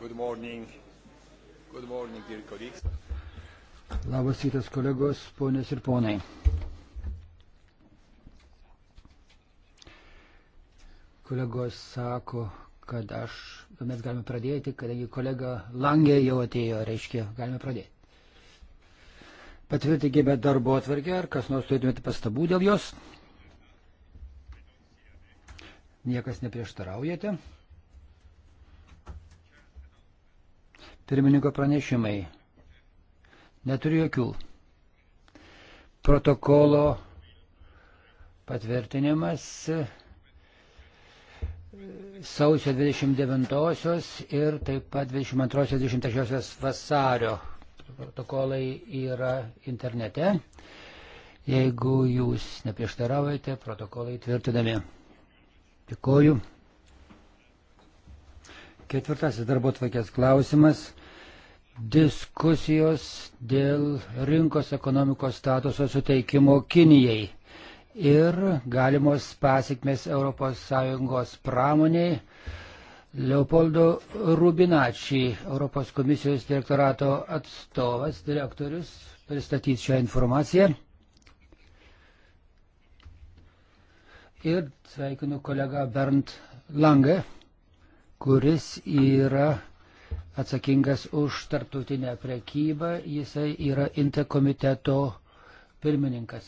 Good morning. Good morning, dear colleagues. Labas rytas, kolegos, ponės ir ponai. Kolegos sako, kad aš, mes galime pradėti, kadangi kolega Langė jau atėjo, reiškia, galime pradėti. Patvirtinkime darbo atvarkę, ar kas nors turėtumėte pastabų dėl jos? Niekas neprieštaraujate. pirmininko pranešimai. Neturiu jokių. Protokolo patvirtinimas sausio 29-osios ir taip pat 22-23 vasario protokolai yra internete. Jeigu jūs neprieštaraujate, protokolai tvirtinami. Dėkoju. Ketvirtasis darbo tvarkės klausimas diskusijos dėl rinkos ekonomikos statuso suteikimo Kinijai ir galimos pasiekmes ES pramoniai. Leopoldo Rubinačiai, Europos komisijos direktorato atstovas, direktorius, pristatys šią informaciją. Ir sveikinu kolegą Bernd Lange, kuris yra atsakingas už tarptautinę prekybą, jisai yra interkomiteto pirmininkas.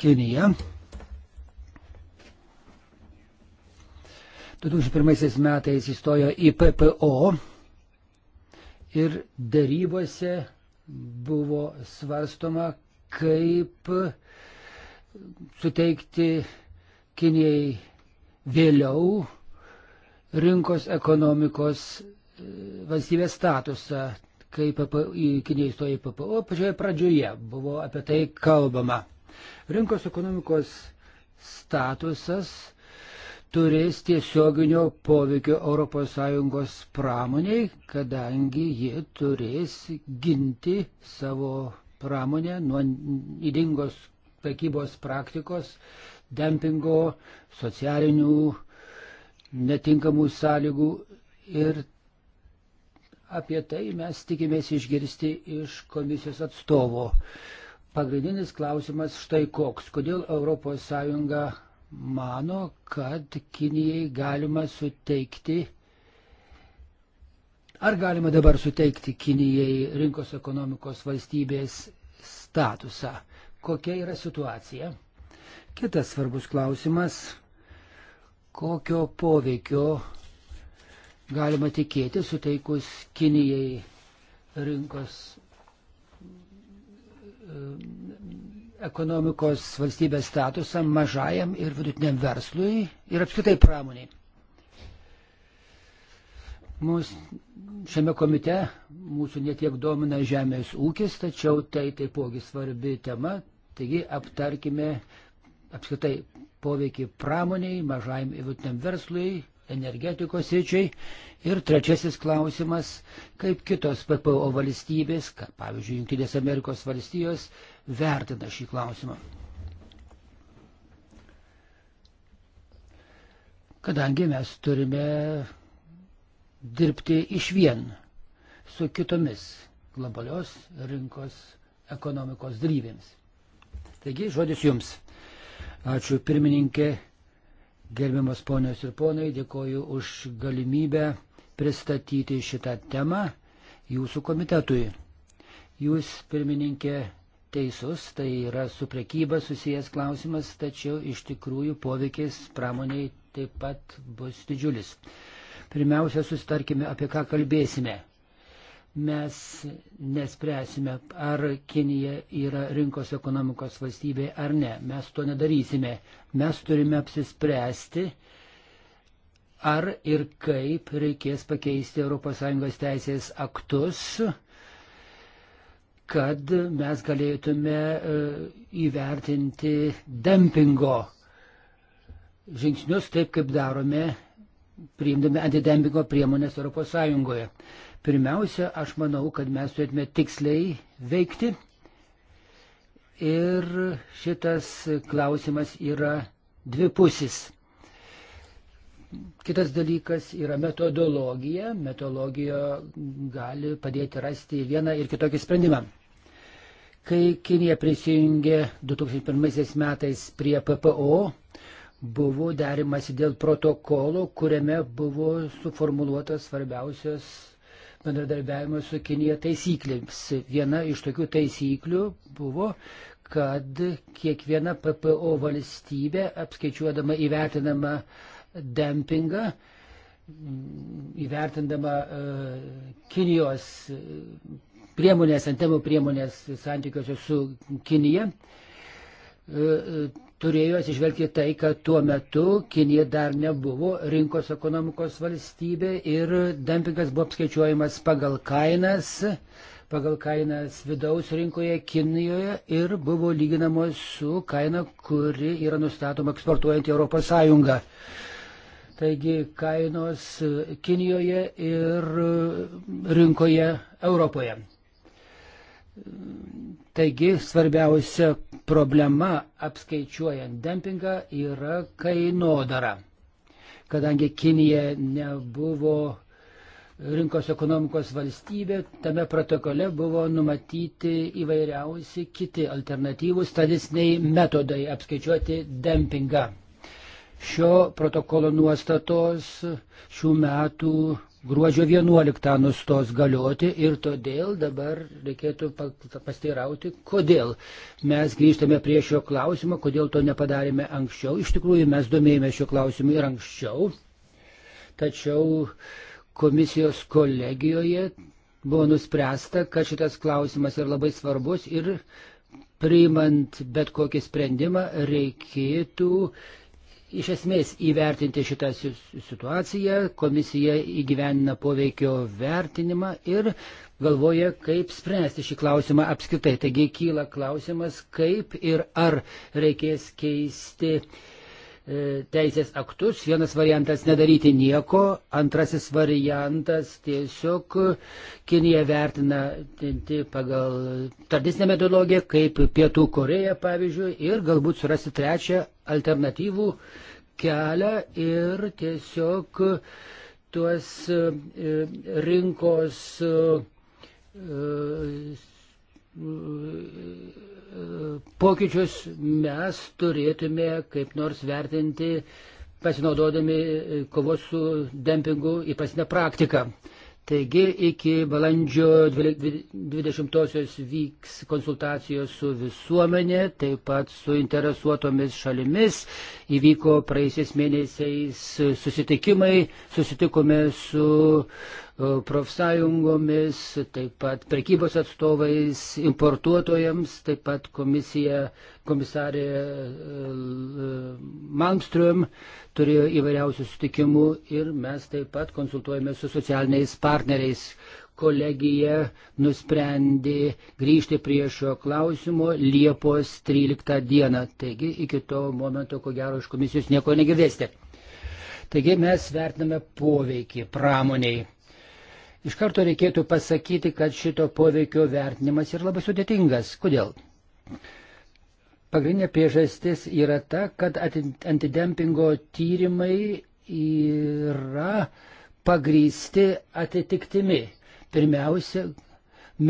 Kinija. 2001 metais įstojo į PPO ir darybose buvo svarstoma, kaip suteikti Kinijai vėliau rinkos ekonomikos e, valstybės statusą, kai Kinija įstojo į PPO, pačioje pradžioje buvo apie tai kalbama. Rinkos ekonomikos statusas turės tiesioginio poveikio ES pramoniai, kadangi ji turės ginti savo pramonę nuo įdingos prekybos praktikos, dempingo, socialinių netinkamų sąlygų ir apie tai mes tikimės išgirsti iš komisijos atstovo. Pagrindinis klausimas štai koks. Kodėl ES mano, kad Kinijai galima suteikti, ar galima dabar suteikti Kinijai rinkos ekonomikos valstybės statusą? Kokia yra situacija? Kitas svarbus klausimas kokio poveikio galima tikėti suteikus Kinijai rinkos ekonomikos valstybės statusą mažajam ir vidutiniam verslui ir apskritai pramoniai. Mūsų šiame komite mūsų netiek domina žemės ūkis, tačiau tai taipogi svarbi tema, taigi aptarkime apskritai poveikį pramoniai, mažajam ir vidutiniam verslui, energetikos ryčiai. Ir trečiasis klausimas, kaip kitos PPO valstybės, kaip pavyzdžiui, Junktinės Amerikos valstijos, vertina šį klausimą. Kadangi mes turime dirbti iš vien su kitomis globalios rinkos ekonomikos dalyvėms. Taigi, žodis jums. Ačiū pirmininkė, gerbiamas ponios ir ponai, dėkoju už galimybę pristatyti šitą temą jūsų komitetui. Jūs, pirmininkė, teisus, tai yra su prekyba susijęs klausimas, tačiau iš tikrųjų poveikis pramoniai taip pat bus didžiulis. Pirmiausia, susitarkime, apie ką kalbėsime mes nespręsime, ar Kinija yra rinkos ekonomikos valstybė ar ne. Mes to nedarysime. Mes turime apsispręsti, ar ir kaip reikės pakeisti ES teisės aktus kad mes galėtume e, įvertinti dempingo žingsnius taip, kaip darome, priimdami antidempingo priemonės ES. Pirmiausia, aš manau, kad mes turėtume tiksliai veikti. Ir šitas klausimas yra dvipusis. Kitas dalykas yra metodologija. Metodologija gali padėti rasti vieną ir kitokį sprendimą. Kai Kinija prisijungė 2001 metais prie PPO, buvo derimasi dėl protokolo, kuriame buvo suformuluotos svarbiausios bendradarbiavimo su Kinija taisyklėms. Viena iš tokių taisyklių buvo, kad kiekviena PPO valstybė apskaičiuodama įvertinamą dempingą, įvertindama uh, Kinijos e, priemonės, antemų priemonės santykiuose su Kinija, uh, turėjo atsižvelgti tai, kad tuo metu Kinija dar nebuvo rinkos ekonomikos valstybė ir dempingas buvo apskaičiuojamas pagal kainas, pagal kainas vidaus rinkoje Kinijoje ir buvo lyginamos su kaina, kuri yra nustatoma eksportuojant į Europos Sąjungą. Taigi kainos Kinijoje ir rinkoje Europoje Taigi svarbiausia problema apskaičiuojant dempingą yra kainodara. Kadangi Kinija nebuvo rinkos ekonomikos valstybė, tame protokole buvo numatyti įvairiausi kiti alternatyvūs tradiciniai metodai apskaičiuoti dempingą. Šio protokolo nuostatos šių metų gruodžio 11 nustos galioti ir todėl dabar reikėtų pasteirauti, kodėl mes grįžtame prie šio klausimo, kodėl to nepadarėme anksčiau. Iš tikrųjų, mes domėjome šio klausimu ir anksčiau, tačiau komisijos kolegijoje buvo nuspręsta, kad šitas klausimas yra labai svarbus ir priimant bet kokį sprendimą reikėtų iš esmės įvertinti šitą situaciją, komisija įgyvenina poveikio vertinimą ir galvoja, kaip spręsti šį klausimą apskritai. Taigi kyla klausimas, kaip ir ar reikės keisti E, teisės aktus. Vienas variantas nedaryti nieko, antrasis variantas tiesiog Kinija vertina pagal tradicinę metodologiją, kaip Pietų Koreja pavyzdžiui, ir galbūt surasti trečią alternatyvų kelią ir tiesiog tuos e, rinkos e, pokyčius mes turėtume kaip nors vertinti pasinaudodami kovos su dempingu įprastinę praktiką. Taigi iki balandžio 20-osios vyks konsultacijos su visuomenė, taip pat su interesuotomis šalimis. Įvyko praeisiais mėnesiais susitikimai, susitikome su profsąjungomis, taip pat prekybos atstovais, importuotojams, taip pat komisija komisarė e, e, Malmström turėjo įvairiausių sutikimų ir mes taip pat konsultuojame su socialiniais partneriais. Kolegija nusprendė grįžti prie šio klausimo Liepos 13 dieną. Taigi iki to momento, ko gero, iš komisijos nieko negirdėsite. Taigi mes vertiname poveikį pramoniai. Iš karto reikėtų pasakyti, kad šito poveikio vertinimas yra labai sudėtingas. Kodėl? Pagrindinė priežastis yra ta, kad antidempingo tyrimai yra pagrysti atitiktimi. Pirmiausia,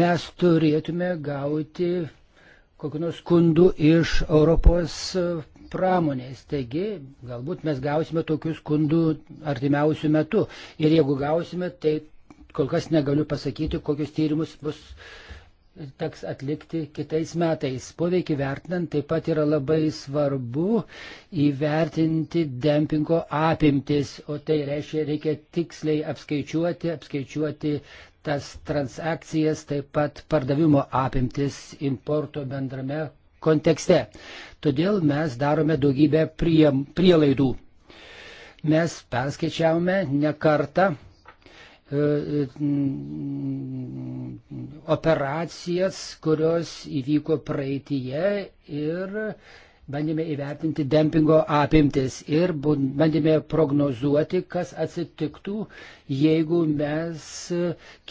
mes turėtume gauti kokių nors skundų iš Europos pramonės. Taigi, galbūt mes gausime tokių skundų artimiausių metų. Ir jeigu gausime, tai kol kas negaliu pasakyti, kokius tyrimus bus teks atlikti kitais metais. Poveikį vertinant taip pat yra labai svarbu įvertinti dempingo apimtis, o tai reiškia reikia tiksliai apskaičiuoti, apskaičiuoti tas transakcijas, taip pat pardavimo apimtis importo bendrame kontekste. Todėl mes darome daugybę prie, prielaidų. Mes perskaičiavome ne kartą E, operacijas, kurios įvyko praeitie ir bandėme įvertinti dempingo apimtis ir bandėme prognozuoti, kas atsitiktų, jeigu mes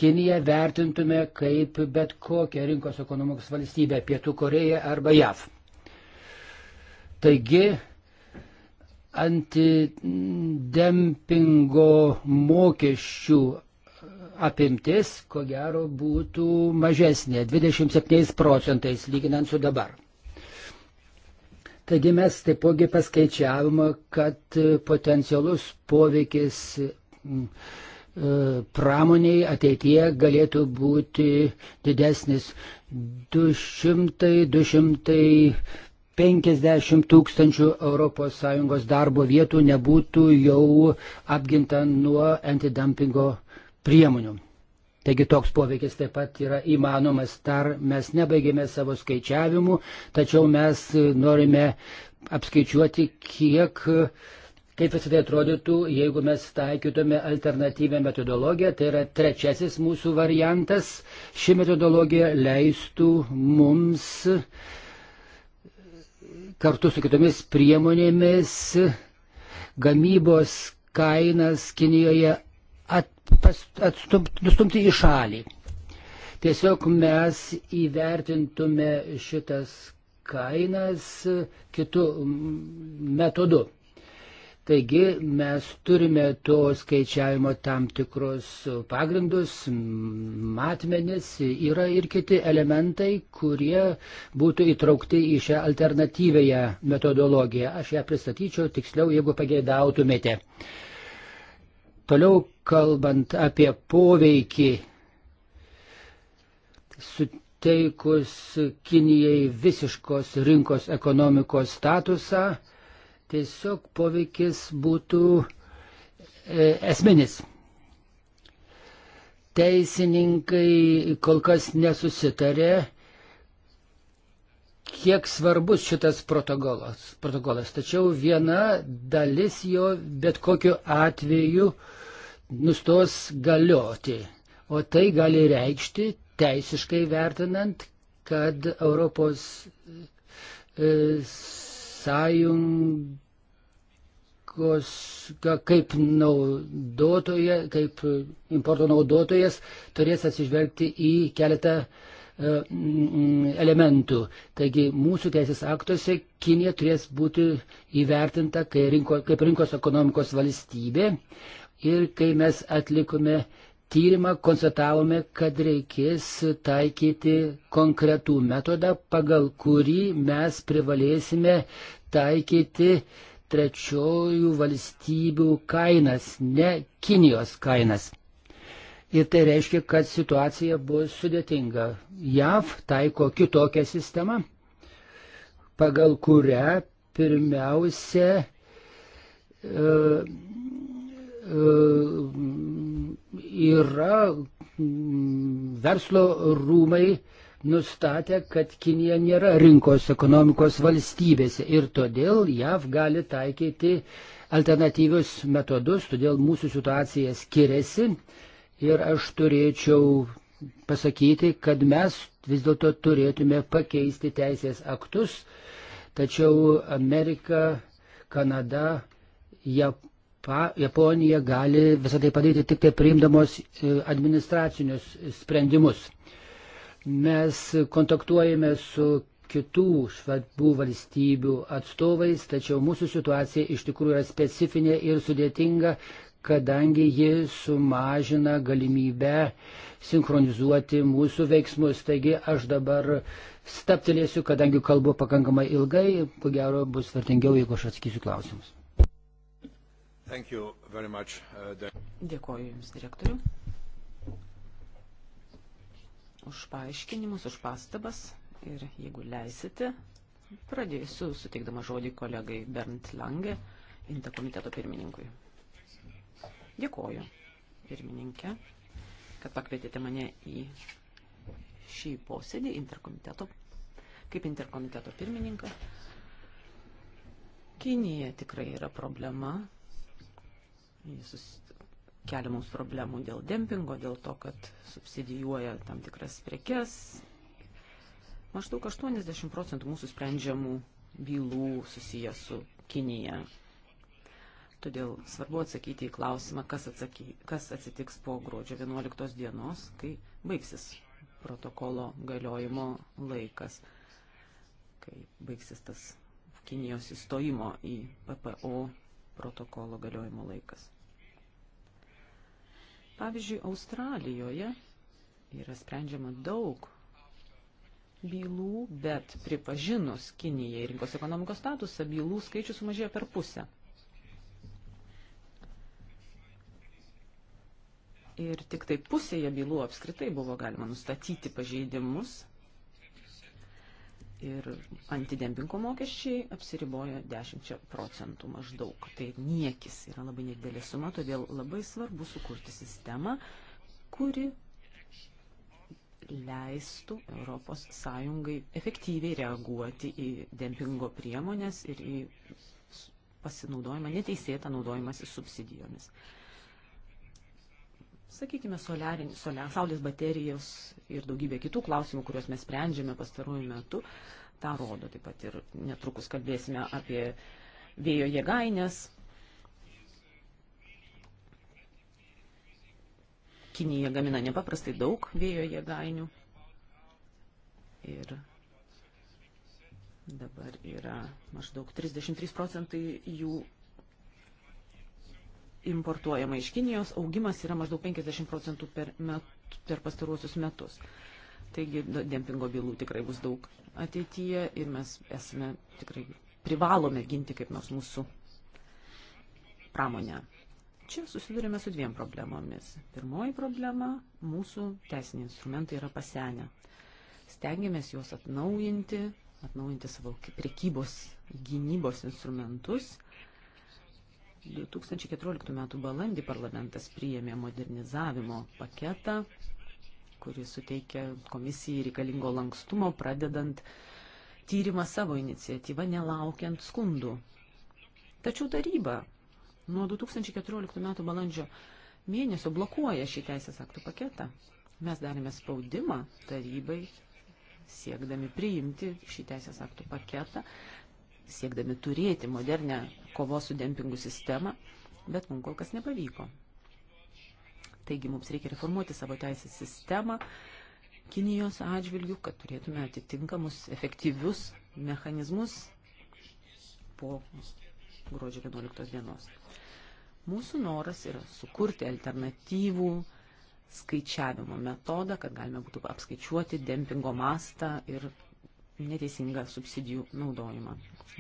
Kiniją vertintume kaip bet kokią rinkos ekonomikos valstybę, Pietų Koreją arba JAV. Taigi, antidempingo mokesčių apimtis, ko gero, būtų mažesnė 27 procentais lyginant su dabar. Taigi mes taipogi paskaičiavome, kad potencialus poveikis mm, e, pramoniai ateityje galėtų būti didesnis 200-250 tūkstančių ES darbo vietų nebūtų jau apginta nuo antidumpingo priemonių. Taigi toks poveikis taip pat yra įmanomas, dar mes nebaigėme savo skaičiavimų, tačiau mes norime apskaičiuoti, kiek, kaip visą tai atrodytų, jeigu mes taikytume alternatyvę metodologiją, tai yra trečiasis mūsų variantas, ši metodologija leistų mums kartu su kitomis priemonėmis gamybos kainas Kinijoje atstumti į šalį. Tiesiog mes įvertintume šitas kainas kitų metodų. Taigi mes turime to skaičiavimo tam tikrus pagrindus, matmenis, yra ir kiti elementai, kurie būtų įtraukti į šią alternatyvėją metodologiją. Aš ją pristatyčiau tiksliau, jeigu pageidautumėte. Uh, Toliau kalbant apie poveikį suteikus Kinijai visiškos rinkos ekonomikos statusą, tiesiog poveikis būtų e, esminis. Teisininkai kol kas nesusitarė, kiek svarbus šitas protokolas. protokolas. Tačiau viena dalis jo bet kokiu atveju uh, nustos galioti. O tai gali reikšti, teisiškai vertinant, kad Europos e, sąjungos kaip naudotoja, kaip importo naudotojas turės atsižvelgti į keletą e, elementų. Taigi mūsų teisės aktuose Kinė turės būti įvertinta kaip rinkos, kaip rinkos ekonomikos valstybė ir kai mes atlikome tyrimą, konstatavome, kad reikės taikyti konkretų metodą, pagal kurį mes privalėsime taikyti trečiojų valstybių kainas, ne Kinijos kainas. Ir tai reiškia, kad situacija bus sudėtinga. JAV taiko kitokią sistemą, pagal kurią pirmiausia e, E, yra mm, verslo rūmai nustatė, kad Kinija nėra rinkos ekonomikos valstybėse ir todėl JAV gali taikyti alternatyvius metodus, todėl mūsų situacija skiriasi ir aš turėčiau pasakyti, kad mes vis dėlto turėtume pakeisti teisės aktus, tačiau Amerika, Kanada, Japonija, Japa, Japonija gali visą tai padaryti tik tai priimdamos e, administracinius sprendimus. Mes kontaktuojame su kitų švedbų valstybių atstovais, tačiau mūsų situacija iš tikrųjų yra specifinė ir sudėtinga, kadangi ji sumažina galimybę sinchronizuoti mūsų veiksmus. Taigi aš dabar staptelėsiu, kadangi kalbu pakankamai ilgai, ko gero bus vertingiau, jeigu aš atsakysiu klausimus. Much, uh, Dėkoju Jums, direktoriu, už paaiškinimus, už pastabas ir jeigu leisite, pradėsiu suteikdama žodį kolegai Bernd Lange, Inta komiteto pirmininkui. Dėkoju, pirmininkė, kad pakvietėte mane į šį posėdį interkomiteto, kaip interkomiteto pirmininką. Kinija tikrai yra problema, Jis kelia mums problemų dėl dempingo, dėl to, kad subsidijuoja tam tikras prekes. Maždaug 80 procentų mūsų sprendžiamų bylų susiję su Kinija. Todėl svarbu atsakyti į klausimą, kas, atsaky, kas atsitiks po gruodžio 11 dienos, kai baigsis protokolo galiojimo laikas, kai baigsis tas Kinijos įstojimo į PPO protokolo galiojimo laikas. Pavyzdžiui, Australijoje yra sprendžiama daug bylų, bet pripažinus Kinijai rinkos ekonomikos statusą, bylų skaičius sumažėjo per pusę. Ir tik tai pusėje bylų apskritai buvo galima nustatyti pažeidimus ir antidempingo mokesčiai apsiribojo 10 procentų maždaug. Tai niekis yra labai nedidelė suma, todėl labai svarbu sukurti sistemą, kuri leistų ES efektyviai reaguoti į dempingo priemonės ir į pasinaudojimą, neteisėtą naudojimąsi subsidijomis sakykime, soliarin, solia, saulės baterijos ir daugybė kitų klausimų, kuriuos mes sprendžiame pastaruoju metu, tą rodo. Taip pat ir netrukus kalbėsime apie vėjo jėgainės. Kinija gamina nepaprastai daug vėjo jėgainių. Ir dabar yra maždaug 33 procentai jų importuojama iš Kinijos, augimas yra maždaug 50 procentų per, met, per pastaruosius metus. Taigi dempingo bylų tikrai bus daug ateityje ir mes esame tikrai privalome ginti kaip nors mūsų pramonę. Čia susidurime su dviem problemomis. Pirmoji problema - mūsų teisiniai instrumentai yra pasenę. Stengiamės juos atnaujinti, atnaujinti savo prekybos gynybos instrumentus 2014 m. balandį parlamentas priėmė modernizavimo paketą, kuris suteikia komisijai reikalingo lankstumo, pradedant tyrimą savo iniciatyvą, nelaukiant skundų. Tačiau taryba nuo 2014 m. balandžio mėnesio blokuoja šį teisės aktų paketą. Mes darėme spaudimą tarybai siekdami priimti šį teisės aktų paketą, siekdami turėti modernę kovos su dempingu sistemą, bet mums kol kas nepavyko. Taigi mums reikia reformuoti savo teisės sistemą Kinijos atžvilgių, kad turėtume atitinkamus efektyvius mechanizmus po gruodžio 11 dienos. Mūsų noras yra sukurti alternatyvų skaičiavimo metodą, kad galime būtų apskaičiuoti dempingo mastą ir neteisingą subsidijų naudojimą.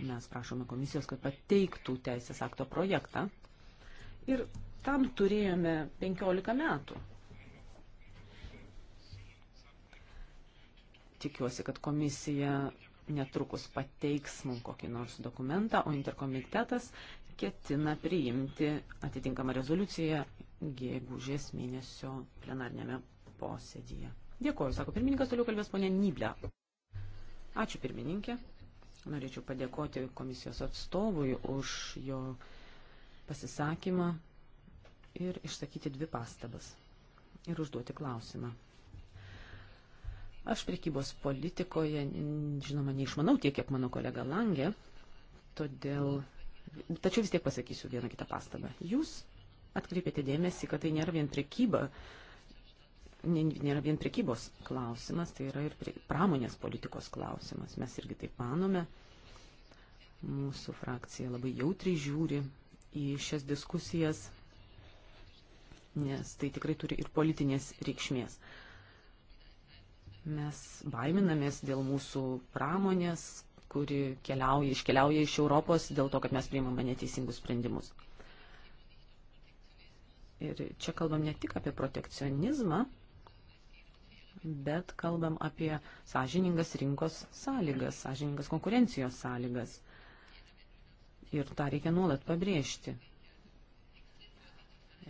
Mes prašome komisijos, kad pateiktų teisės akto projektą ir tam turėjome 15 metų. Tikiuosi, kad komisija netrukus pateiks mums kokį nors dokumentą, o interkomitetas ketina priimti atitinkamą rezoliuciją gegužės mėnesio plenarnėme posėdyje. Dėkuoju, sako pirmininkas, toliau kalbės ponė Nyblė. Ačiū pirmininkė. Norėčiau padėkoti komisijos atstovui už jo pasisakymą ir išsakyti dvi pastabas ir užduoti klausimą. Aš prekybos politikoje, žinoma, neišmanau tiek, kiek mano kolega Langė, todėl, tačiau vis tiek pasakysiu vieną kitą pastabą. Jūs atkreipėte dėmesį, kad tai nėra vien prekyba, nėra vien prekybos klausimas, tai yra ir pramonės politikos klausimas. Mes irgi taip manome. Mūsų frakcija labai jautriai žiūri į šias diskusijas, nes tai tikrai turi ir politinės reikšmės. Mes baiminamės dėl mūsų pramonės, kuri keliauja, iškeliauja iš Europos dėl to, kad mes priimame neteisingus sprendimus. Ir čia kalbam ne tik apie protekcionizmą, bet kalbam apie sąžiningas rinkos sąlygas, sąžiningas konkurencijos sąlygas. Ir tą reikia nuolat pabrėžti.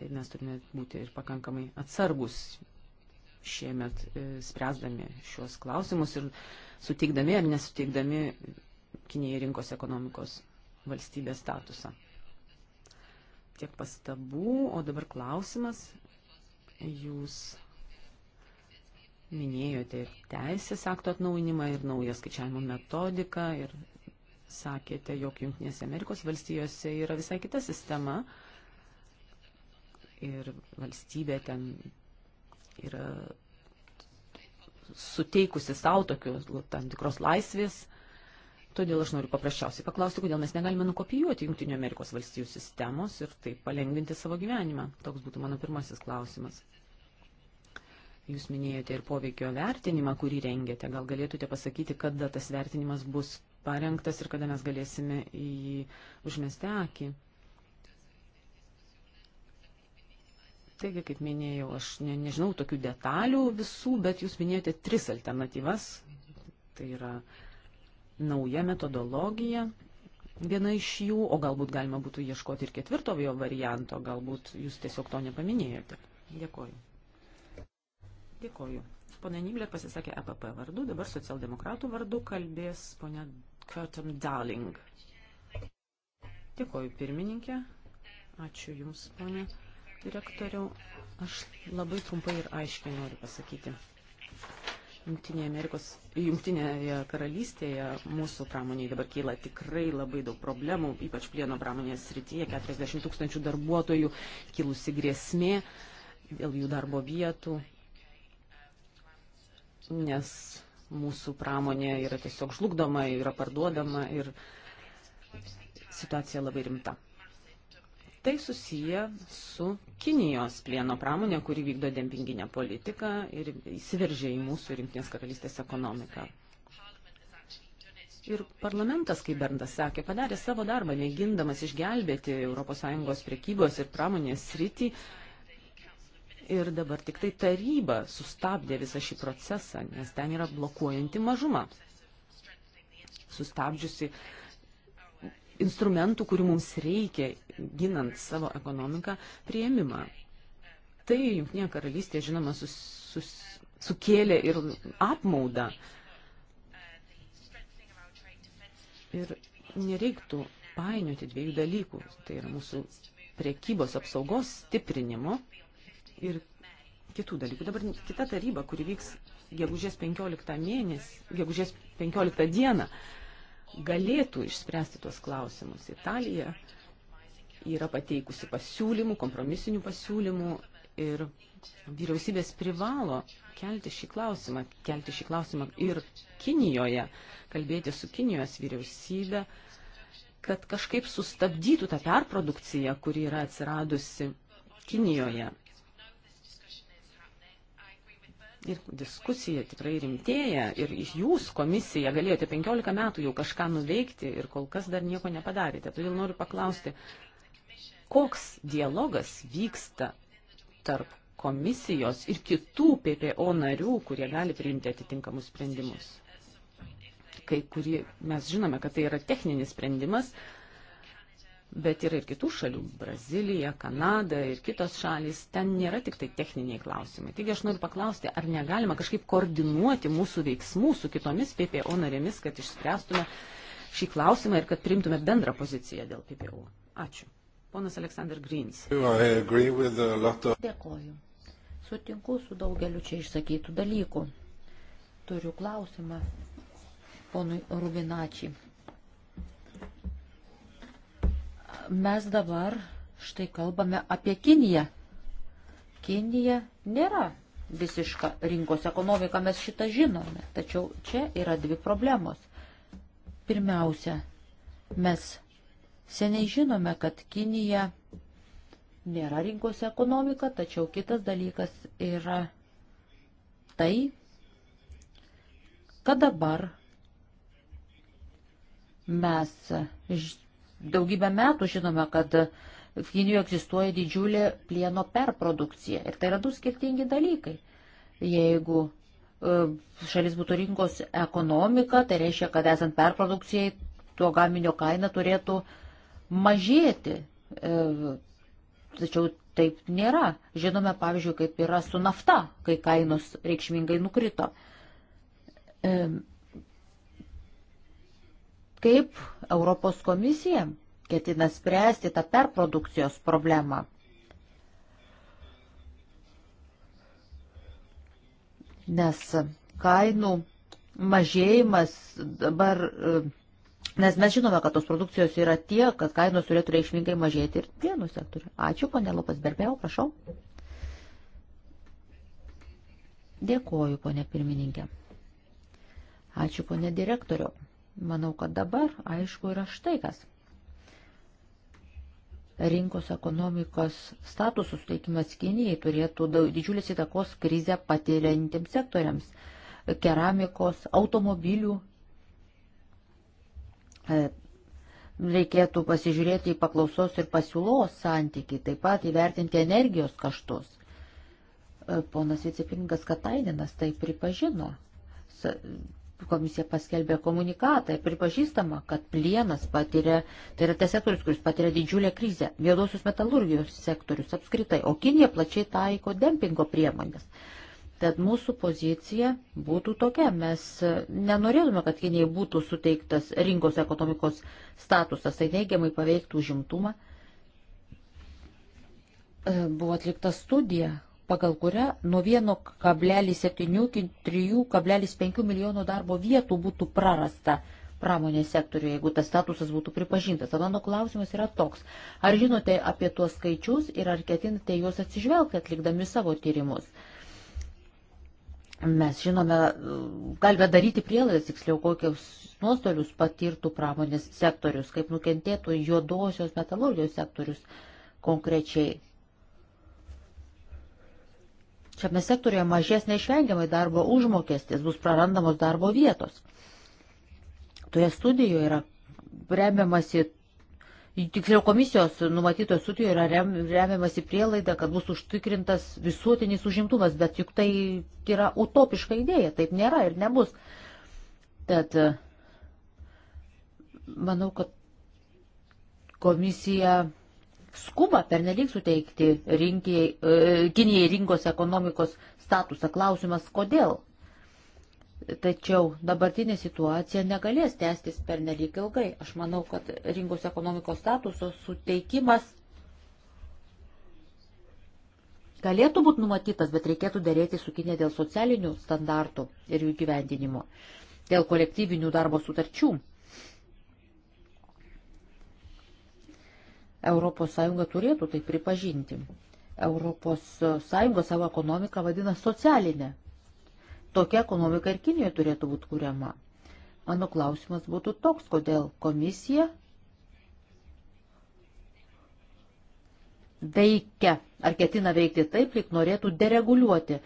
Ir mes turime būti ir pakankamai atsargus šiemet e, spręsdami šios klausimus ir suteikdami ar nesuteikdami Kinijai rinkos ekonomikos valstybės statusą. Tiek pastabų, o dabar klausimas. Jūs Minėjote ir teisės akto atnaujinimą, ir naują skaičiavimo metodiką, ir sakėte, jog Junktinėse Amerikos valstijose yra visai kita sistema, ir valstybė ten yra suteikusi savo tokios tam tikros laisvės. Todėl aš noriu paprasčiausiai paklausti, kodėl mes negalime nukopijuoti Junktinių Amerikos valstijų sistemos ir taip palengvinti savo gyvenimą. Toks būtų mano pirmasis klausimas. Jūs minėjote ir poveikio vertinimą, kurį rengėte. Gal galėtumėte pasakyti, kada tas vertinimas bus parengtas ir kada mes galėsime į jį užmesti akį? Taigi, kaip minėjau, aš ne, nežinau tokių detalių visų, bet jūs minėjote tris alternatyvas. Tai yra nauja metodologija, viena iš jų, o galbūt galima būtų ieškoti ir ketvirtojo varianto, galbūt jūs tiesiog to nepaminėjote. Dėkuoju. Dėkoju. Pone Nyblė pasisakė APP e vardu, dabar socialdemokratų vardu kalbės ponia Curtin Darling. Dėkoju pirmininkė. Ačiū Jums, ponė direktoriau. Aš labai trumpai ir aiškiai noriu pasakyti. Jungtinėje, Amerikos, Jungtinėje karalystėje mūsų pramoniai dabar kyla tikrai labai daug problemų, ypač plieno pramonės srityje, 40 tūkstančių darbuotojų kilusi grėsmė dėl jų darbo vietų, nes mūsų pramonė yra tiesiog žlugdoma, yra parduodama ir situacija labai rimta. Tai susiję su Kinijos plieno pramonė, kuri vykdo dempinginę politiką ir įsiveržia į mūsų rimtinės karalystės ekonomiką. Ir parlamentas, kaip Berndas sakė, padarė savo darbą, mėgindamas išgelbėti ES priekybos ir pramonės sritį Ir dabar tik tai taryba sustabdė visą šį procesą, nes ten yra blokuojanti mažuma, sustabdžiusi instrumentų, kurių mums reikia ginant savo ekonomiką, prieimimą. Tai Junktinė karalystė, žinoma, sus, sus, sukėlė ir apmaudą. Ir nereiktų painioti dviejų dalykų. Tai yra mūsų priekybos apsaugos stiprinimo ir kitų dalykų. Dabar kita taryba, kuri vyks gegužės 15, mėnesį, gegužės 15 dieną, galėtų išspręsti tuos klausimus. Italija yra pateikusi pasiūlymų, kompromisinių pasiūlymų ir vyriausybės privalo kelti šį klausimą, kelti šį klausimą ir Kinijoje, kalbėti su Kinijos vyriausybė, kad kažkaip sustabdytų tą perprodukciją, kuri yra atsiradusi Kinijoje Ir diskusija tikrai rimtėja ir jūs komisija galėjote 15 metų jau kažką nuveikti ir kol kas dar nieko nepadarėte. Todėl noriu paklausti, koks dialogas vyksta tarp komisijos ir kitų PPO narių, kurie gali priimti atitinkamus sprendimus. Kai kurie, mes žinome, kad tai yra techninis sprendimas, bet yra ir kitų šalių - Brazilija, Kanada ir kitos šalys. Ten nėra tik tai techniniai klausimai. Taigi aš noriu paklausti, ar negalima kažkaip koordinuoti mūsų veiksmų su kitomis PPO narėmis, kad išspręstume šį klausimą ir kad priimtume bendrą poziciją dėl PPO. Ačiū. Ponas Aleksandr Grins. Dėkoju. Sutinku su daugeliu čia išsakytų dalykų. Turiu klausimą ponui Rubinačiai. mes dabar štai kalbame apie Kiniją. Kinija nėra visiška rinkos ekonomika, mes šitą žinome. Tačiau čia yra dvi problemos. Pirmiausia, mes seniai žinome, kad Kinija nėra rinkos ekonomika, tačiau kitas dalykas yra tai, kad dabar mes daugybę metų žinome, kad Kinijoje egzistuoja didžiulė plieno perprodukcija. Ir tai yra du skirtingi dalykai. Jeigu e, šalis būtų rinkos ekonomika, tai reiškia, kad esant perprodukcijai, tuo gaminio kaina turėtų mažėti. E, tačiau taip nėra. Žinome, pavyzdžiui, kaip yra su nafta, kai kainos reikšmingai nukrito. E, Kaip Europos komisija ketina spręsti tą perprodukcijos problemą? Nes kainų mažėjimas dabar, nes mes žinome, kad tos produkcijos yra tie, kad kainos turėtų reikšmingai mažėti ir pienų sektoriu. Ačiū, ponė Lopas Berbėjau, prašau. Dėkoju, ponė pirmininkė. Ačiū, ponė direktoriu. Manau, kad dabar aišku yra štai kas. Rinkos ekonomikos statusų suteikimas Kinijai turėtų didžiulis įtakos krizę patiriantiems sektoriams - keramikos, automobilių. E, reikėtų pasižiūrėti į paklausos ir pasiūlos santykį, taip pat įvertinti energijos kaštus. E, ponas vicepirinkas Kataidinas tai pripažino komisija paskelbė komunikatą ir pripažįstama, kad plienas patiria, tai yra tas sektorius, kuris patiria didžiulę krizę, juodosios metalurgijos sektorius apskritai, o Kinija plačiai taiko dempingo priemonės. Tad mūsų pozicija būtų tokia, mes nenorėtume, kad Kinijai būtų suteiktas rinkos ekonomikos statusas, tai neigiamai paveiktų užimtumą. E, buvo atlikta studija, pagal kurią nuo 1,7 iki 3,5 milijono darbo vietų būtų prarasta pramonės sektoriuje, jeigu tas statusas būtų pripažintas. Tad mano klausimas yra toks. Ar žinote apie tuos skaičius ir ar ketinate juos atsižvelgti atlikdami savo tyrimus? Mes žinome, galime daryti prielaidas, tiksliau, kokius nuostolius patirtų pramonės sektorius, kaip nukentėtų juodosios metalurgijos sektorius konkrečiai Šiame sektorėje mažės neišvengiamai darbo užmokestis, bus prarandamos darbo vietos. Toje studijoje yra remiamasi, tiksliau komisijos numatytoje studijoje yra rem, remiamasi prielaida, kad bus užtikrintas visuotinis užimtumas, bet juk tai yra utopiška idėja, taip nėra ir nebus. Tad manau, kad komisija skuba pernelyg suteikti rinkijai, e, Kinijai rinkos ekonomikos statusą. Klausimas, kodėl? Tačiau dabartinė situacija negalės tęstis pernelyg ilgai. Aš manau, kad rinkos ekonomikos statuso suteikimas galėtų būti numatytas, bet reikėtų dėrėti su Kinė dėl socialinių standartų ir jų gyvendinimo, dėl kolektyvinių darbo sutarčių. ES turėtų tai pripažinti. ES savo ekonomiką vadina socialinė. Tokia ekonomika ir Kinijoje turėtų būti kuriama. Mano klausimas būtų toks, kodėl komisija veikia ar ketina veikti taip, lyg norėtų dereguliuoti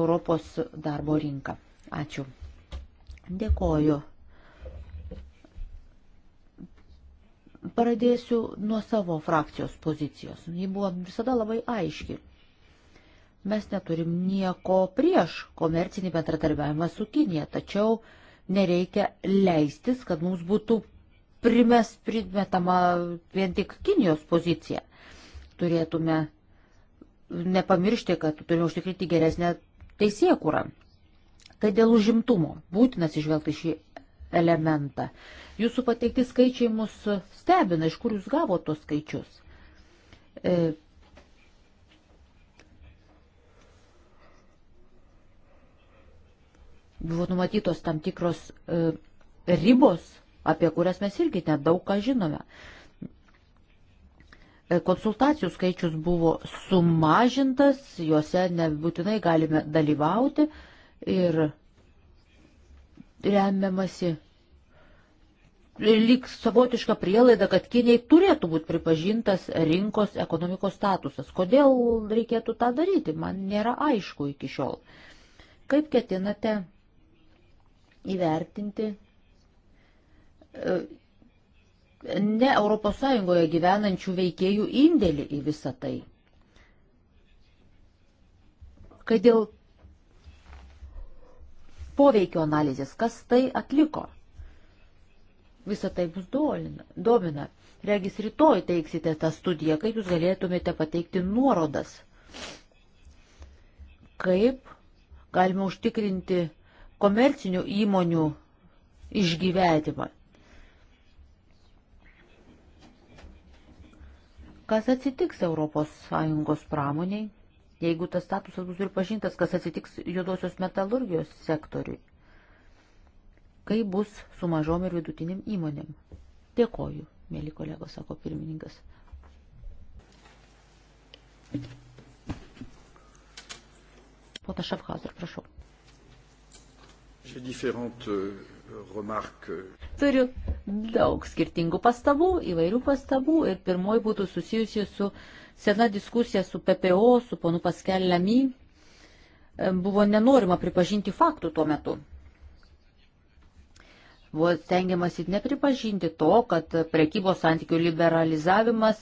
Europos darbo rinką. Ačiū. Dėkoju. Pradėsiu nuo savo frakcijos pozicijos. Ji buvo visada labai aiški. Mes neturim nieko prieš komercinį bendradarbiavimą su Kinija, tačiau nereikia leistis, kad mums būtų primes primetama vien tik Kinijos pozicija. Turėtume nepamiršti, kad turime užtikrinti geresnę teisėkurą. Tai dėl užimtumo būtinas išvelgti šį elementą. Jūsų pateikti skaičiai mus stebina, iš kur jūs gavo tos skaičius. E, buvo numatytos tam tikros e, ribos, apie kurias mes irgi nedaug ką žinome. E, konsultacijų skaičius buvo sumažintas, juose nebūtinai galime dalyvauti ir remiamasi lyg savotiška prielaida, kad Kinijai turėtų būti pripažintas rinkos ekonomikos statusas. Kodėl reikėtų tą daryti, man nėra aišku iki šiol. Kaip ketinate įvertinti e, ne ES gyvenančių veikėjų indėlį į visą tai? Kai dėl poveikio analizės, kas tai atliko? visą tai mus domina. Regis rytoj teiksite tą studiją, kaip jūs galėtumėte pateikti nuorodas, kaip galima užtikrinti komercinių įmonių išgyvenimą. Kas atsitiks ES pramoniai, jeigu tas statusas bus pripažintas, kas atsitiks juodosios metalurgijos sektoriui? kai bus su mažom ir vidutinim įmonėm. Dėkoju, mėly kolegos, sako pirmininkas. Pota Šafhauser, prašau. Euh, Turiu daug skirtingų pastabų, įvairių pastabų ir pirmoji būtų susijusi su sena diskusija su PPO, su ponu Paskeliami. Buvo nenorima pripažinti faktų tuo metu buvo tengiamasi nepripažinti to, kad prekybos santykių liberalizavimas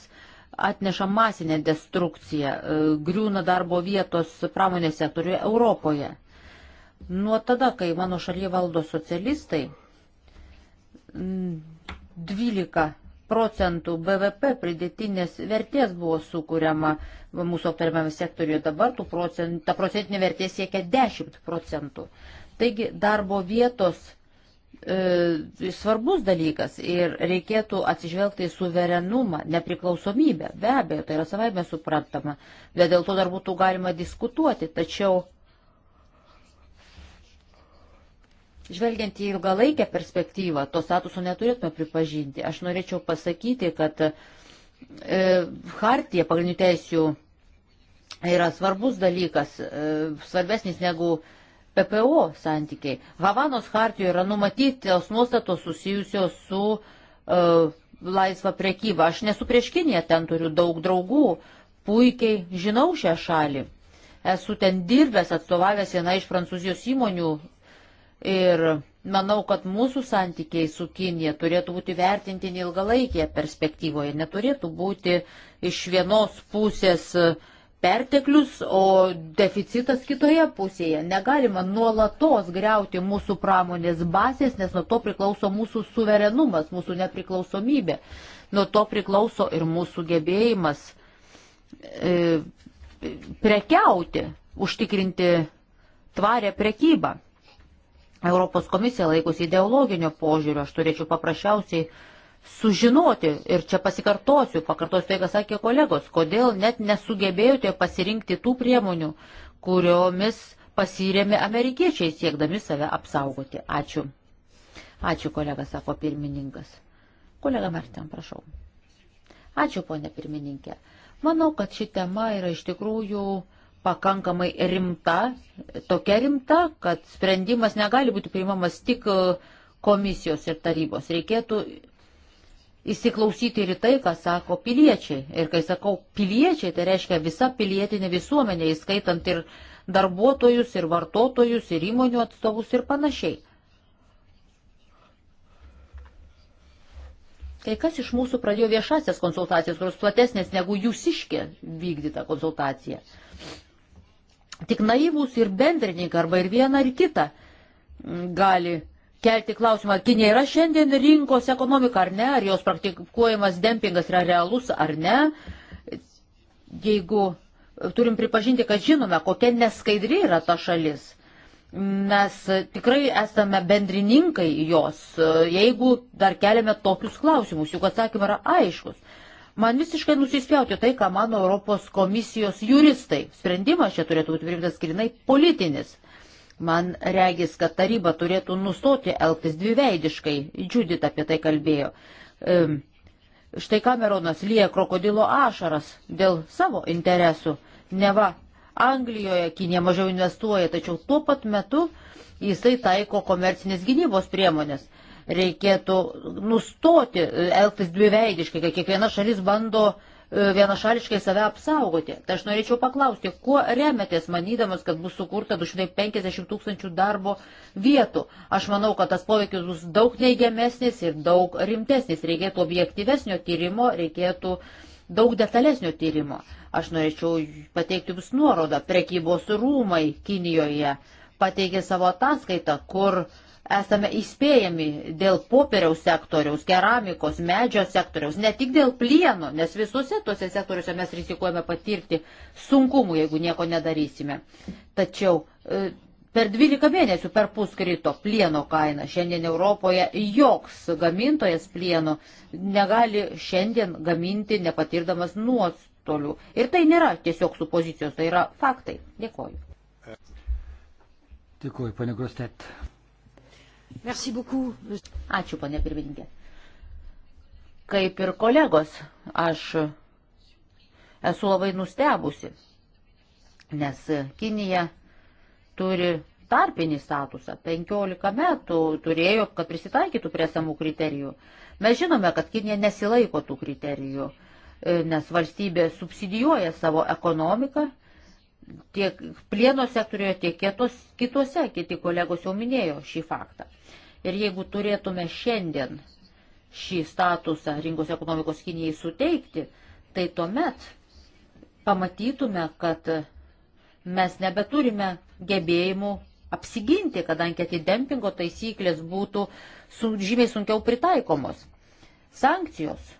atneša masinę destrukciją, e, griūna darbo vietos pramonės sektoriuje Europoje. Nuo tada, kai mano šalyje valdo socialistai, 12 procentų BVP pridėtinės vertės buvo sukūriama mūsų aptariamame sektoriuje, dabar procent, ta procentinė vertė siekia 10 procentų. Taigi darbo vietos e, svarbus dalykas ir reikėtų atsižvelgti į suverenumą, nepriklausomybę. Be abejo, tai yra savaime suprantama, bet dėl to dar būtų galima diskutuoti. Tačiau žvelgiant į ilgalaikę perspektyvą, to statuso neturėtume pripažinti. Aš norėčiau pasakyti, kad e, hartija pagrindinių teisių yra svarbus dalykas, e, svarbesnis negu PPO santykiai. Havanos hartijoje yra numatytos nuostatos susijusios su uh, laisva priekyba. Aš nesu prieš Kiniją, ten turiu daug draugų, puikiai žinau šią šalį. Esu ten dirbęs, atstovavęs vieną iš prancūzijos įmonių ir manau, kad mūsų santykiai su Kinija turėtų būti vertinti ilgalaikėje perspektyvoje, neturėtų būti iš vienos pusės uh, perteklius, o deficitas kitoje pusėje. Negalima nuolatos greuti mūsų pramonės bazės, nes nuo to priklauso mūsų suverenumas, mūsų nepriklausomybė. Nuo to priklauso ir mūsų gebėjimas e, prekiauti, užtikrinti tvarę prekybą. Europos komisija laikosi ideologinio požiūrio, aš turėčiau paprasčiausiai sužinoti, ir čia pasikartosiu, pakartosiu tai, ką sakė kolegos, kodėl net nesugebėjote pasirinkti tų priemonių, kuriomis pasirėmė amerikiečiai siekdami save apsaugoti. Ačiū. Ačiū, kolega, sako pirmininkas. Kolega Martin, prašau. Ačiū, ponė pirmininkė. Manau, kad ši tema yra iš tikrųjų pakankamai rimta, tokia rimta, kad sprendimas negali būti priimamas tik e, komisijos ir tarybos. Reikėtų įsiklausyti ir tai, ką sako piliečiai. Ir kai sakau piliečiai, tai reiškia visa pilietinė visuomenė, įskaitant ir darbuotojus, ir vartotojus, ir įmonių atstovus ir panašiai. Kai kas iš mūsų pradėjo viešasias konsultacijas, kurios platesnės negu jūsiškė vykdyta konsultacija. Tik naivūs ir bendrininkai arba ir viena ir kita gali kelti klausimą, Kinė yra šiandien rinkos ekonomika ar ne, ar jos praktikuojamas dempingas yra realus ar ne. Jeigu turim pripažinti, kad žinome, kokia neskaidri yra ta šalis, mes tikrai esame bendrininkai jos, jeigu dar keliame tokius klausimus, juk atsakymai yra aiškus. Man visiškai nusispjauti tai, ką mano Europos komisijos juristai. Sprendimas čia turėtų būti priimtas skrinai politinis. Man regis, kad taryba turėtų nustoti elgtis dviveidiškai, Džudit apie tai kalbėjo. Štai Kameronas lieja krokodilo ašaras dėl savo interesų. Neva Anglijoje Kinė mažiau investuoja, tačiau tuo pat metu jisai taiko komercinės gynybos priemonės. Reikėtų nustoti elgtis dviveidiškai, kai kiekviena šalis bando uh, E, vienašališkai save apsaugoti. Tai aš norėčiau paklausti, kuo remetės manydamas, kad bus sukurta 250 tūkstančių darbo vietų. Aš manau, kad tas poveikis bus daug neigiamesnis ir daug rimtesnis. Reikėtų objektyvesnio tyrimo, reikėtų daug detalesnio tyrimo. Aš norėčiau pateikti jums nuorodą. Prekybos rūmai Kinijoje pateikė savo ataskaitą, kur uh, esame įspėjami dėl popieriaus sektoriaus, keramikos, medžio sektoriaus, ne tik dėl plieno, nes visuose tuose sektoriuose mes rizikuojame patirti sunkumų, jeigu nieko nedarysime. Tačiau e, per 12 mėnesių per puskrito plieno kaina. Šiandien Europoje joks gamintojas plieno negali šiandien gaminti nepatirdamas nuostolių. Ir tai nėra tiesiog supozicijos, tai yra faktai. Dėkoju. Dėkoju, pane Grostet. Ačiū, ponė pirmininkė. Kaip ir kolegos, aš esu labai nustebusi, nes Kinija turi tarpinį statusą. 15 metų turėjo, kad prisitaikytų prie samų kriterijų. Mes žinome, kad Kinija nesilaiko tų kriterijų, e, nes valstybė subsidijuoja savo ekonomiką tiek plieno sektoriuje, tiek kietos, kitose, kiti kolegos jau minėjo šį faktą. Ir jeigu turėtume šiandien šį statusą rinkos ekonomikos Kinijai suteikti, tai tuomet pamatytume, kad mes nebeturime gebėjimų apsiginti, kadangi atidempingo taisyklės būtų su, žymiai sunkiau pritaikomos. Sankcijos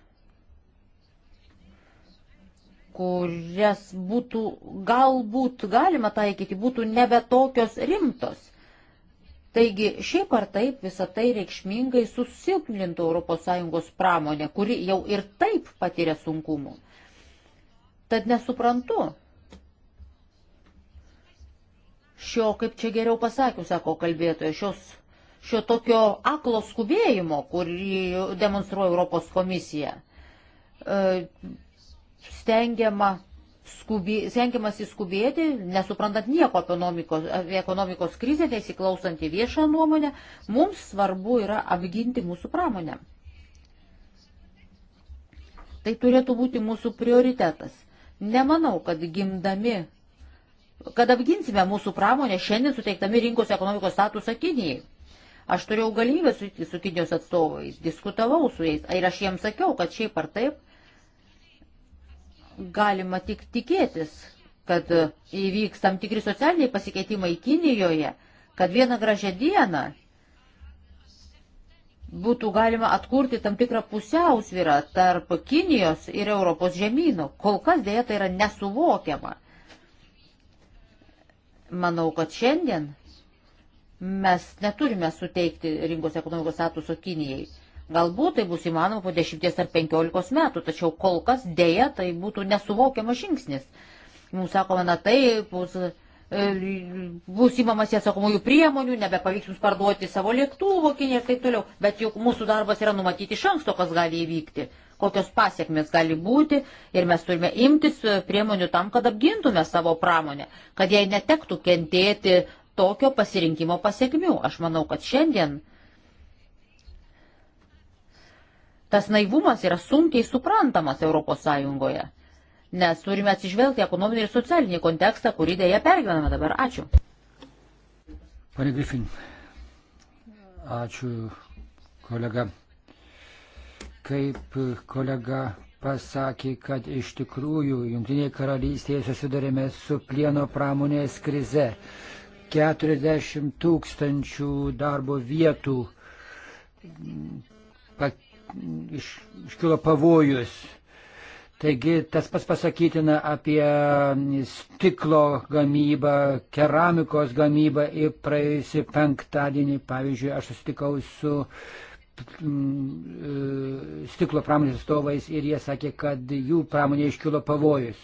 kurias būtų galbūt galima taikyti, būtų nebe tokios rimtos. Taigi šiaip ar taip visą tai reikšmingai susilpnintų ES pramonę, kuri jau ir taip patiria sunkumų. Tad nesuprantu. Šio, kaip čia geriau pasakiau, sako kalbėtoja, šios, šio tokio aklo skubėjimo, kurį demonstruoja Europos komisija. E, stengiama skubė, stengiamas įskubėti, nesuprantant nieko apie ekonomikos, apie ekonomikos krizę, neįsiklausant į viešą nuomonę, mums svarbu yra apginti mūsų pramonę. Tai turėtų būti mūsų prioritetas. Nemanau, kad gimdami, kad apginsime mūsų pramonę šiandien suteiktami rinkos ekonomikos statusą Kinijai. Aš turėjau galimybę su, su Kinijos atstovais, diskutavau su jais ir aš jiems sakiau, kad šiaip ar taip galima tik tikėtis, kad įvyks tam tikri socialiniai pasikeitimai Kinijoje, kad vieną gražią dieną būtų galima atkurti tam tikrą pusiausvyrą tarp Kinijos ir Europos žemynų. Kol kas dėja tai yra nesuvokiama. Manau, kad šiandien mes neturime suteikti rinkos ekonomikos statuso Kinijai. Galbūt tai bus įmanoma po 10 ar 15 metų, tačiau kol kas dėja tai būtų nesuvokiamas žingsnis. Mums sakoma, na tai bus, e, bus įmamas atsakomųjų priemonių, nebepavyks jums parduoti savo lėktuvų, kinė ir taip toliau, bet juk mūsų darbas yra numatyti iš anksto, kas gali įvykti kokios pasiekmes gali būti ir mes turime imtis priemonių tam, kad apgintume savo pramonę, kad jai netektų kentėti tokio pasirinkimo pasiekmių. Aš manau, kad šiandien uh, Tas naivumas yra sunkiai suprantamas ES, nes turime atsižvelgti ekonominį ir socialinį kontekstą, kurį dėja pergyvename dabar. Ačiū. Pane Grifin, ačiū kolega. Kaip kolega pasakė, kad iš tikrųjų Junktinėje karalystėje susidurėme su plieno pramonės krize. 40 tūkstančių darbo vietų pak iš, iškilo pavojus. Taigi tas pats pasakytina apie stiklo gamybą, keramikos gamybą ir praėjusį penktadienį, pavyzdžiui, aš susitikau su mm, e, stiklo pramonės atstovais ir jie sakė, kad jų pramonė iškilo pavojus.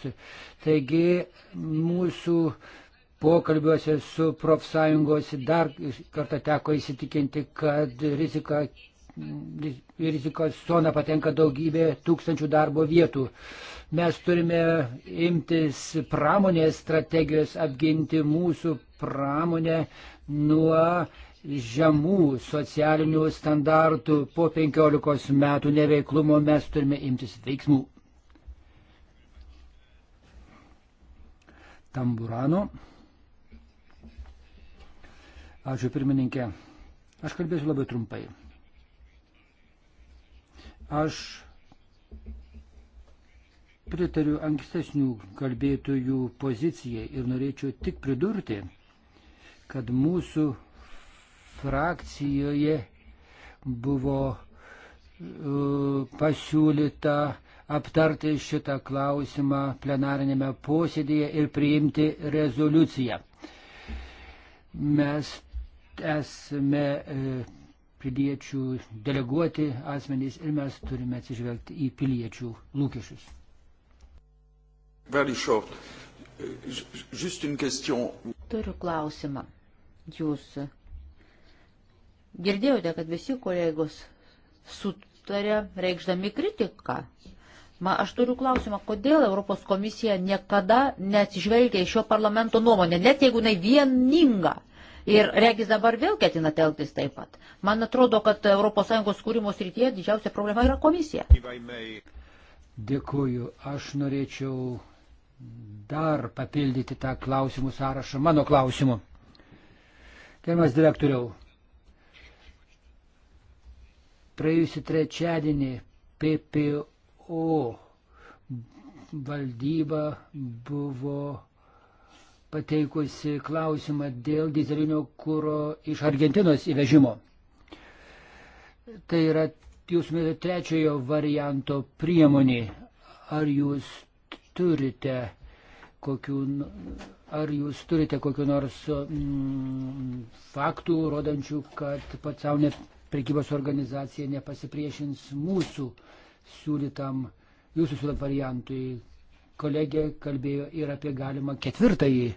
Taigi mūsų pokalbiuose su profsąjungos dar kartą teko įsitikinti, kad rizika rizikos zona patenka daugybė tūkstančių darbo vietų. Mes turime imtis pramonės strategijos apginti mūsų pramonę nuo žemų socialinių standartų po 15 metų neveiklumo mes turime imtis veiksmų. Tamburano. Ačiū pirmininkė. Aš kalbėsiu labai trumpai. Aš pritariu ankstesnių kalbėtojų pozicijai ir norėčiau tik pridurti, kad mūsų frakcijoje buvo e, pasiūlyta aptarti šitą klausimą plenarinėme posėdėje ir priimti rezoliuciją. Mes esame e, piliečių deleguoti asmenys ir mes turime atsižvelgti į piliečių lūkesčius. Turiu klausimą. Jūs girdėjote, kad visi kolegos sutarė reikšdami kritiką. Ma, aš turiu klausimą, kodėl Europos komisija niekada neatsižvelgia į šio parlamento nuomonę, net jeigu jinai vieninga Ir regis dabar vėl ketina telktis taip pat. Man atrodo, kad ES kūrimo srityje didžiausia problema yra komisija. Dėkuoju. Aš norėčiau dar papildyti tą klausimų sąrašą mano klausimu. Gerbiamas direktoriau, praėjusį trečiadienį PPO valdyba buvo pateikusi klausimą dėl dizelinio kūro iš Argentinos įvežimo. Tai yra jūsų minėto trečiojo varianto priemonė. Ar jūs turite kokių, ar jūs turite kokiu nors mm, faktų, rodančių, kad pasaulinė prekybos organizacija nepasipriešins mūsų siūlytam, jūsų siūlytam variantui, Kolegė kalbėjo ir apie galimą ketvirtąjį e,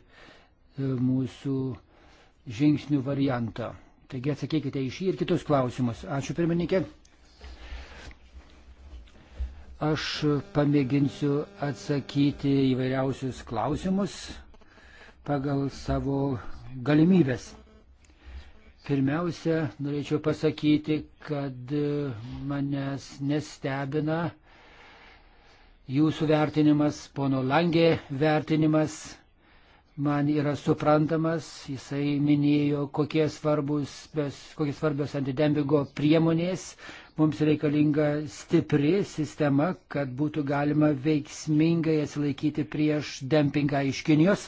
mūsų žingsnių variantą. Taigi atsakykite į šį ir kitus klausimus. Ačiū pirmininkė. Aš pamėginsiu atsakyti įvairiausius klausimus pagal savo galimybės. Pirmiausia, norėčiau pasakyti, kad manęs nestebina Jūsų vertinimas, pono Langė vertinimas man yra suprantamas. Jisai minėjo, kokie, svarbus, bes, kokie svarbios antidempingo priemonės. Mums reikalinga stipri sistema, kad būtų galima veiksmingai atsilaikyti prieš dempingą iš Kinijos.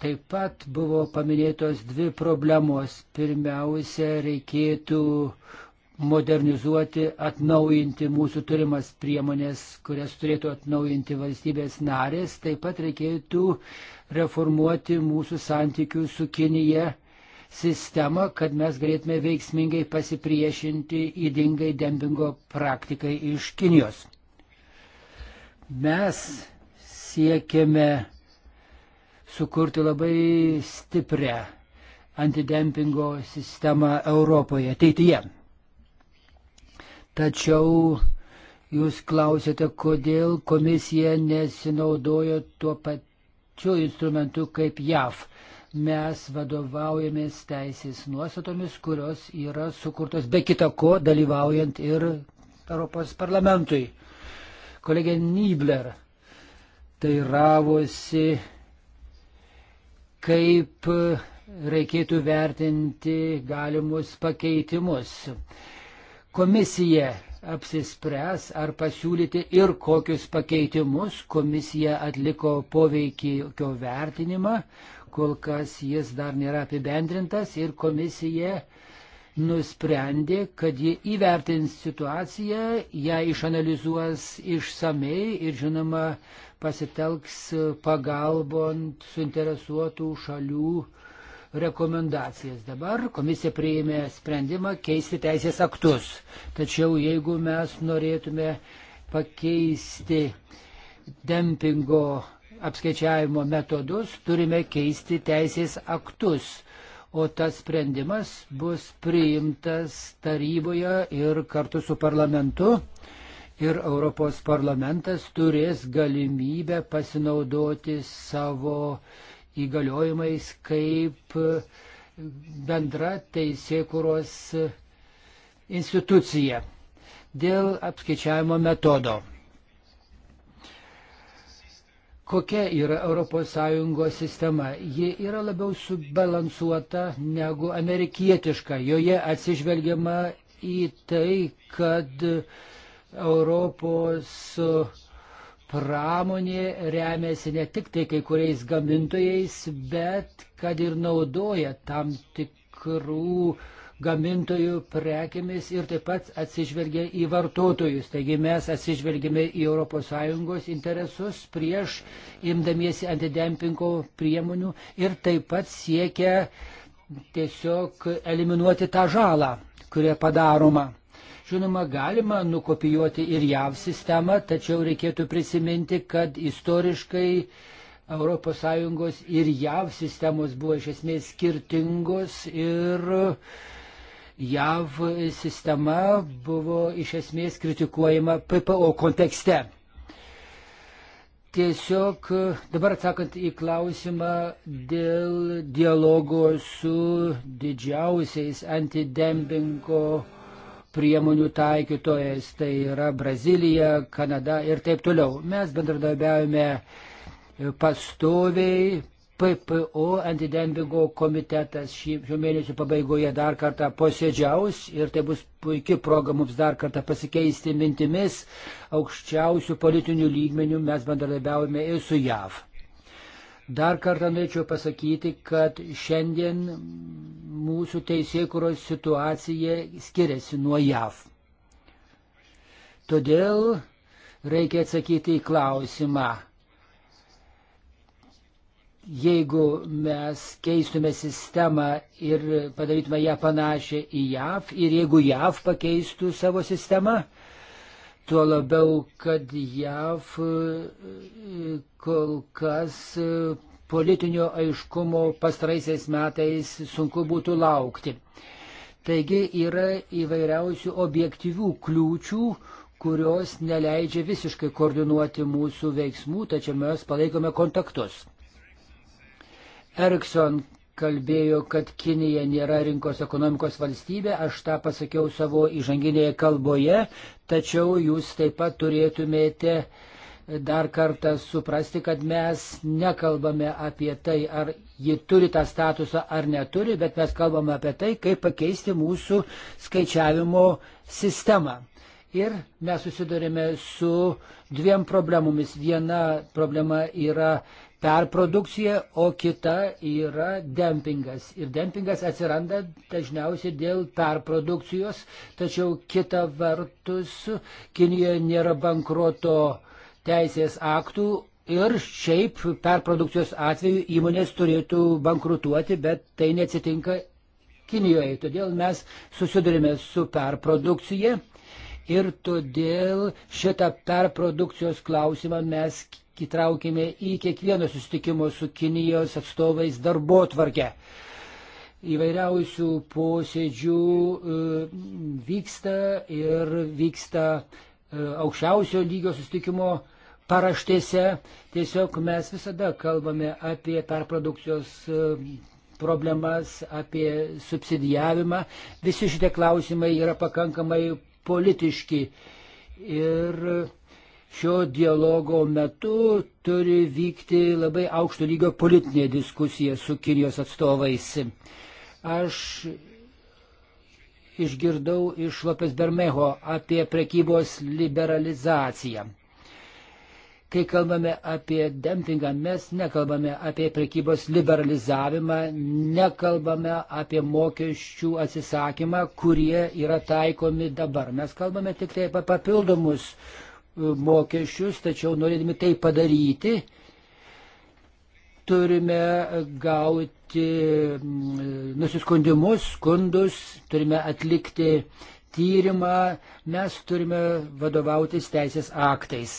Taip pat buvo paminėtos dvi problemos. Pirmiausia, reikėtų modernizuoti, atnaujinti mūsų turimas priemonės, kurias turėtų atnaujinti valstybės narės. Taip pat reikėtų reformuoti mūsų santykių su Kinija sistemą, kad mes galėtume veiksmingai pasipriešinti įdingai dempingo praktikai iš Kinijos. Mes siekiame sukurti labai stiprią antidempingo sistemą Europoje ateityje. Tačiau jūs klausėte, kodėl komisija nesinaudojo tuo pačiu instrumentu kaip JAV. Mes vadovaujamės teisės nuostatomis, kurios yra sukurtos be kita ko dalyvaujant ir Europos parlamentui. Kolegė Nibler teiravosi, kaip reikėtų vertinti galimus pakeitimus. Komisija apsispręs ar pasiūlyti ir kokius pakeitimus. Komisija atliko poveikio vertinimą, kol kas jis dar nėra apibendrintas ir komisija nusprendė, kad ji įvertins situaciją, ją išanalizuos išsamei ir žinoma pasitelks pagalbon suinteresuotų šalių uh, rekomendacijas. Dabar komisija priėmė sprendimą keisti teisės aktus. Tačiau jeigu mes norėtume pakeisti dempingo apskaičiavimo metodus, turime keisti teisės aktus. O tas sprendimas bus priimtas taryboje ir kartu su parlamentu. Ir Europos parlamentas turės galimybę pasinaudoti savo uh, įgaliojimais kaip bendra teisėkuros institucija dėl apskaičiavimo metodo. Kokia yra ES sistema? Ji yra labiau subalansuota negu amerikietiška. Joje atsižvelgiama į tai, kad Europos uh, pramonė remiasi ne tik tai kai kuriais gamintojais, bet kad ir naudoja tam tikrų gamintojų prekėmis ir taip pat atsižvelgia į vartotojus. Taigi mes atsižvelgime į ES interesus prieš imdamiesi antidempingo priemonių ir taip pat siekia tiesiog eliminuoti tą žalą, kurią padaroma. Žinoma, galima nukopijuoti ir JAV sistemą, tačiau reikėtų prisiminti, kad istoriškai ES ir JAV sistemos buvo iš esmės skirtingos ir JAV sistema buvo iš esmės kritikuojama PPO kontekste. Tiesiog dabar atsakant į klausimą dėl dialogo su didžiausiais antidempingo priemonių taikytojas, tai yra Brazilija, Kanada ir taip toliau. Mes bendradarbiavome pastoviai, PPO antidempingo komitetas šį, šių mėnesių pabaigoje dar kartą posėdžiaus ir tai bus puikia proga mums dar kartą pasikeisti mintimis aukščiausių politinių lygmenių mes bendradarbiaujame ir su JAV. Dar kartą norėčiau pasakyti, kad šiandien mūsų teisėkuros situacija skiriasi nuo JAV. Todėl reikia atsakyti į klausimą, jeigu mes keistume sistemą ir padarytume ją panašią į JAV ir jeigu JAV pakeistų savo sistemą, Tuo labiau, kad JAV e, kol kas e, politinio aiškumo pastaraisiais metais sunku būtų laukti. Taigi yra įvairiausių objektyvių kliūčių, kurios neleidžia visiškai koordinuoti mūsų veiksmų, tačiau mes palaikome kontaktus. Erikson kalbėjo, kad Kinija nėra rinkos ekonomikos valstybė, aš tą pasakiau savo įžanginėje kalboje, tačiau jūs taip pat turėtumėte dar kartą suprasti, kad mes nekalbame apie tai, ar ji turi tą statusą ar neturi, bet mes kalbame apie tai, kaip pakeisti mūsų skaičiavimo sistemą. Ir mes susidurime su dviem problemomis. Viena problema yra perprodukcija, o kita yra dempingas. Ir dempingas atsiranda dažniausiai dėl perprodukcijos, tačiau kita vertus Kinijoje nėra bankroto teisės aktų. Ir šiaip perprodukcijos atveju įmonės turėtų bankrutuoti, bet tai neatsitinka Kinijoje. Todėl mes susidurime su perprodukcija ir todėl šitą perprodukcijos klausimą mes įtraukėme į kiekvieno susitikimo su Kinijos atstovais darbo tvarkę. Įvairiausių posėdžių e, vyksta ir vyksta e, aukščiausio lygio susitikimo paraštėse. Tiesiog mes visada kalbame apie perprodukcijos e, problemas, apie subsidijavimą. Visi šitie klausimai yra pakankamai politiški. Ir Šio dialogo metu turi vykti labai aukšto lygio politinė diskusija su Kinijos atstovais. Aš išgirdau iš Lopes Bermeho apie prekybos liberalizaciją. Kai kalbame apie dempingą, mes nekalbame apie prekybos liberalizavimą, nekalbame apie mokesčių atsisakymą, kurie yra taikomi dabar. Mes kalbame tik tai apie papildomus mokesčius, tačiau norėdami tai padaryti, turime gauti mm, nusiskundimus, skundus, turime atlikti tyrimą, mes turime vadovautis teisės aktais.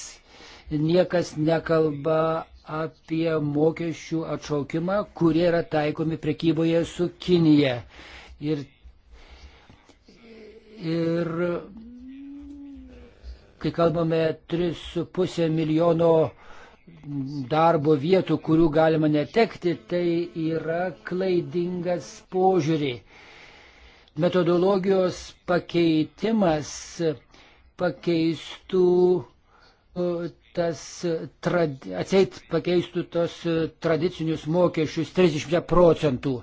Niekas nekalba apie mokesčių atšaukimą, kurie yra taikomi prekyboje su Kinija. Ir, ir kai kalbame 3,5 milijono darbo vietų, kurių galima netekti, tai yra klaidingas požiūrį. Metodologijos pakeitimas pakeistų tas trad, atseit pakeistų tos tradicinius mokesčius 30 procentų.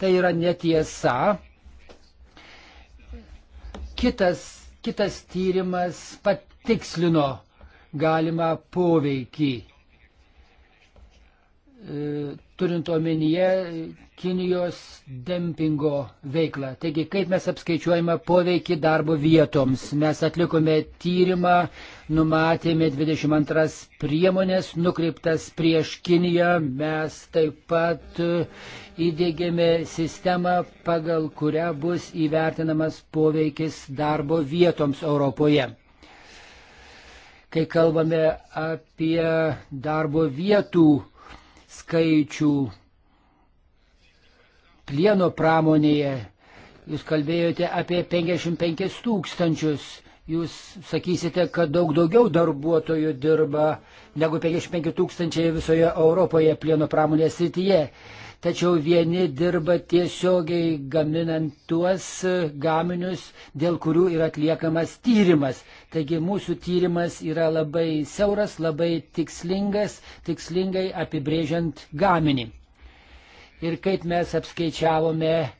Tai yra netiesa. Kitas, kitas tyrimas pat, tikslino galimą poveikį. E, turint omenyje Kinijos dempingo veiklą. Taigi, kaip mes apskaičiuojame poveikį darbo vietoms? Mes atlikome tyrimą, numatėme 22 priemonės nukreiptas prieš Kiniją. Mes taip pat įdėgėme sistemą, pagal kurią bus įvertinamas poveikis darbo vietoms Europoje kai kalbame apie darbo vietų skaičių plieno pramonėje. Jūs kalbėjote apie 55 tūkstančius. Jūs sakysite, kad daug daugiau darbuotojų dirba negu 55 tūkstančiai visoje Europoje plieno pramonės srityje tačiau vieni dirba tiesiogiai gaminant tuos gaminius, dėl kurių yra atliekamas tyrimas. Taigi mūsų tyrimas yra labai siauras, labai tikslingas, tikslingai apibrėžiant gaminį. Ir kaip mes apskaičiavome e,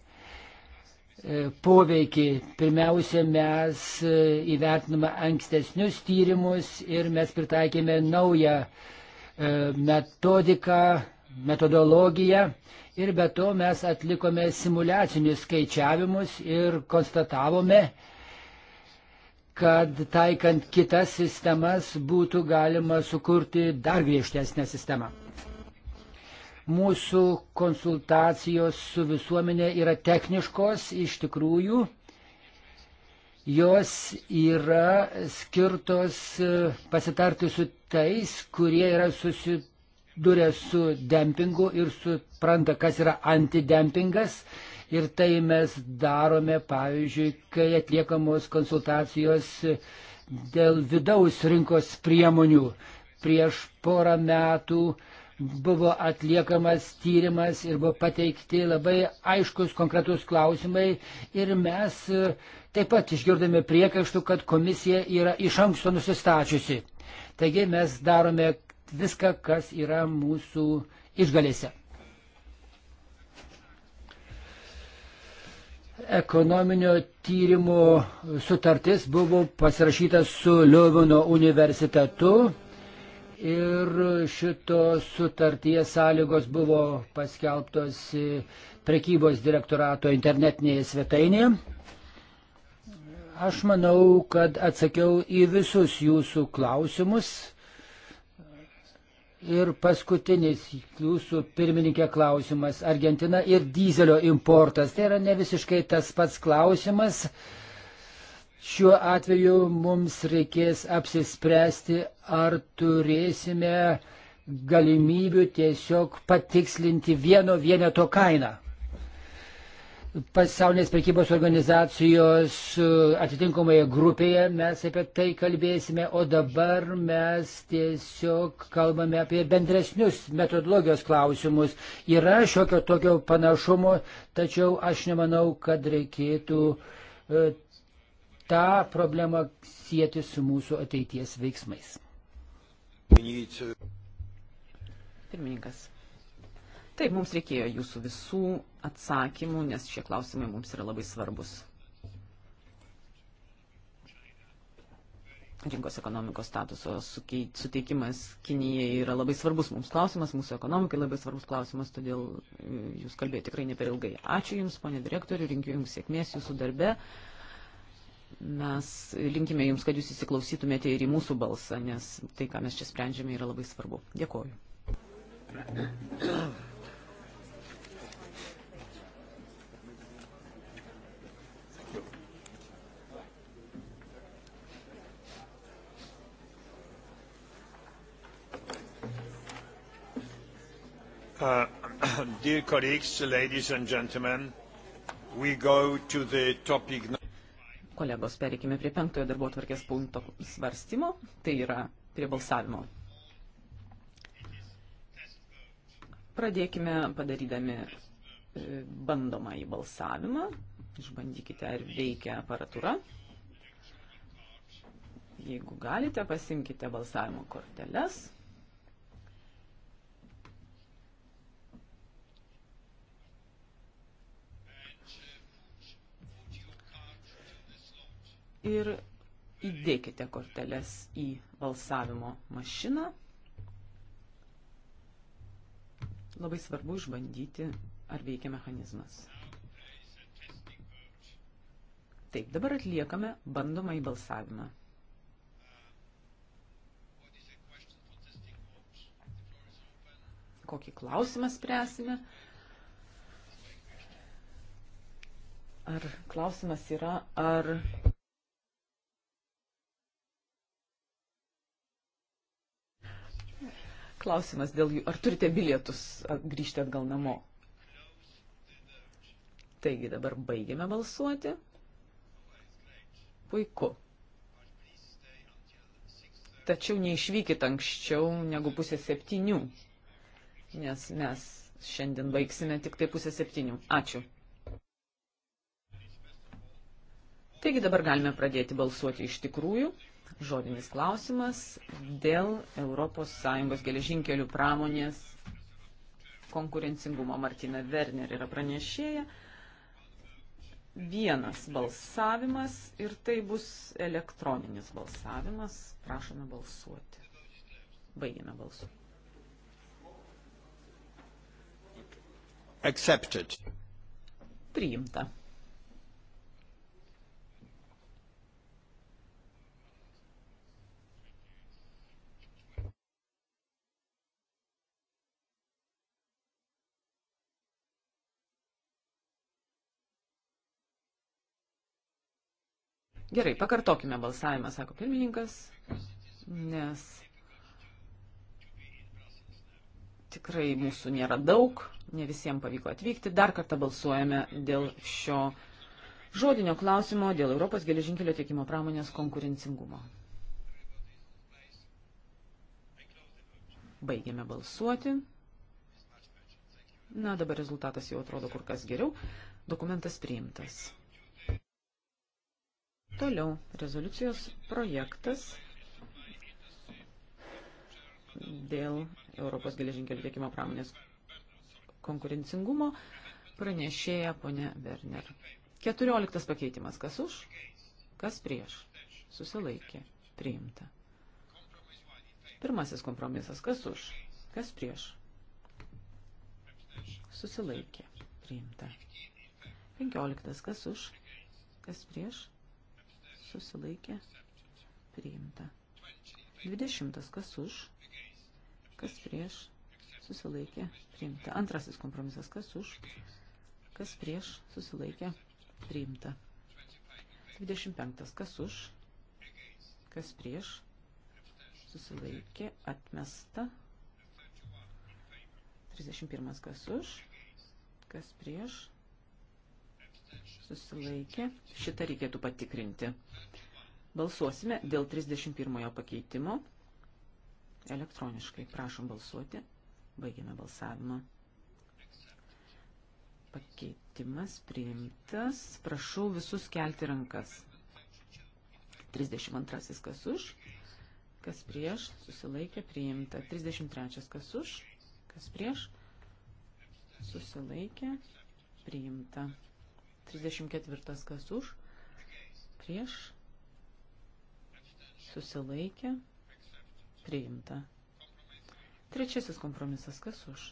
poveikį. Pirmiausia, mes e, įvertinome ankstesnius tyrimus ir mes pritaikėme naują e, metodiką metodologiją ir be to mes atlikome simulacinius skaičiavimus ir konstatavome, kad taikant kitas sistemas būtų galima sukurti dar griežtesnę sistemą. Mūsų konsultacijos su visuomenė yra techniškos iš tikrųjų. Jos yra skirtos pasitarti su tais, kurie yra susitikti susiduria su dempingu ir supranta, kas yra antidempingas. Ir tai mes darome, pavyzdžiui, kai atliekamos konsultacijos dėl vidaus rinkos priemonių. Prieš porą metų buvo atliekamas tyrimas ir buvo pateikti labai aiškus konkretus klausimai ir mes taip pat išgirdome priekaištų, kad komisija yra iš anksto nusistačiusi. Taigi mes darome viską, kas yra mūsų išgalėse. Ekonominio tyrimo sutartis buvo pasirašyta su Liuvino universitetu ir šitos sutarties sąlygos buvo paskelbtos prekybos direktorato internetinėje svetainėje. Aš manau, kad atsakiau į visus jūsų klausimus. Ir paskutinis jūsų pirmininkė klausimas - Argentina ir dizelio importas. Tai yra ne visiškai tas pats klausimas. Šiuo atveju mums reikės apsispręsti, ar turėsime galimybių tiesiog patikslinti vieno vieneto kainą pasaulinės prekybos organizacijos e, atitinkamoje grupėje mes apie tai kalbėsime, o dabar mes tiesiog kalbame apie bendresnius metodologijos klausimus. Yra šiokio tokio panašumo, tačiau aš nemanau, kad reikėtų e, tą problemą sieti su mūsų ateities veiksmais. Pirmininkas. Taip, mums reikėjo jūsų visų atsakymų, nes šie klausimai mums yra labai svarbus. Rinkos ekonomikos statuso suteikimas Kinijai yra labai svarbus mums klausimas, mūsų ekonomikai labai svarbus klausimas, todėl e, jūs kalbėjote tikrai ne per ilgai. Ačiū Jums, ponė direktorių, linkiu Jums sėkmės Jūsų darbe. Mes linkime Jums, kad Jūs įsiklausytumėte ir į mūsų balsą, nes tai, ką mes čia sprendžiame, yra labai svarbu. Dėkoju. Uh, dear colleagues, ladies and gentlemen, we go to the topic. Kolegos, pereikime prie penktojo darbo tvarkės punkto svarstymo, tai yra prie balsavimo. Pradėkime padarydami e, bandomą į balsavimą. Išbandykite, ar veikia aparatūra. Jeigu galite, pasimkite balsavimo korteles. ir įdėkite korteles į balsavimo mašiną. Labai svarbu išbandyti, ar veikia mechanizmas. Taip, dabar atliekame bandomą į balsavimą. Kokį klausimą spręsime? Ar klausimas yra, ar Klausimas dėl jų, ar turite bilietus grįžti atgal namo? Taigi dabar baigiame balsuoti. Puiku. Tačiau neišvykit anksčiau negu pusė septynių, nes mes šiandien baigsime tik tai pusė septynių. Ačiū. Taigi dabar galime pradėti balsuoti iš tikrųjų. Žodinis klausimas dėl ES geležinkelių pramonės konkurencingumo. Martina Werner yra pranešėja. Vienas balsavimas ir tai bus elektroninis balsavimas. Prašome balsuoti. Baigime balsuoti. Accepted. Priimta. Gerai, pakartokime balsavimą, sako pirmininkas, nes tikrai mūsų nėra daug, ne visiems pavyko atvykti. Dar kartą balsuojame dėl šio žodinio klausimo, dėl Europos geležinkelio tiekimo pramonės konkurencingumo. Baigėme balsuoti. Na, dabar rezultatas jau atrodo kur kas geriau. Dokumentas priimtas. Toliau rezoliucijos projektas dėl Europos geležinkelių tiekimo pramonės konkurencingumo pranešėja ponė Werner. 14 pakeitimas. Kas už? Kas prieš? Susilaikė. Priimta. Pirmasis kompromisas. Kas už? Kas prieš? Susilaikė. Priimta. 15. Kas už? Kas prieš? susilaikė, priimta. 20. Kas už, kas prieš, susilaikė, priimta. Antrasis kompromisas. Kas už, kas prieš, susilaikė, priimta. 25. Kas už, kas prieš, susilaikė, atmesta. 31. Kas už, kas prieš, susilaikė. Šitą reikėtų patikrinti. Balsuosime dėl 31 pakeitimo elektroniškai. Prašom balsuoti. Baigiame balsavimą. Pakeitimas priimtas. Prašau visus kelti rankas. 32 kas už, kas prieš, susilaikė priimta. 33 kas už, kas prieš, susilaikė priimta. 34 kas už, prieš, susilaikė, priimta. Trečiasis kompromisas kas už,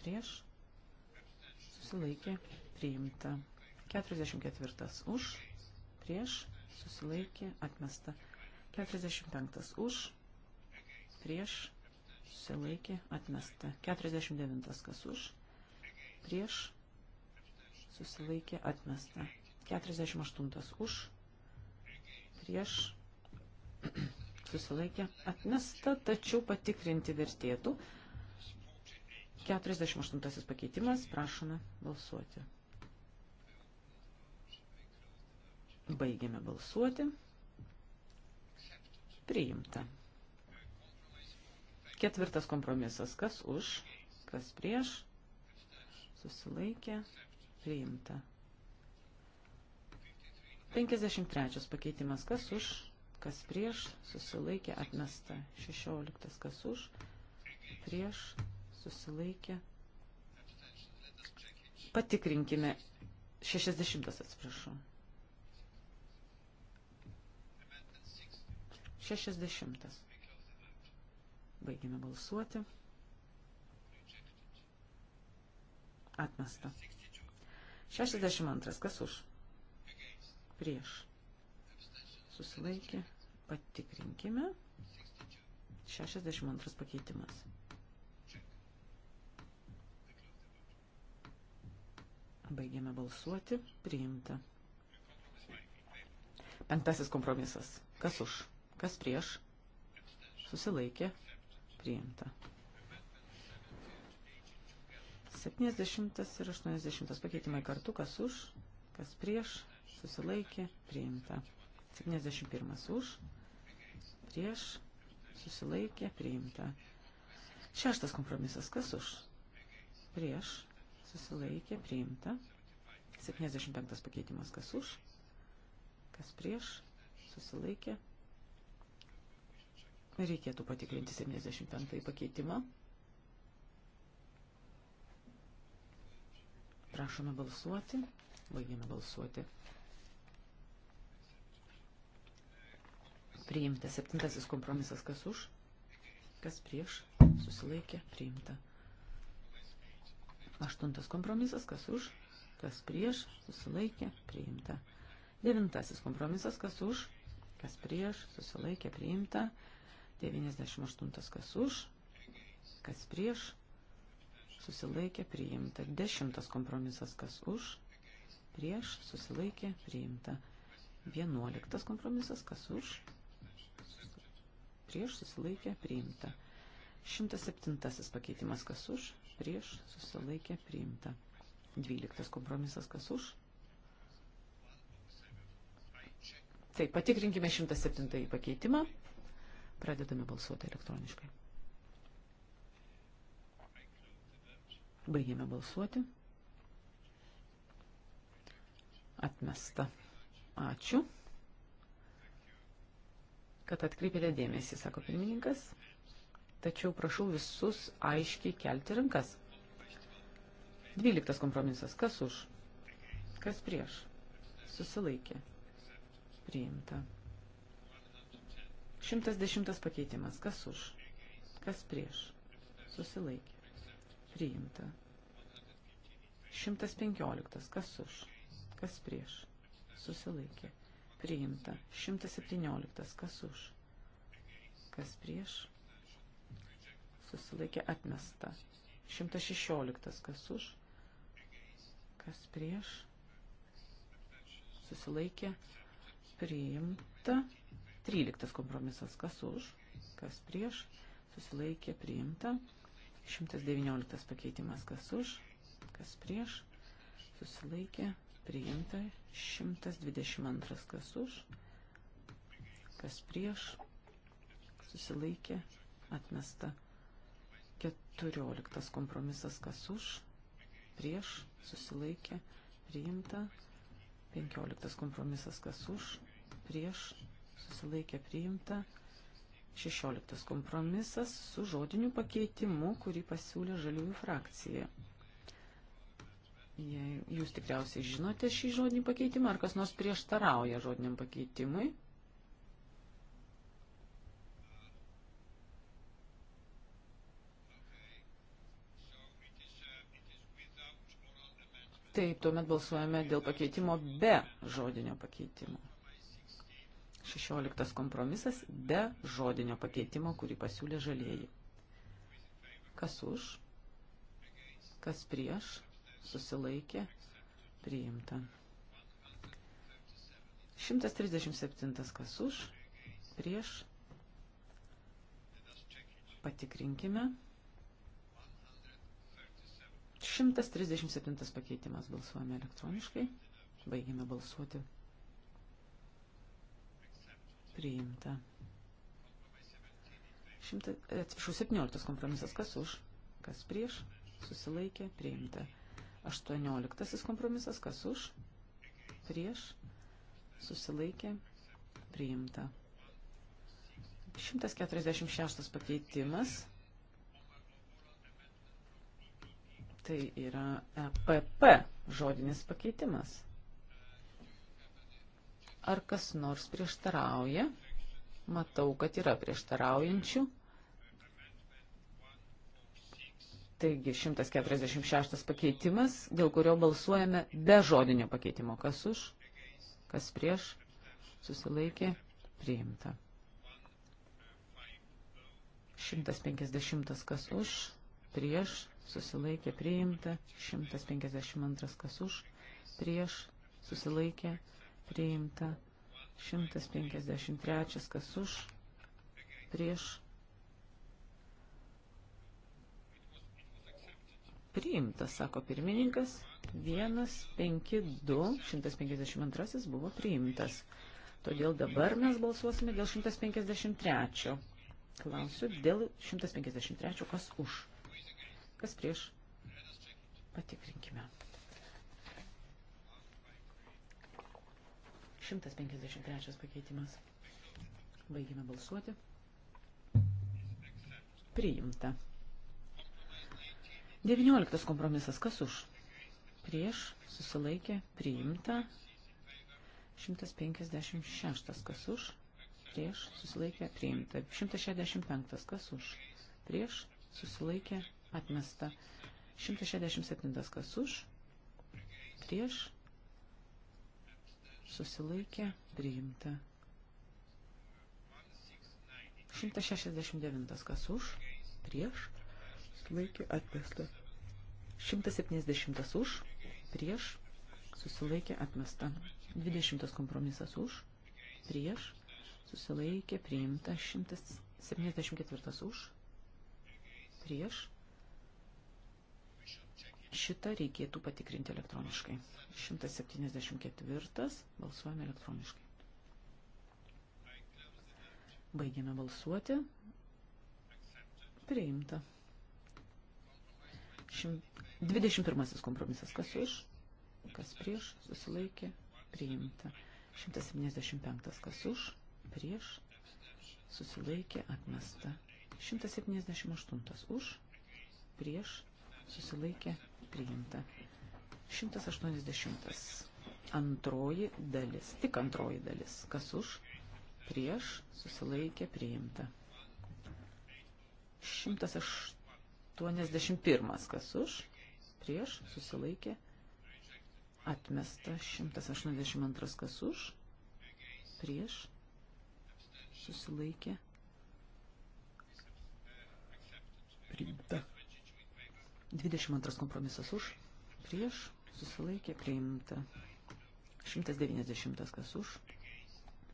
prieš, susilaikė, priimta. 44 už, prieš, susilaikė, atmesta. 45 už, prieš, susilaikė, atmesta. 49 kas už, prieš, susilaikė atmesta. 48 už, prieš, susilaikė atmesta, tačiau patikrinti vertėtų. 48 pakeitimas, prašome balsuoti. Baigiame balsuoti. Priimta. Ketvirtas kompromisas. Kas už, kas prieš, susilaikė, priimta. 53 pakeitimas kas už, kas prieš, susilaikė, atmesta. 16 kas už, prieš, susilaikė. Patikrinkime. 60 atsiprašau. 60. Baigime balsuoti. Atmesta. 62. Kas už? Prieš. Susilaikė. Patikrinkime. 62 pakeitimas. Baigėme balsuoti. Priimta. Penktasis kompromisas. Kas už? Kas prieš? Susilaikė. Priimta. 70 ir 80 pakeitimai kartu, kas už, kas prieš, susilaikė, priimta. 71 už, prieš, susilaikė, priimta. Šeštas kompromisas, kas už, prieš, susilaikė, priimta. 75 pakeitimas, kas už, kas prieš, susilaikė. Reikėtų patikrinti 75 pakeitimą. Prašome balsuoti. Baigėme balsuoti. Priimta. Septintasis kompromisas. Kas už? Kas prieš? Susilaikė. Priimta. Aštuntas kompromisas. Kas už? Kas prieš? Susilaikė. Priimta. Devintasis kompromisas. Kas už? Kas prieš? Susilaikė. Priimta. 98. Kas už? Kas prieš? susilaikė priimta. Dešimtas kompromisas kas už, prieš susilaikė priimta. Vienuoliktas kompromisas kas už, prieš susilaikė priimta. Šimtas septintasis pakeitimas kas už, prieš susilaikė priimta. Dvyliktas kompromisas kas už. Taip, patikrinkime 107 pakeitimą. Pradedame balsuoti elektroniškai. Baigėme balsuoti. Atmesta. Ačiū, kad atkreipėte dėmesį, sako pirmininkas. Tačiau prašau visus aiškiai kelti rankas. Dvyliktas kompromisas. Kas už? Kas prieš? Susilaikė. Priimta. 110 pakeitimas. Kas už? Kas prieš? Susilaikė. Priimta. 115. Kas už? Kas prieš? Susilaikė. Priimta. 117. Kas už? Kas prieš? Susilaikė atmesta. 116. Kas už? Kas prieš? Susilaikė. Priimta. 13. Kompromisas. Kas už? Kas prieš? Susilaikė. Priimta. 119 pakeitimas kas už, kas prieš, susilaikė, priimta. 122 kas už, kas prieš, susilaikė, atmesta. 14 kompromisas kas už, prieš, susilaikė, priimta. 15 kompromisas kas už, prieš, susilaikė, priimta. 16 kompromisas su žodiniu pakeitimu, kurį pasiūlė žaliųjų frakcija. Jei jūs tikriausiai žinote šį žodinį pakeitimą, ar kas nors prieštarauja žodiniam pakeitimui? Taip, tuomet balsuojame dėl pakeitimo be žodinio pakeitimo. 16 kompromisas be žodinio pakeitimo, kurį pasiūlė žalieji. Kas už, kas prieš, susilaikė, priimta. 137 kas už, prieš, patikrinkime. 137 pakeitimas balsuojame elektroniškai, baigiame balsuoti. Priimta. Šimta, atsiprašau, 17 kompromisas. Kas už? Kas prieš? Susilaikė. Priimta. 18 kompromisas. Kas už? Prieš? Susilaikė. Priimta. 146 pakeitimas. Tai yra EPP žodinis pakeitimas. Ar kas nors prieštarauja? Matau, kad yra prieštaraujančių. Taigi 146 pakeitimas, dėl kurio balsuojame be žodinio pakeitimo. Kas už, kas prieš, susilaikė, priimta. 150 kas už, prieš, susilaikė priimta, 152 kas už, prieš, susilaikė priimta 153, kas už, prieš, priimta, sako pirmininkas, 152, 152 buvo priimtas. Todėl dabar mes balsuosime dėl 153. Klausiu dėl 153, kas už, kas prieš. Patikrinkime. 153 pakeitimas. Baigime balsuoti. Priimta. 19 kompromisas. Kas už? Prieš susilaikė. Priimta. 156 kas už. Prieš susilaikė. Priimta. 165 kas už. Prieš susilaikė. Atmesta. 167 kas už. Prieš susilaikė, priimta. 169 kas už, prieš, susilaikė, atmesta. 170 už, prieš, susilaikė, atmesta. 20 kompromisas už, prieš, susilaikė, priimta. 174 už, prieš, Šitą reikėtų patikrinti elektroniškai. 174 balsuojame elektroniškai. Baigėme balsuoti. Priimta. 21 kompromisas. Kas už? Kas prieš? Susilaikė. Priimta. 175. Kas už? Prieš? Susilaikė. Atmesta. 178. Už? Prieš? susilaikė, priimta. 180. Antroji dalis, tik antroji dalis. Kas už, prieš, susilaikė, priimta. 181. Kas už, prieš, susilaikė, atmesta. 182. Kas už, prieš, susilaikė, priimta. 22 kompromisas už, prieš, susilaikė priimta. 190 kas už,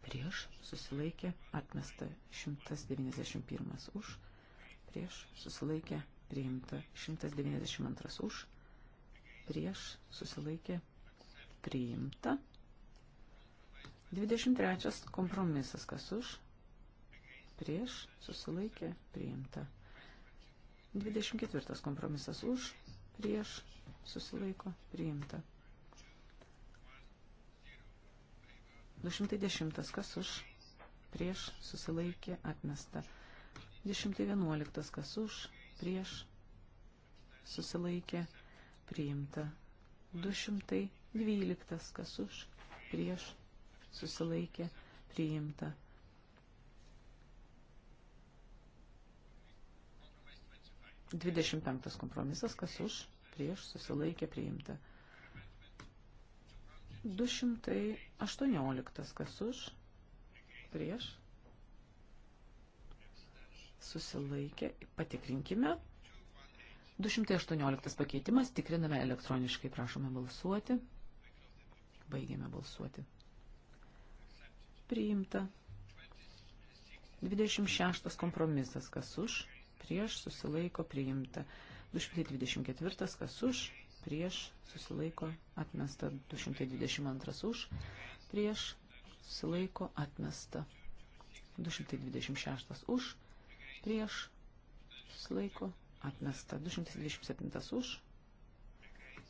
prieš, susilaikė atmesta. 191 už, prieš, susilaikė priimta. 192 už, prieš, susilaikė priimta. 23 kompromisas kas už, prieš, susilaikė priimta. 24 kompromisas už, prieš, susilaiko, priimta. 210 kas už, prieš, susilaikė, atmesta. 211 kas už, prieš, susilaikė, priimta. 212 kas už, prieš, susilaikė, priimta. 25 kompromisas, kas už, prieš, susilaikė, priimta. 218, kas už, prieš, susilaikė, patikrinkime. 218 pakeitimas, tikriname elektroniškai, prašome balsuoti. Baigėme balsuoti. Priimta. 26 kompromisas, kas už, prieš susilaiko priimta. 224 kas už, prieš susilaiko atmesta. 222 už, prieš susilaiko atmesta. 226 už, prieš susilaiko atmesta. 227 už,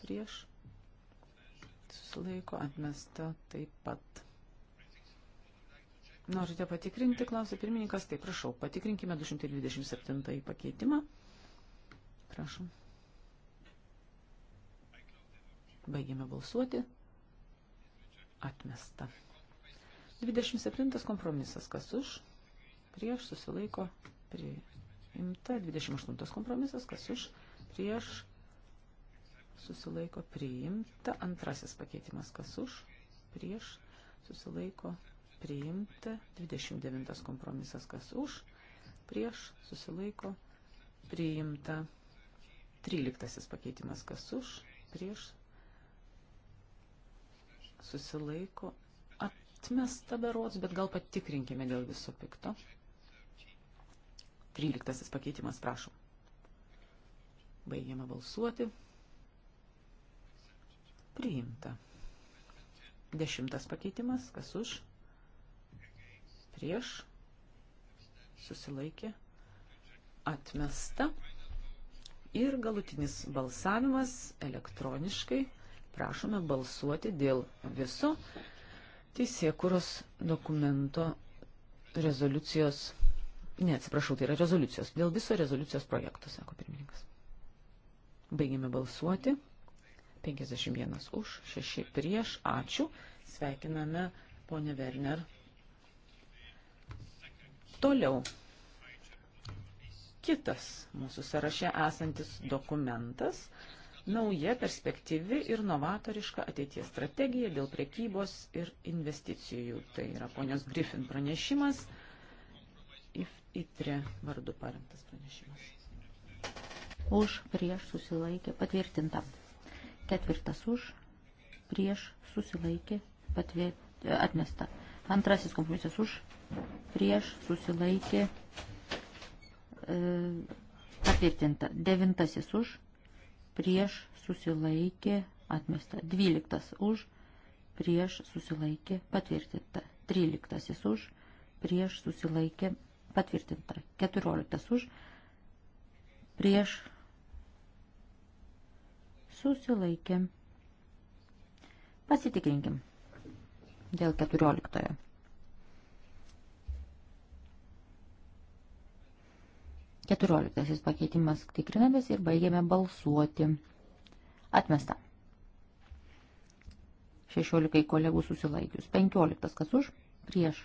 prieš susilaiko atmesta taip pat. Norite patikrinti, klausė pirmininkas. Taip, prašau, patikrinkime 227 pakeitimą. Prašom. Baigėme balsuoti. Atmesta. 27 kompromisas. Kas už? Prieš susilaiko priimta. 28 kompromisas. Kas už? Prieš susilaiko priimta. Antrasis pakeitimas. Kas už? Prieš susilaiko priimta priimta, 29 kompromisas kas už, prieš, susilaiko, priimta, 13 pakeitimas kas už, prieš, susilaiko, atmesta berods, bet gal patikrinkime dėl viso pikto. 13 pakeitimas, prašom. Baigiame balsuoti. Priimta. Dešimtas pakeitimas, kas už, prieš, susilaikė, atmesta. Ir galutinis balsavimas elektroniškai. Prašome balsuoti dėl viso teisėkuros dokumento rezoliucijos. Ne, atsiprašau, tai yra rezoliucijos. Dėl viso rezoliucijos projekto, sako pirmininkas. Baigėme balsuoti. 51 už, 6 prieš. Ačiū. Sveikiname ponę Werner. Toliau. Kitas mūsų sąraše esantis dokumentas - nauja perspektyvi ir novatoriška ateities strategija dėl prekybos ir investicijų. Tai yra ponios Griffin pranešimas, ITRE vardu parengtas pranešimas. Už, prieš, susilaikė, patvirtinta. Ketvirtas už, prieš, susilaikė, patvirtinta atmesta. Antrasis kompromisas už, prieš, susilaikė, e, patvirtinta. Devintasis už, prieš, susilaikė, atmesta. Dvyliktas už, prieš, susilaikė, patvirtinta. Tryliktasis už, prieš, susilaikė, patvirtinta. Keturioliktas už, prieš, susilaikė. Pasitikrinkim dėl 14. Keturioliktasis pakeitimas tikrinamės ir baigėme balsuoti. Atmesta. 16 kolegų susilaikius. 15 kas už? Prieš.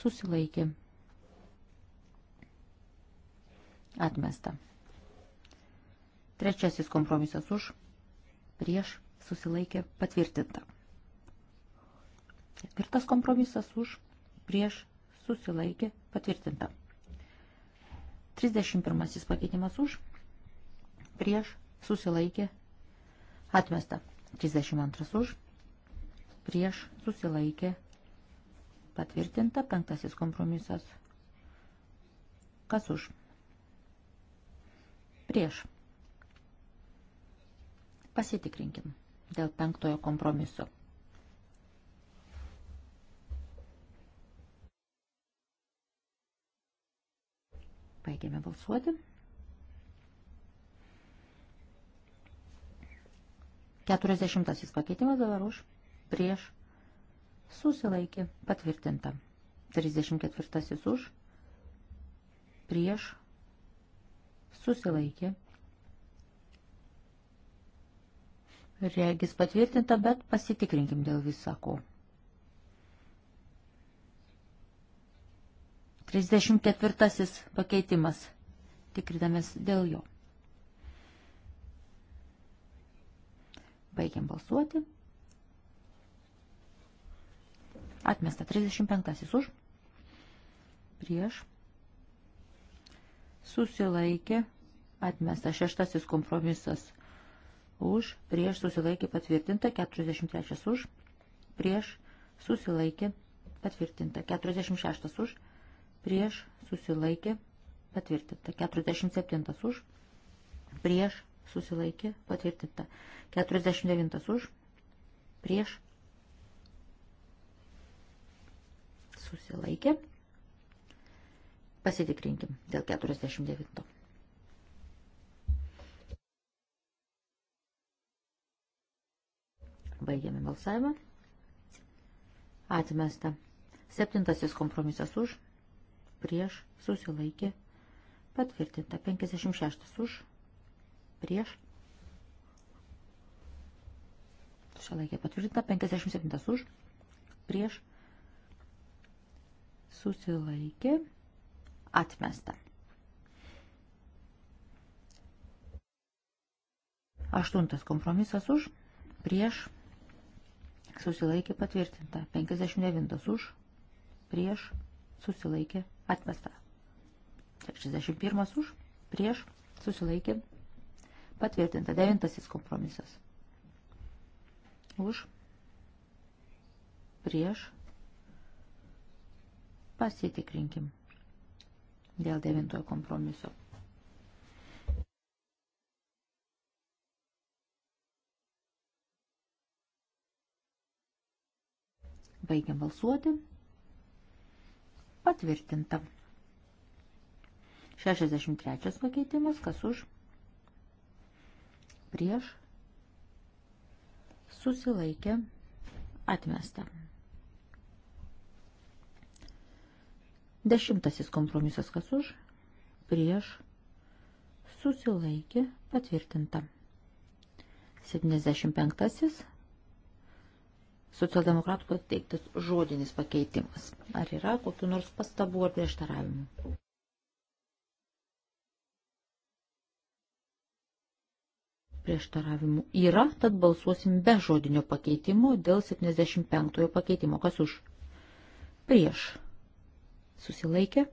Susilaikė. Atmesta. Trečiasis kompromisas už. Prieš. Susilaikė. Patvirtinta. Ketvirtas kompromisas už, prieš, susilaikė, patvirtinta. 31 pakeitimas už, prieš, susilaikė, atmesta. 32 už, prieš, susilaikė, patvirtinta. Penktasis kompromisas. Kas už? Prieš. Pasitikrinkim dėl penktojo kompromiso. Baigėme balsuoti. 40 pakeitimas dabar už, prieš, susilaikė, patvirtinta. 34 už, prieš, susilaikė. Regis patvirtinta, bet pasitikrinkim dėl visako. ko. 34 pakeitimas. Tikrinamės dėl jo. Baigiam balsuoti. Atmesta 35 už. Prieš. Susilaikė. Atmesta 6 kompromisas. Už. Prieš susilaikė patvirtinta. 43 už. Prieš susilaikė patvirtinta. 46 už prieš susilaikė patvirtinta. 47 už, prieš susilaikė patvirtinta. 49 už, prieš susilaikė. Pasitikrinkim dėl 49. Baigiame balsavimą. Atmesta. Septintasis kompromisas už, prieš, susilaikė, patvirtinta. 56 už, prieš, susilaikė, patvirtinta. 57 už, prieš, susilaikė, atmesta. Aštuntas kompromisas už, prieš, susilaikė patvirtinta. 59 už, prieš, susilaikė Atmesta. 61 už, prieš, susilaikė, patvirtinta. Devintasis kompromisas. Už, prieš, pasitikrinkim dėl devintojo kompromiso. Baigiam balsuoti. Patvirtinta. 63 pakeitimas, kas už, prieš, susilaikė, atmesta. Dešimtasis kompromisas, kas už, prieš, susilaikė, patvirtinta. 75 socialdemokratų pateiktas žodinis pakeitimas. Ar yra kokiu nors pastabu ar prieštaravimu? Prieštaravimų yra, tad balsuosim be žodinio pakeitimo dėl 75 pakeitimo. Kas už? Prieš. Susilaikė.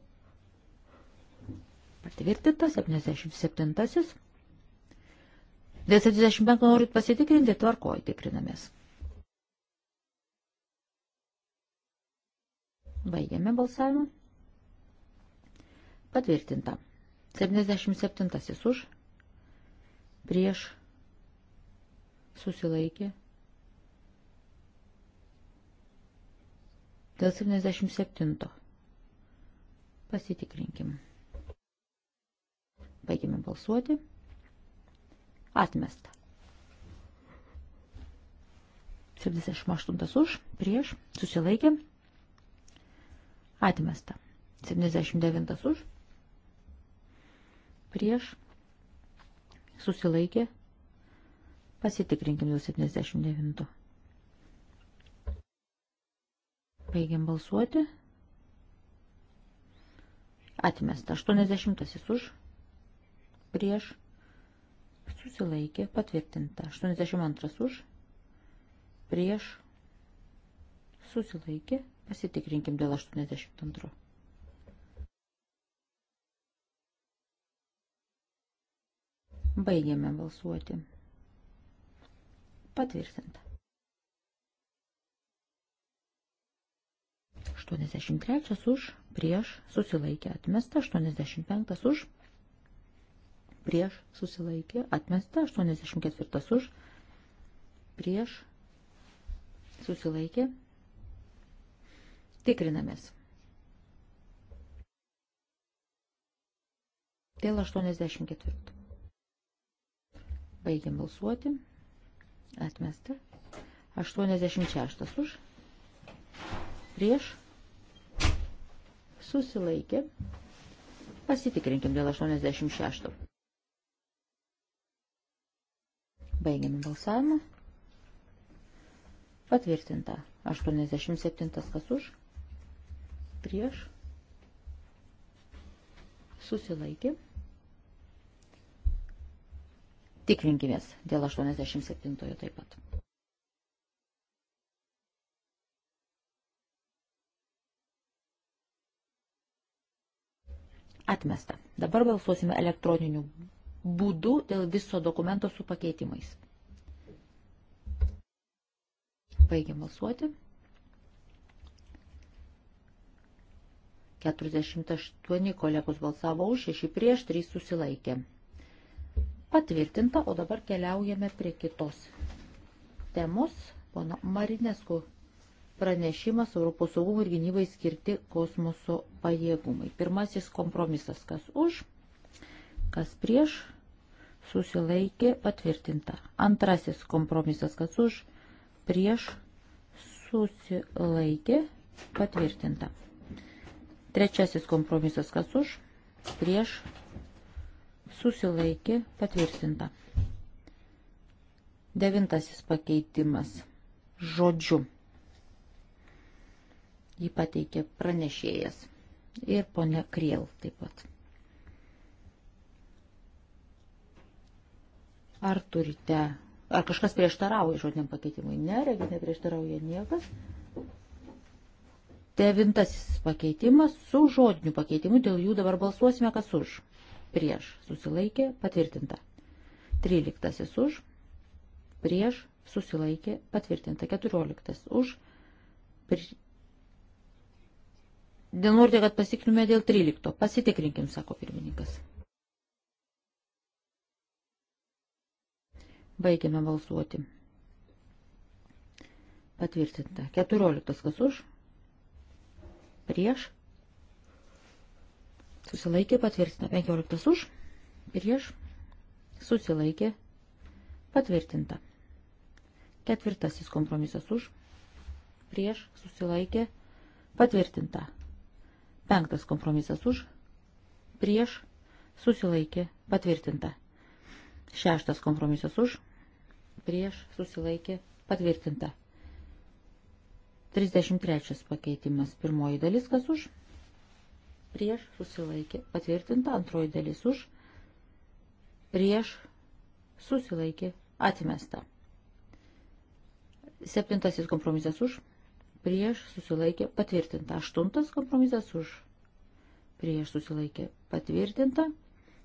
Patvirtinta 77. Dėl 75 norit pasitikrinti, tvarkoj tikrinamės. Baigiame balsavimą. Patvirtinta. 77 už. Prieš. Susilaikė. Dėl 77. Pasitikrinkim. Baigime balsuoti. Atmesta. 78 už. Prieš. Susilaikė. Atmesta. 79 už. Prieš. Susilaikė. Pasitikrinkim dėl 79. Baigiam balsuoti. Atmesta. 80 už. Prieš. Susilaikė. Patvirtinta. 82 už. Prieš. Susilaikė. Pasitikrinkim dėl 82. Baigiame balsuoti. Patvirtinta. 83 už, prieš, susilaikė, atmesta, 85 už, prieš, susilaikė, atmesta, 84 už, prieš, susilaikė, atmesta Tikrinamės. Dėl 84. Baigiam balsuoti. Atmesta. 86 už. Prieš. Susilaikė. Pasitikrinkim dėl 86. Baigiam balsavimą. Patvirtinta. 87 kas už prieš, susilaikė. Tikrinkimės dėl 87 taip pat. Atmesta. Dabar balsuosime elektroniniu būdu dėl viso dokumento su pakeitimais. Baigiam balsuoti. 48 kolegos balsavo už, 6 prieš, 3 susilaikė. Patvirtinta, o dabar keliaujame prie kitos temos. Pono Marinesku pranešimas Europos saugumo ir gynybai skirti kosmoso pajėgumai. Pirmasis kompromisas, kas už, kas prieš, susilaikė patvirtinta. Antrasis kompromisas, kas už, prieš, susilaikė patvirtinta. Trečiasis kompromisas kas už, prieš, susilaikė, patvirtinta. Devintasis pakeitimas žodžiu. Jį pateikė pranešėjas ir ponia Kriel taip pat. Ar turite, ar kažkas prieštarauja žodiniam pakeitimui? Ne, regi neprieštarauja niekas. Devintasis pakeitimas su žodiniu pakeitimu, dėl jų dabar balsuosime, kas už. Prieš susilaikė patvirtinta. Tryliktasis už. Prieš susilaikė patvirtinta. Keturioliktas už. Pri... Dėl norite, kad pasitikrinume dėl trylikto. Pasitikrinkim, sako pirmininkas. Baigiame balsuoti. Patvirtinta. Keturioliktas kas už prieš, susilaikė patvirtinta, 15 už, prieš, susilaikė patvirtinta. Ketvirtasis kompromisas už, prieš, susilaikė patvirtinta. Penktas kompromisas už, prieš, susilaikė patvirtinta. Šeštas kompromisas už, prieš, susilaikė patvirtinta. 33 pakeitimas. Pirmoji dalis kas už? Prieš susilaikė. Patvirtinta. Antroji dalis už. Prieš susilaikė. Atmesta. Septintasis kompromisas už. Prieš susilaikė. Patvirtinta. Aštuntas kompromisas už. Prieš susilaikė. Patvirtinta.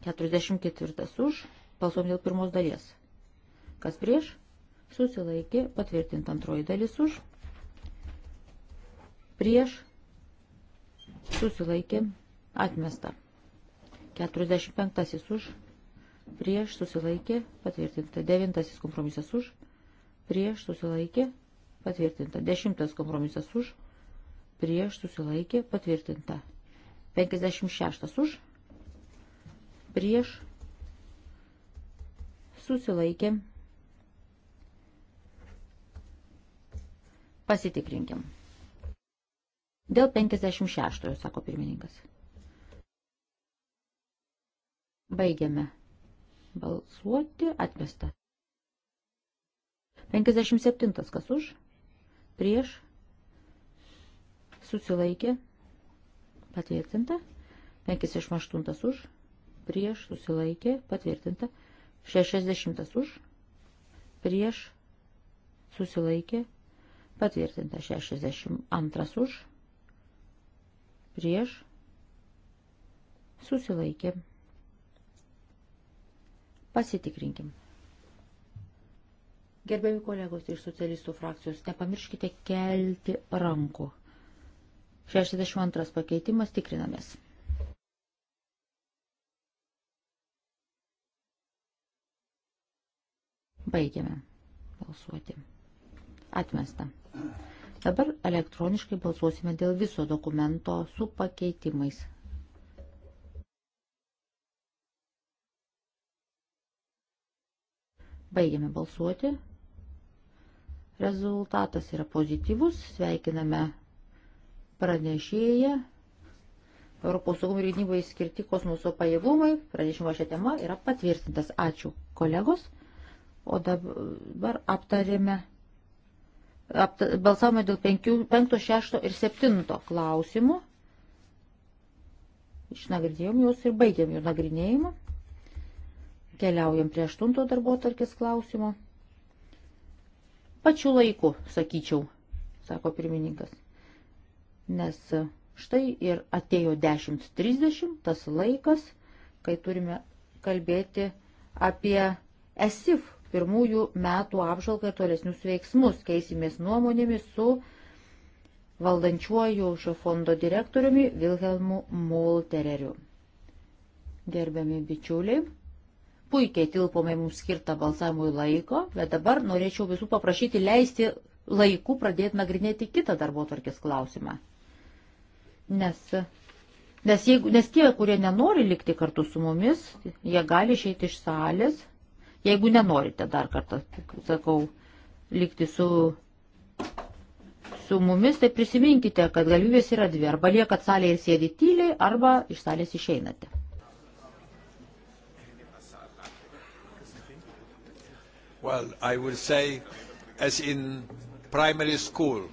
44 už. Balsuom dėl pirmos dalies. Kas prieš? Susilaikė. Patvirtinta antroji dalis už prieš, susilaikė, atmesta. 45 už, prieš, susilaikė, patvirtinta. 9 kompromisas už, prieš, susilaikė, patvirtinta. 10 kompromisas už, prieš, susilaikė, patvirtinta. 56 už, prieš, susilaikė, Pasitikrinkim. Dėl 56, sako pirmininkas. Baigiame. Balsuoti atmesta. 57, kas už? Prieš. Susilaikė. Patvirtinta. 58 už. Prieš. Susilaikė. Patvirtinta. 60 už. Prieš. Susilaikė. Patvirtinta. 62 už prieš, susilaikė. Pasitikrinkim. Gerbiami kolegos iš socialistų frakcijos, nepamirškite kelti rankų. 62 pakeitimas tikrinamės. Baigiame balsuoti. Atmesta. Dabar elektroniškai balsuosime dėl viso dokumento su pakeitimais. Baigiame balsuoti. Rezultatas yra pozityvus. Sveikiname pranešėją. Europos saugumo ir gynybai skirti kosmoso pajėgumai. Pranešimo šią temą yra patvirtintas. Ačiū kolegos. O dabar aptarėme Balsavome dėl 5, 6 ir 7 klausimų. Išnagrinėjom juos ir baigėm jų nagrinėjimą. Keliaujam prie 8 darbo tarkės klausimo. Pačiu laiku, sakyčiau, sako pirmininkas. Nes štai ir atėjo 10.30 tas laikas, kai turime kalbėti apie ESIF pirmųjų metų apžalgą ir tolesnius veiksmus. Keisimės nuomonėmis su valdančiuoju šio fondo direktoriumi Vilhelmu Multereriu. Gerbiami bičiuliai, puikiai tilpome mums skirtą balsavimui laiko, bet dabar norėčiau visų paprašyti leisti laiku pradėti nagrinėti kitą darbo tvarkės klausimą. Nes Nes, jeigu, nes tie, kurie nenori likti kartu su mumis, jie gali išeiti iš salės Jeigu nenorite dar kartą, sakau, likti su, su mumis, tai prisiminkite, kad galimybės yra dvi. Arba liekat salėje ir sėdi tyliai, arba iš salės išeinate. Well, I would say, as in primary school.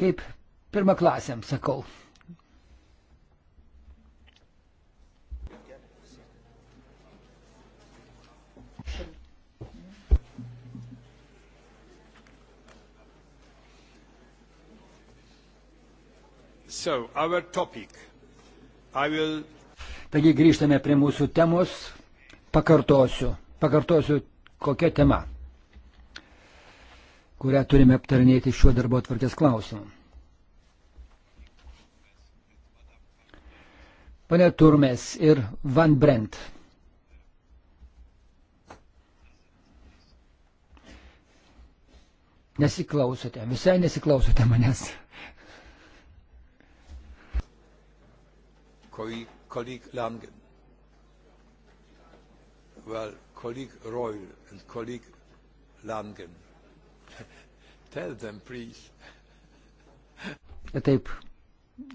Kaip pirmaklasiam sakau. So, our topic. I will... Taigi grįžtame prie mūsų temos. Pakartosiu. Pakartosiu, kokia tema, kurią turime aptarnėti šiuo darbo atvarkės klausimu. Pane Turmes ir Van Brent. Nesiklausote, visai nesiklausote manęs. colleague, colleague Langen. Well, colleague Royal and colleague Langen. Tell them, please. Taip,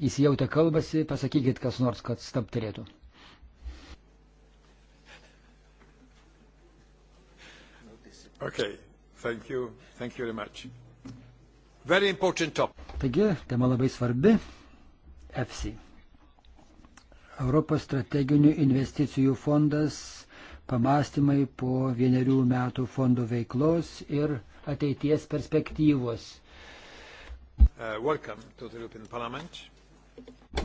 įsijautę kalbasi, pasakykit kas nors, kad stabtelėtų. Okay, thank you, thank you very much. Very important topic. Taigi, tema labai svarbi. FC. Europos strateginių investicijų fondas, pamastymai po vienerių metų fondo veiklos ir ateities perspektyvos. Uh,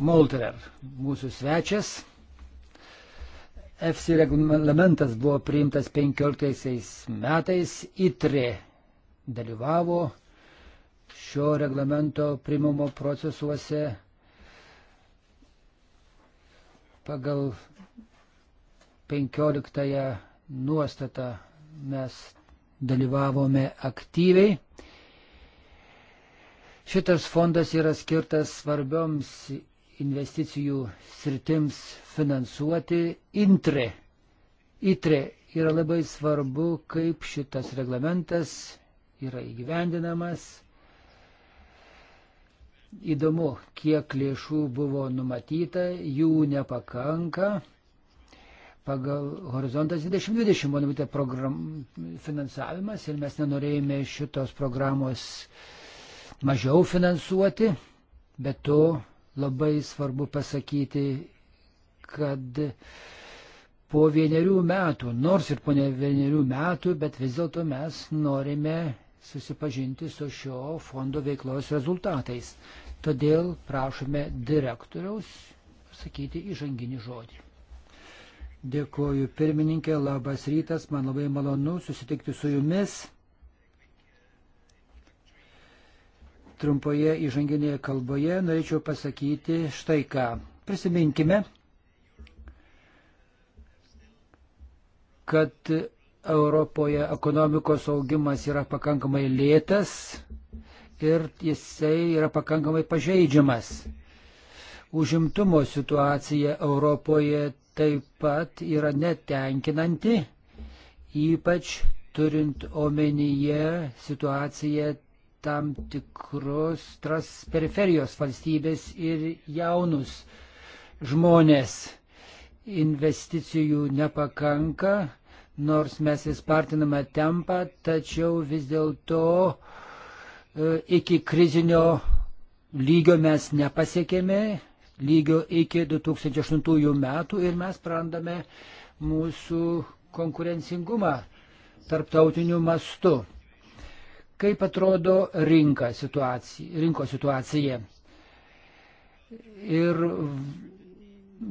Molterer, mūsų svečias. EFSI reglamentas buvo priimtas 15 metais, ITRE dalyvavo šio reglamento primimo procesuose pagal 15 nuostatą mes dalyvavome aktyviai. Šitas fondas yra skirtas svarbioms investicijų sritims finansuoti. Intre. Itre yra labai svarbu, kaip šitas reglamentas yra įgyvendinamas Įdomu, kiek lėšų buvo numatyta, jų nepakanka. Pagal Horizontas 2020 manutė program, finansavimas ir mes nenorėjome šitos programos mažiau finansuoti, bet to labai svarbu pasakyti, kad po vienerių metų, nors ir po vienerių metų, bet vis dėlto mes norime susipažinti su šio fondo veiklos rezultatais. Todėl prašome direktoriaus sakyti įžanginį žodį. Dėkuoju pirmininkė, labas rytas, man labai malonu susitikti su jumis. Trumpoje įžanginėje kalboje norėčiau pasakyti štai ką. Prisiminkime, kad Europoje ekonomikos augimas yra pakankamai lėtas ir jisai yra pakankamai pažeidžiamas. Užimtumo situacija Europoje taip pat yra netenkinanti, ypač turint omenyje situaciją tam tikrus tras periferijos valstybės ir jaunus žmonės. Investicijų nepakanka, nors mes įspartiname tempą, tačiau vis dėlto e, iki krizinio lygio mes nepasiekėme, lygio iki 2008 metų ir mes prarandame mūsų konkurencingumą tarptautiniu mastu. Kaip atrodo rinka situacija, rinko situacija? Ir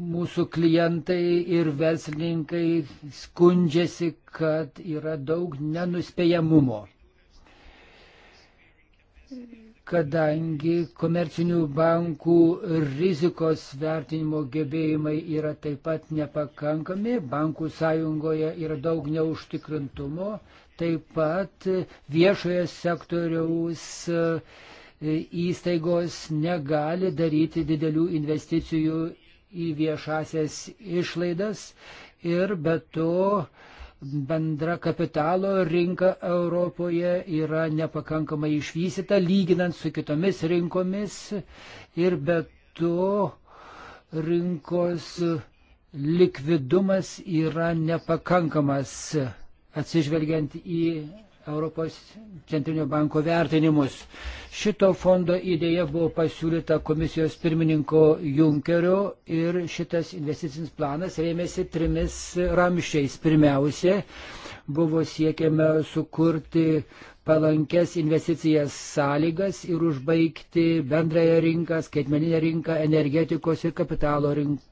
mūsų klientai ir verslininkai skundžiasi, kad yra daug nenuspėjamumo. Kadangi komercinių bankų rizikos vertinimo gebėjimai yra taip pat nepakankami, bankų sąjungoje yra daug neužtikrintumo, taip pat viešoje sektoriaus e, įstaigos negali daryti didelių investicijų į viešasias išlaidas ir be to bendra kapitalo rinka Europoje yra nepakankamai išvystyta lyginant su kitomis rinkomis ir be to rinkos likvidumas yra nepakankamas atsižvelgiant į Europos centrinio banko vertinimus. Šito fondo idėja buvo pasiūlyta komisijos pirmininko Junkerio ir šitas investicinis planas rėmėsi trimis ramščiais. Pirmiausia, buvo siekiama sukurti palankes investicijas sąlygas ir užbaigti bendrąją rinką, skaitmeninę rinką, energetikos ir kapitalo rinką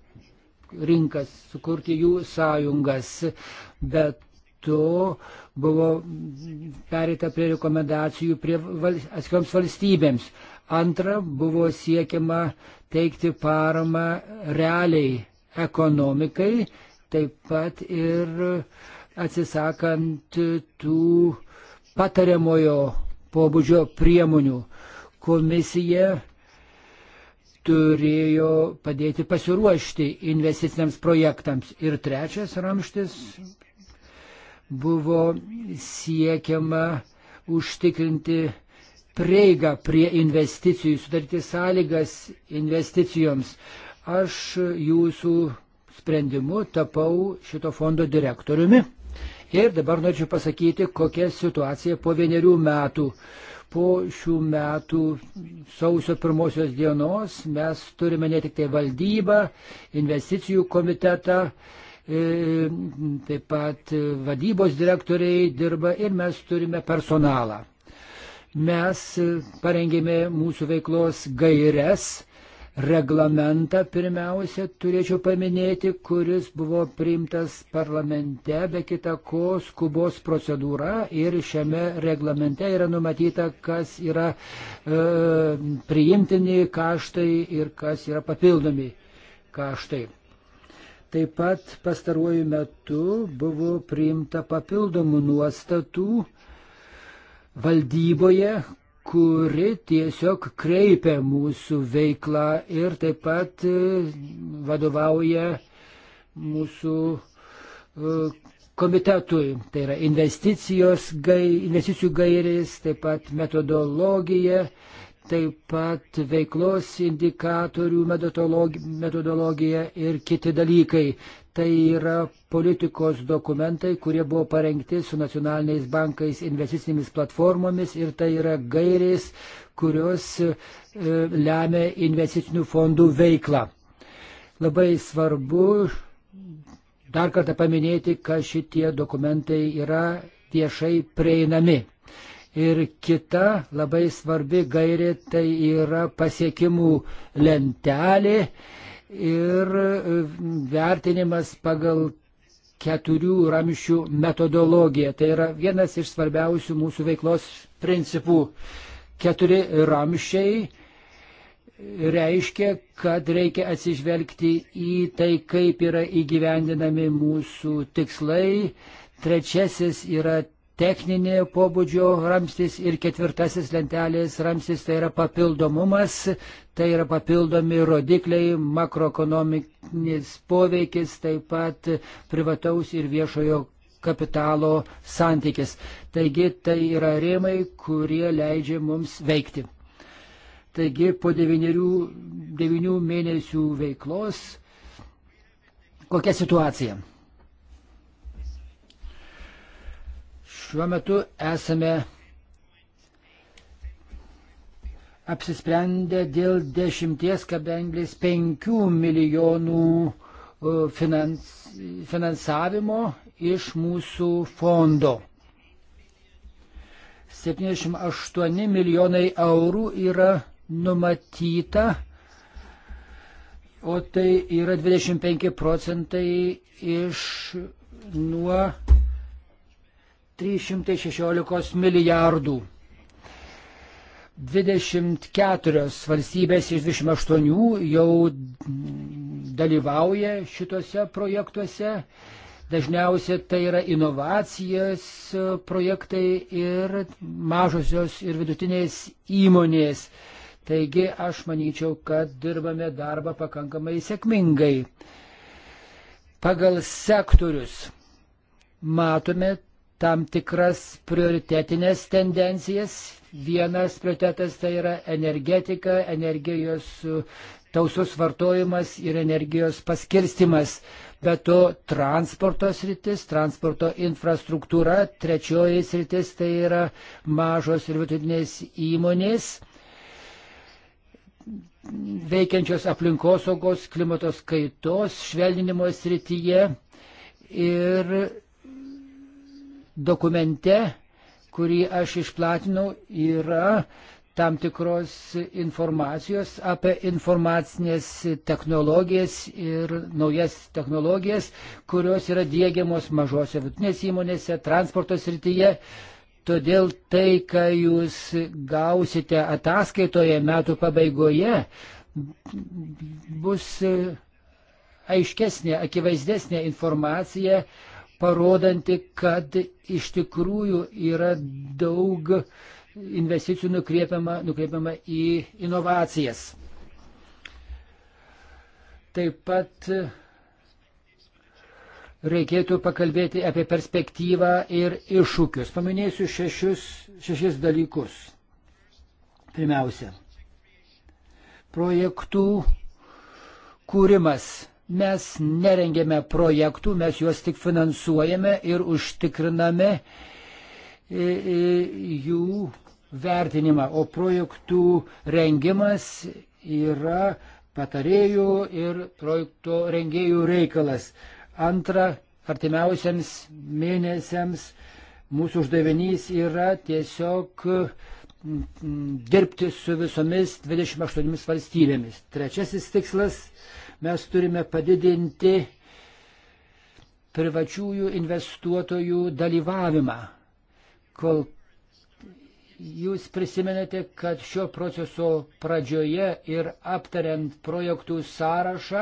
rinkas, sukurti jų sąjungas. Bet to buvo perėta prie rekomendacijų prie val, atskiroms valstybėms. Antra, buvo siekiama teikti paramą realiai ekonomikai, taip pat ir atsisakant tų patariamojo pobūdžio priemonių. Komisija turėjo padėti pasiruošti investiciniams projektams. Ir trečias ramštis buvo siekiama užtikrinti prieigą prie investicijų, sudaryti sąlygas investicijoms. Aš jūsų sprendimu tapau šito fondo direktoriumi. Ir dabar norėčiau pasakyti, kokia situacija po vienerių metų. Po šių metų sausio pirmosios dienos mes turime ne tik tai valdybą, investicijų komitetą, E, taip pat vadybos direktoriai dirba ir mes turime personalą. Mes parengėme mūsų veiklos gairias, reglamentą pirmiausia turėčiau paminėti, kuris buvo priimtas parlamente, be kita ko skubos procedūra ir šiame reglamente yra numatyta, kas yra e, priimtini kaštai ir kas yra papildomi kaštai. Taip pat pastaruoju metu buvo priimta papildomų nuostatų valdyboje, kuri tiesiog kreipia mūsų veiklą ir taip pat e, vadovauja mūsų e, komitetui. Tai yra investicijos, gai, investicijų gairės, taip pat metodologija, taip pat veiklos indikatorių metodologija ir kiti dalykai. Tai yra politikos dokumentai, kurie buvo parengti su nacionaliniais bankais investicinėmis platformomis ir tai yra gairės, kurios e, lemia investicinių fondų veiklą. Labai svarbu dar kartą paminėti, kad šitie dokumentai yra viešai prieinami. Ir kita labai svarbi gairė tai yra pasiekimų lentelė ir e, vertinimas pagal keturių ramšių metodologiją. Tai yra vienas iš svarbiausių mūsų veiklos principų. Keturi ramšiai reiškia, kad reikia atsižvelgti į tai, kaip yra įgyvendinami mūsų tikslai. Trečiasis yra techninė pobūdžio ramstis ir ketvirtasis lentelės ramstis tai yra papildomumas, tai yra papildomi rodikliai, makroekonominis poveikis, taip pat privataus ir viešojo kapitalo santykis. Taigi tai yra rėmai, kurie leidžia mums veikti. Taigi po devynerių, devynių mėnesių veiklos kokia situacija? Šiuo metu esame apsisprendę dėl 10,5 milijonų e, finans, finansavimo iš mūsų fondo. 78 milijonai eurų yra numatyta, o tai yra 25 procentai iš nuo 316 milijardų. 24 valstybės iš 28 jau dalyvauja šituose projektuose. Dažniausiai tai yra inovacijas projektai ir mažosios ir vidutinės įmonės. Taigi aš manyčiau, kad dirbame darbą pakankamai sėkmingai. Pagal sektorius matome tam tikras prioritetinės tendencijas. Vienas prioritetas tai yra energetika, energijos e, tausus vartojimas ir energijos paskirstimas. Be to transporto sritis, transporto infrastruktūra, trečioji sritis tai yra mažos ir vidutinės įmonės veikiančios aplinkosaugos, klimatos kaitos, švelninimo srityje ir dokumente, kurį aš išplatinau, yra tam tikros informacijos apie informacinės technologijas ir naujas technologijas, kurios yra dėgiamos mažose vidutinės įmonėse, transporto srityje. Todėl tai, ką jūs gausite ataskaitoje metų pabaigoje, bus aiškesnė, akivaizdesnė informacija parodanti, kad iš tikrųjų yra daug investicijų nukreipiama, nukreipiama į inovacijas. Taip pat reikėtų pakalbėti apie perspektyvą ir iššūkius. Paminėsiu šešius, šešis dalykus. Pirmiausia, projektų kūrimas Mes nerengėme projektų, mes juos tik finansuojame ir užtikriname e, e, jų vertinimą, o projektų rengimas yra patarėjų ir projekto rengėjų reikalas. Antra, artimiausiams mėnesiams mūsų uždavinys yra tiesiog dirbti su visomis 28 valstybėmis. Trečiasis tikslas Mes turime padidinti privačiųjų investuotojų dalyvavimą. Kol jūs prisimenate, kad šio proceso pradžioje ir aptariant projektų sąrašą,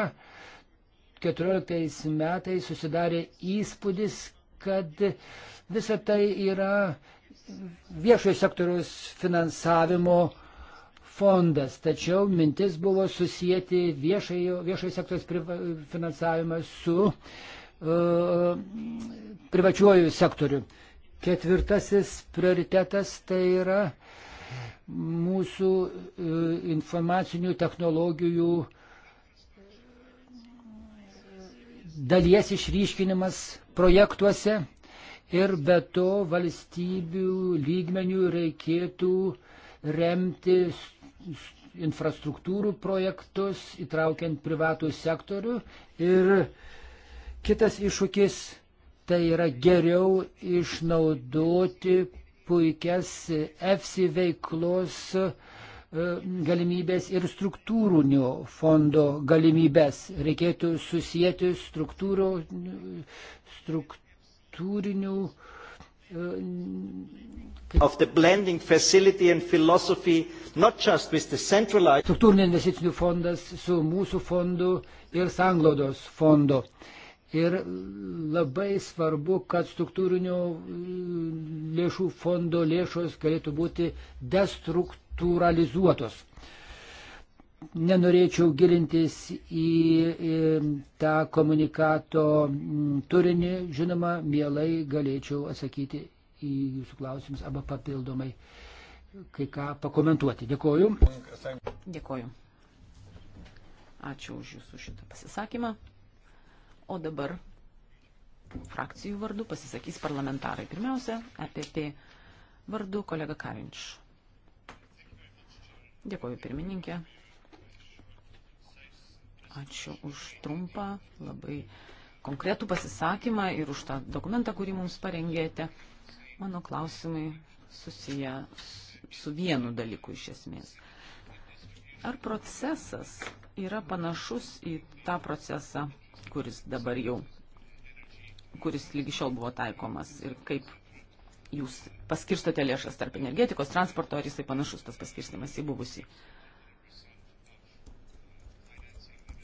14 metais susidarė įspūdis, kad visa tai yra viešojo sektoriaus finansavimo fondas, tačiau mintis buvo susijęti viešojo, viešojo sektoriaus finansavimą su uh, privačiuoju sektoriu. Ketvirtasis prioritetas tai yra mūsų uh, informacinių technologijų e, dalies išryškinimas projektuose ir be to valstybių lygmenių reikėtų remtis infrastruktūrų projektus, įtraukiant privatų sektorių. Ir kitas iššūkis tai yra geriau išnaudoti puikias EFSI veiklos e, galimybės ir struktūrinių fondo galimybės. Reikėtų susijęti struktūrinių of the blending facility and philosophy, not just with the centralized. Struktūrinio investicinių fondas su mūsų fondu ir sanglaudos fondu. Ir labai svarbu, kad struktūrinio lėšų fondo lėšos galėtų būti destruktūralizuotos. Uh, nenorėčiau gilintis į, į tą komunikato mm, turinį. Žinoma, mielai galėčiau atsakyti į jūsų klausimus arba papildomai kai ką pakomentuoti. Dėkoju. Dėkoju. Ačiū už jūsų šitą pasisakymą. O dabar frakcijų vardu pasisakys parlamentarai. Pirmiausia, EPP vardu kolega Karinč. Dėkoju pirmininkė. Ačiū už trumpą, labai konkretų pasisakymą ir už tą dokumentą, kurį mums parengėte. Mano klausimai susiję su vienu dalyku iš esmės. Ar procesas yra panašus į tą procesą, kuris dabar jau, kuris lygi šiol buvo taikomas ir kaip jūs paskirstote lėšas tarp energetikos, transporto, ar jisai panašus tas paskirstimas į buvusį? Uh,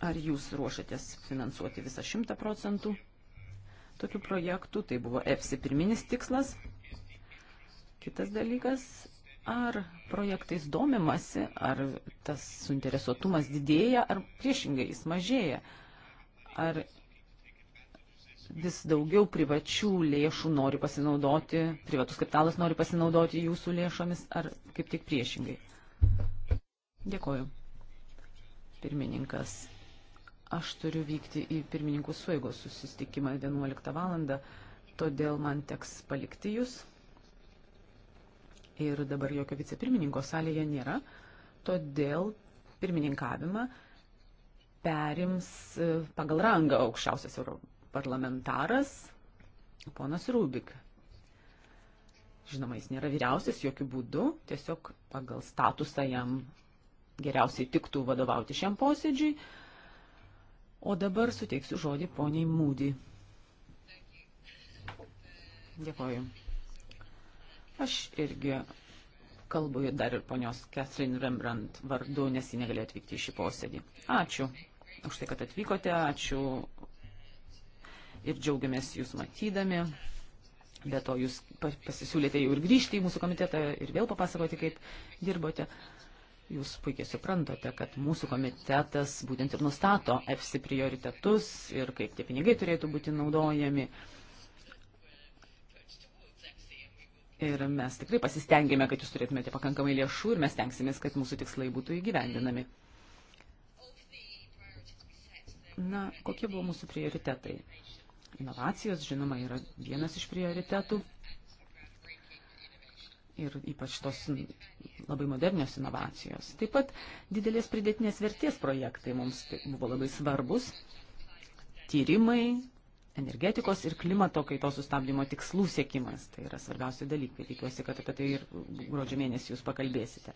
Ar jūs ruošiatės finansuoti visą 100 procentų tokių projektų? Tai buvo EFSI pirminis tikslas. Kitas dalykas, ar projektais domimasi, ar tas suinteresuotumas didėja, ar priešingai jis mažėja. Ar vis daugiau privačių lėšų nori pasinaudoti, privatus kapitalas nori pasinaudoti jūsų lėšomis, ar kaip tik priešingai. Dėkoju. Pirmininkas Aš turiu vykti į pirmininkų suėgos susitikimą 11 valandą, todėl man teks palikti jūs. Ir dabar jokio vicepirmininko salėje nėra, todėl pirmininkavimą perims e, pagal rangą aukščiausias europarlamentaras ponas Rubik. Žinoma, jis nėra vyriausias jokių būdų, tiesiog pagal statusą jam geriausiai tiktų vadovauti šiam posėdžiui. O dabar suteiksiu žodį poniai Mūdį. Dėkoju. Aš irgi kalbu dar ir ponios Catherine Rembrandt vardu, nes ji negalėjo atvykti į šį posėdį. Ačiū už tai, kad atvykote, ačiū ir džiaugiamės jūs matydami. Be to, jūs pasisiūlėte jau ir grįžti į mūsų komitetą ir vėl papasakoti, kaip dirbote. Jūs puikiai suprantate, kad mūsų komitetas būtent ir nustato EFSI prioritetus ir kaip tie pinigai turėtų būti naudojami. Ir mes tikrai pasistengėme, kad jūs turėtumėte pakankamai lėšų ir mes tenksimės, kad mūsų tikslai būtų įgyvendinami. Na, kokie buvo mūsų prioritetai? Inovacijos, žinoma, yra vienas iš prioritetų ir ypač tos labai modernios inovacijos. Taip pat didelės pridėtinės vertės projektai mums tai buvo labai svarbus. Tyrimai, energetikos ir klimato kaitos sustabdymo tikslų siekimas. Tai yra svarbiausi dalykai. Tikiuosi, kad apie tai ir gruodžio mėnesį jūs pakalbėsite.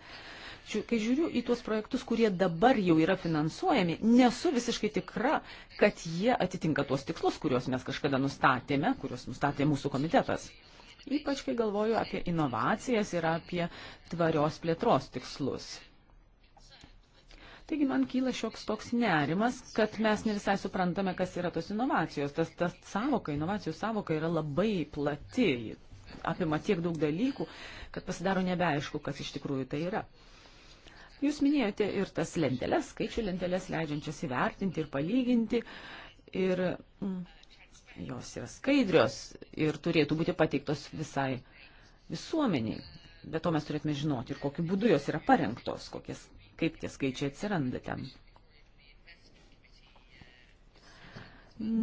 Kai žiūriu į tuos projektus, kurie dabar jau yra finansuojami, nesu visiškai tikra, kad jie atitinka tuos tikslus, kuriuos mes kažkada nustatėme, kuriuos nustatė mūsų komitetas ypač kai galvoju apie inovacijas ir apie tvarios plėtros tikslus. Taigi man kyla šioks toks nerimas, kad mes ne visai suprantame, kas yra tos inovacijos. Tas, tas savoka, inovacijų savoka yra labai plati, apima tiek daug dalykų, kad pasidaro nebeaišku, kas iš tikrųjų tai yra. Jūs minėjote ir tas lenteles, skaičių lenteles leidžiančias įvertinti ir palyginti. Ir mm, jos yra skaidrios ir turėtų būti pateiktos visai visuomeniai. Bet to mes turėtume žinoti ir kokiu būdu jos yra parengtos, kokies, kaip tie skaičiai atsiranda ten.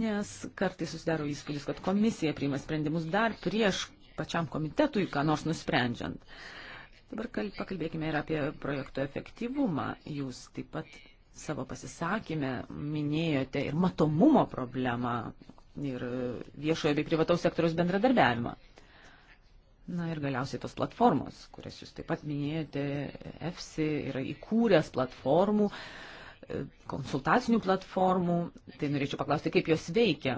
Nes kartai susidaro įspūdis, kad komisija priima sprendimus dar prieš pačiam komitetui, ką nors nusprendžiant. Dabar pakalbėkime ir apie projekto efektyvumą. Jūs taip pat savo pasisakymę minėjote ir matomumo problemą, ir e, viešojo bei privataus sektoriaus bendradarbiavimą. Na ir galiausiai tos platformos, kurias jūs taip pat minėjote, EFSI yra įkūręs platformų, e, konsultacinių platformų. Tai norėčiau paklausti, kaip jos veikia,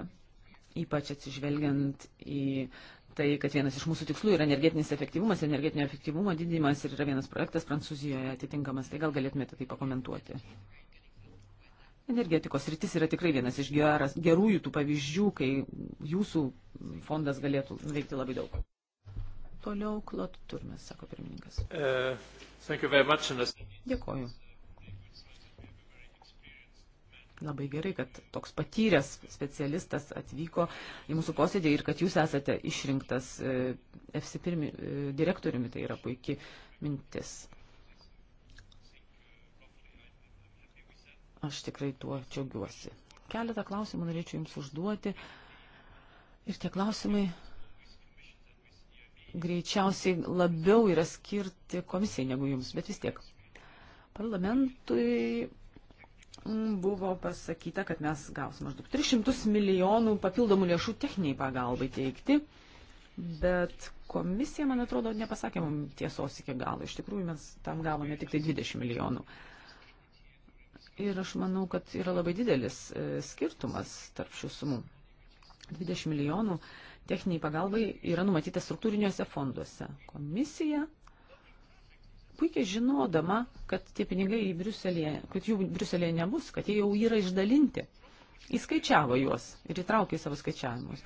ypač atsižvelgiant į tai, kad vienas iš mūsų tikslų yra energetinis efektyvumas, energetinio efektyvumo didinimas ir yra vienas projektas Prancūzijoje atitinkamas. Tai gal galėtumėte tai pakomentuoti? Energetikos rytis yra tikrai vienas iš geras, gerųjų tų pavyzdžių, kai jūsų fondas galėtų veikti labai daug. Toliau klot turmes, sako pirmininkas. Uh, Dėkoju. Labai gerai, kad toks patyręs specialistas atvyko į mūsų posėdį ir kad jūs esate išrinktas uh, FC pirmi, uh, direktoriumi, tai yra puikiai mintis. Aš tikrai tuo džiaugiuosi. Keletą klausimų norėčiau Jums užduoti. Ir tie klausimai greičiausiai labiau yra skirti komisijai negu Jums, bet vis tiek. Parlamentui mm, buvo pasakyta, kad mes gausime maždaug 300 milijonų papildomų lėšų techniniai pagalbai teikti, bet komisija, man atrodo, nepasakė mums tiesos iki galo. Iš tikrųjų, mes tam gavome tik tai 20 milijonų. Uh, Ir aš manau, kad yra labai didelis e, skirtumas tarp šių sumų. 20 milijonų techniniai pagalbai yra numatyta struktūriniuose fonduose. Komisija puikiai žinodama, kad tie pinigai į Briuselėje, kad jų Briuselėje nebus, kad jie jau yra išdalinti, įskaičiavo juos ir įtraukė į savo skaičiavimus.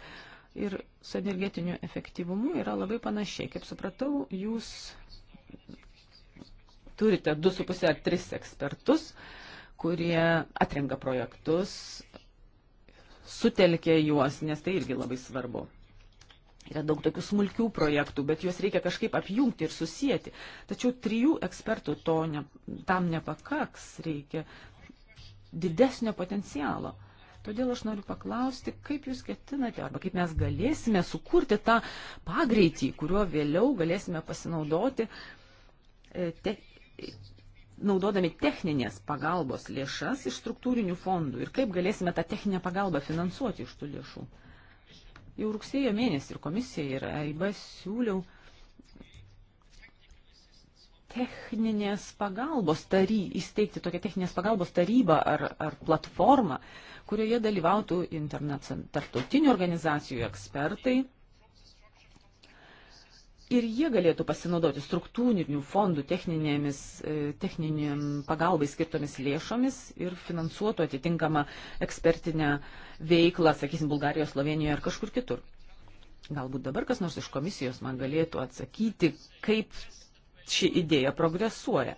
Ir su energetiniu efektyvumu yra labai panašiai. Kaip supratau, jūs turite 2,5 ar 3 ekspertus, uh, kurie atrenka projektus, sutelkia juos, nes tai irgi labai svarbu. Yra daug tokių smulkių projektų, bet juos reikia kažkaip apjungti ir susijęti. Tačiau trijų ekspertų to ne, tam nepakaks, reikia didesnio potencialo. Todėl aš noriu paklausti, kaip jūs ketinate arba kaip mes galėsime sukurti tą pagreitį, kuriuo vėliau galėsime pasinaudoti e, te, naudodami techninės pagalbos lėšas iš struktūrinių fondų ir kaip galėsime tą techninę pagalbą finansuoti iš tų lėšų. Jau rugsėjo mėnesį ir komisija ir AIB siūliau techninės pagalbos tary, įsteigti tokią techninės pagalbos tarybą ar, ar platformą, kurioje dalyvautų tarptautinių organizacijų ekspertai ir jie galėtų pasinaudoti struktūrinių fondų techninėmis, e, techniniam pagalbai skirtomis lėšomis ir finansuotų atitinkamą ekspertinę veiklą, sakysim, Bulgarijoje, Slovenijoje ar kažkur kitur. Galbūt dabar kas nors iš komisijos man galėtų atsakyti, kaip ši idėja progresuoja.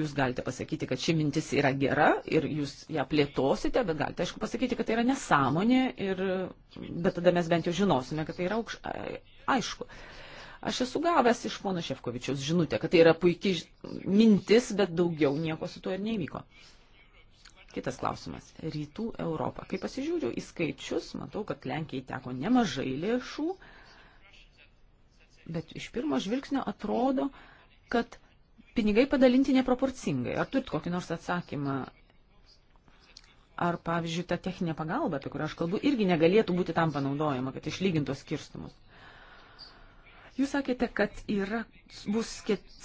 Jūs galite pasakyti, kad ši mintis yra gera ir jūs ją plėtosite, bet galite, aišku, pasakyti, kad tai yra nesąmonė, ir, bet tada mes bent jau žinosime, kad tai yra aukš... aišku. aišku. Aš esu gavęs iš pono Šefkovičiaus žinutę, kad tai yra puikiai mintis, bet daugiau nieko su tuo ir nevyko. Kitas klausimas. Rytų Europą. Kai pasižiūriu į skaičius, matau, kad Lenkijai teko nemažai lėšų, bet iš pirmo žvilgsnio atrodo, kad pinigai padalinti neproporcingai. Ar turit kokį nors atsakymą ar, pavyzdžiui, ta techninė pagalba, apie kurią aš kalbu, irgi negalėtų būti tam panaudojama, kad išlygintos skirstumus. Jūs sakėte, kad yra, bus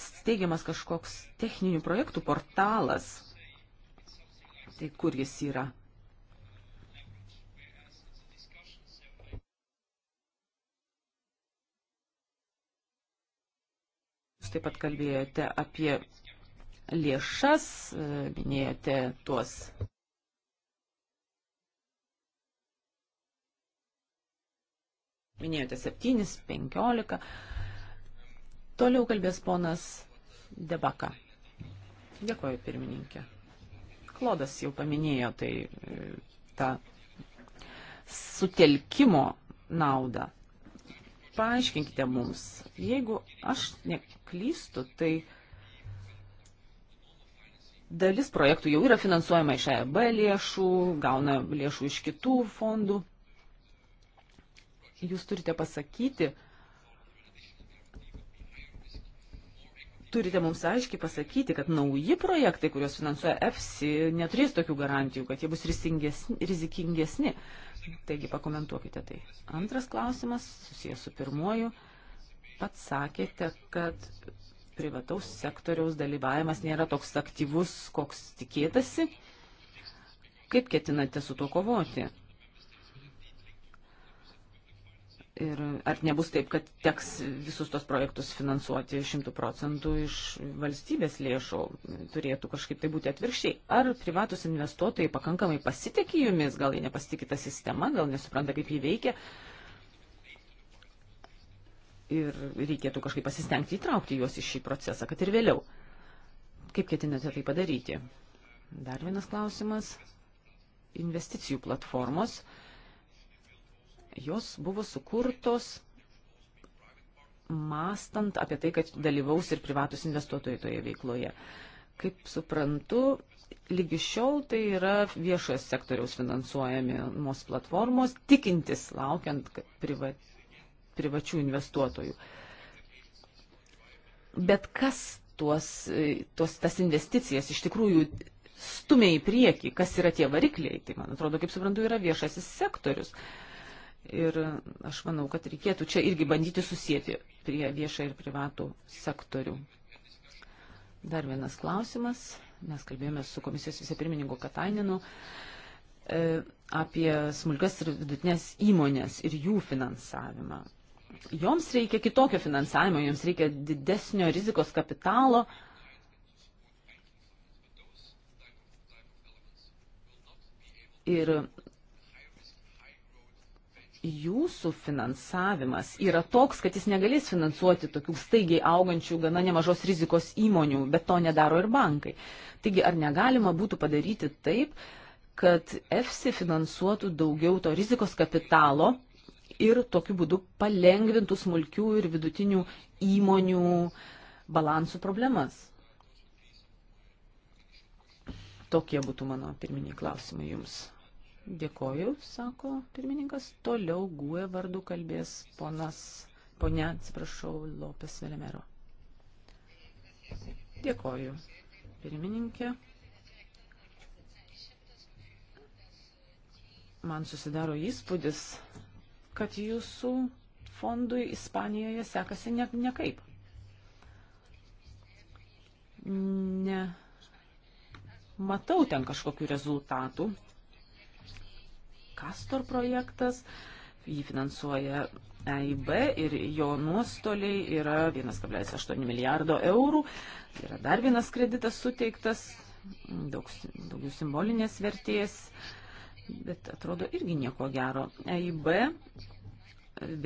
steigiamas kažkoks techninių projektų portalas. Tai kur jis yra? Jūs taip pat kalbėjote apie lėšas, e, minėjote tuos minėjote 7, 15. Toliau kalbės ponas Debaka. Dėkoju, pirmininkė. Klodas jau paminėjo tai tą sutelkimo naudą. Paaiškinkite mums, jeigu aš neklystu, tai dalis projektų jau yra finansuojama iš EB lėšų, gauna lėšų iš kitų fondų jūs turite pasakyti, turite mums aiškiai pasakyti, kad nauji projektai, kuriuos finansuoja EFSI, neturės tokių garantijų, kad jie bus rizikingesni. Taigi pakomentuokite tai. Antras klausimas, susijęs su pirmoju. Pats sakėte, kad privataus sektoriaus dalyvavimas nėra toks aktyvus, koks tikėtasi. Kaip ketinate su tuo kovoti? Ir ar nebus taip, kad teks visus tos projektus finansuoti šimtų procentų iš valstybės lėšų, turėtų kažkaip tai būti atvirkščiai. Ar privatus investuotojai pakankamai pasitikė jumis, gal jie nepasitikė tą sistemą, gal nesupranta, kaip jį veikia. Ir reikėtų kažkaip pasistengti įtraukti juos į šį procesą, kad ir vėliau. Kaip ketinate tai padaryti? Dar vienas klausimas. Investicijų platformos. Uh, Jos buvo sukurtos mastant apie tai, kad dalyvaus ir privatus investuotojai toje veikloje. Kaip suprantu, lygi šiol tai yra viešojo sektoriaus finansuojamos platformos, tikintis laukiant priva, privačių investuotojų. Bet kas tuos, tuos, tas investicijas iš tikrųjų stumia į priekį, kas yra tie varikliai, tai man atrodo, kaip suprantu, yra viešasis sektorius. Uh, Ir aš manau, kad reikėtų čia irgi bandyti susijęti prie viešą ir privatų sektorių. Dar vienas klausimas. Mes kalbėjome su komisijos vicepirmininku Kataininu e, apie smulkas ir vidutinės įmonės ir jų finansavimą. Joms reikia kitokio finansavimo, joms reikia didesnio rizikos kapitalo, ir jūsų finansavimas yra toks, kad jis negalės finansuoti tokių staigiai augančių, gana nemažos rizikos įmonių, bet to nedaro ir bankai. Taigi, ar negalima būtų padaryti taip, kad EFSI finansuotų daugiau to rizikos kapitalo ir tokiu būdu palengvintų smulkių ir vidutinių įmonių balansų problemas? Tokie būtų mano pirminiai klausimai jums. Dėkoju, sako pirmininkas. Toliau GUE vardu kalbės ponas, ponia, atsiprašau, Lopes Velemero. Dėkoju, pirmininkė. Man susidaro įspūdis, kad jūsų fondui Ispanijoje sekasi ne, nekaip. Ne. Matau ten kažkokių rezultatų, Kastor projektas, jį finansuoja EIB ir jo nuostoliai yra 1,8 milijardo eurų. Yra dar vienas kreditas suteiktas, daug, daugiau simbolinės vertės, bet atrodo irgi nieko gero. EIB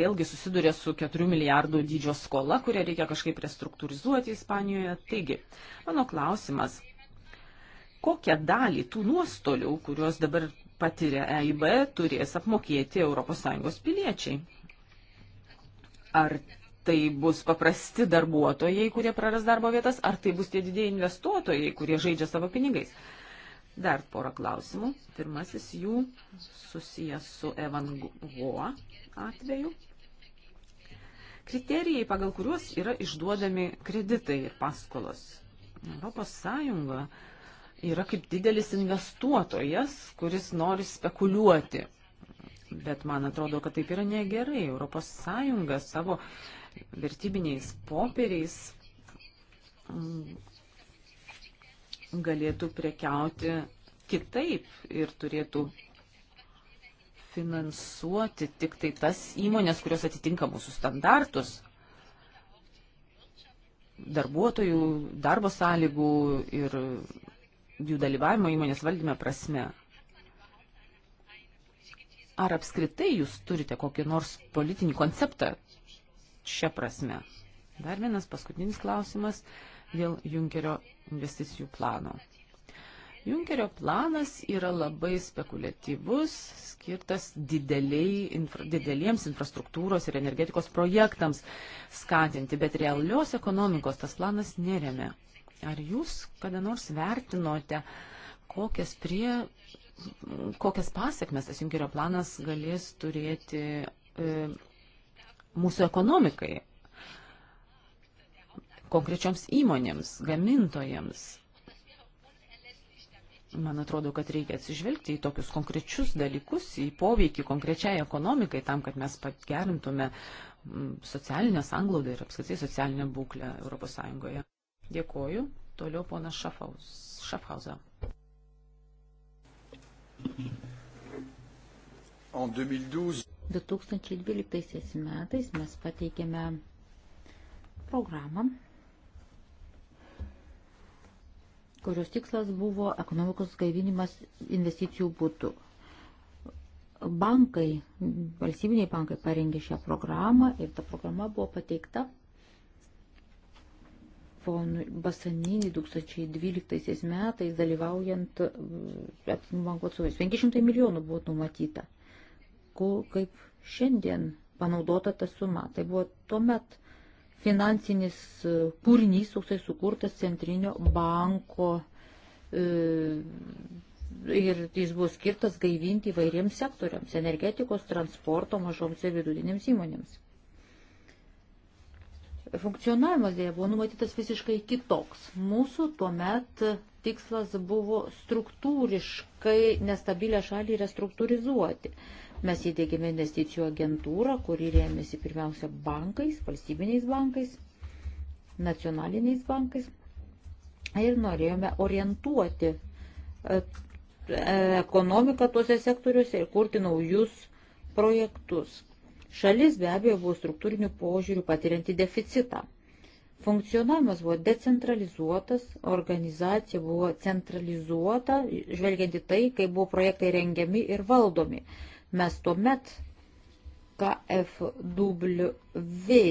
vėlgi susiduria su 4 milijardų dydžio skola, kurią reikia kažkaip restruktūrizuoti Ispanijoje. Taigi, mano klausimas, kokią dalį tų nuostolių, kuriuos dabar patiria EIB, turės apmokėti ES piliečiai. Ar tai bus paprasti darbuotojai, kurie praras darbo vietas, ar tai bus tie didėjai investuotojai, kurie žaidžia savo pinigais. Dar porą klausimų. Pirmasis jų susijęs su Evan Goa atveju. Kriterijai, pagal kuriuos yra išduodami kreditai ir paskolos. Europos Sąjunga uh, yra kaip didelis investuotojas, kuris nori spekuliuoti. Bet man atrodo, kad taip yra negerai. Europos Sąjunga savo vertybiniais popieriais mm, galėtų prekiauti kitaip ir turėtų finansuoti tik tai tas įmonės, kurios atitinka mūsų standartus, darbuotojų, darbo sąlygų ir jų dalyvavimo įmonės valdyme prasme. Ar apskritai jūs turite kokį nors politinį konceptą šią prasme? Dar vienas paskutinis klausimas dėl Junkerio investicijų plano. Junkerio planas yra labai spekuliatyvus, skirtas infra, dideliems infrastruktūros ir energetikos projektams skatinti, bet realios ekonomikos tas planas neremia. Ar jūs kada nors vertinote, kokias, prie, kokias pasiekmes tas Junkerio planas galės turėti e, mūsų ekonomikai, konkrečioms įmonėms, gamintojams? Man atrodo, kad reikia atsižvelgti į tokius konkrečius dalykus, į poveikį konkrečiai ekonomikai, tam, kad mes pagerintume socialinę sanglaudą ir apskritai socialinę būklę ES. Dėkoju. Toliau ponas Šafhauza. En 2012. 2012 metais mes pateikėme programą, kurios tikslas buvo ekonomikos gaivinimas investicijų būtų. Bankai, valstybiniai bankai parengė šią programą ir ta programa buvo pateikta ponui Basaninį 2012 metais dalyvaujant mm, bankvatsovės. 500 milijonų buvo numatyta. Ko, kaip šiandien panaudota ta suma. Tai buvo tuomet finansinis e, kūrinys, toksai sukurtas centrinio banko e, ir jis buvo skirtas gaivinti įvairiems sektoriams - energetikos, transporto, mažoms ir vidutinėms įmonėms funkcionavimas dėja buvo numatytas visiškai kitoks. Mūsų tuomet tikslas buvo struktūriškai nestabilę šalį restruktūrizuoti. Mes įdėgėme investicijų agentūrą, kuri rėmėsi pirmiausia bankais, valstybiniais bankais, nacionaliniais bankais ir norėjome orientuoti e, e, ekonomiką tuose sektoriuose ir kurti naujus projektus. Šalis be abejo buvo struktūrinių požiūrių patirianti deficitą. Funkcionavimas buvo decentralizuotas, organizacija buvo centralizuota, žvelgiant į tai, kaip buvo projektai rengiami ir valdomi. Mes tuomet KFW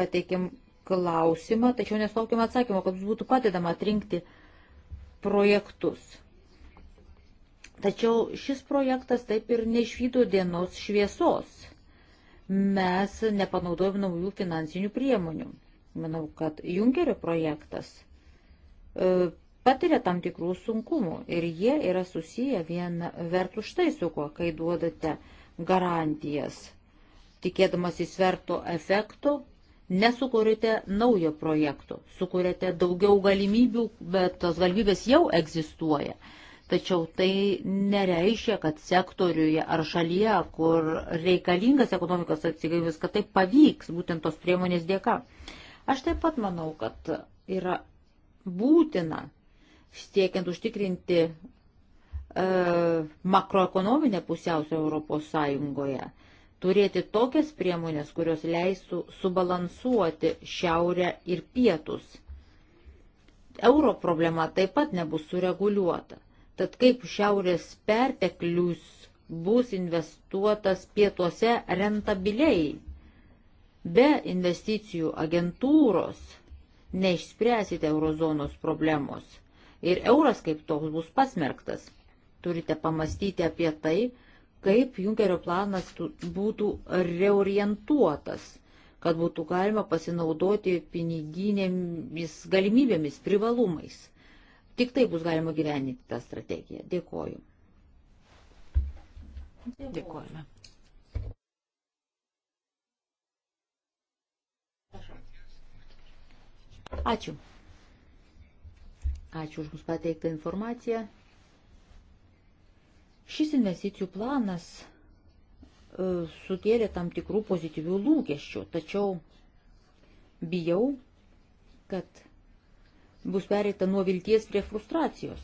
pateikėm klausimą, tačiau nesulaukėm atsakymo, kad būtų padedama atrinkti projektus. Tačiau šis projektas taip ir neišvydo dienos šviesos mes nepanaudojom naujų finansinių priemonių. Manau, kad Junkerio projektas e, patiria tam tikrų sunkumų ir jie yra susiję vien vertų štai su kuo, kai duodate garantijas. Tikėdamas įsverto efekto, nesukūrėte naujo projekto, sukūrėte daugiau galimybių, bet tos galimybės jau egzistuoja. E, Tačiau tai nereiškia, kad sektoriuje ar šalyje, kur reikalingas ekonomikos atsigavimas, kad tai pavyks būtent tos priemonės dėka. Aš taip pat manau, kad yra būtina, siekiant užtikrinti e, makroekonominę pusiausvę Europos Sąjungoje, turėti tokias priemonės, kurios leistų subalansuoti šiaurę ir pietus. Euro problema taip pat nebus sureguliuota. Tad kaip šiaurės perteklius bus investuotas pietuose rentabiliai? Be investicijų agentūros neišspręsite eurozonos problemos ir euras kaip toks bus pasmerktas. Turite pamastyti apie tai, kaip Junkerio planas būtų reorientuotas, kad būtų galima pasinaudoti piniginėmis galimybėmis, privalumais. Tik tai bus galima gyveninti tą strategiją. Dėkoju. Dėkojame. Ačiū. Ačiū už mūsų pateiktą informaciją. Šis investicijų planas e, sukėlė tam tikrų pozityvių lūkesčių, tačiau bijau, kad bus pereita nuo vilties prie frustracijos.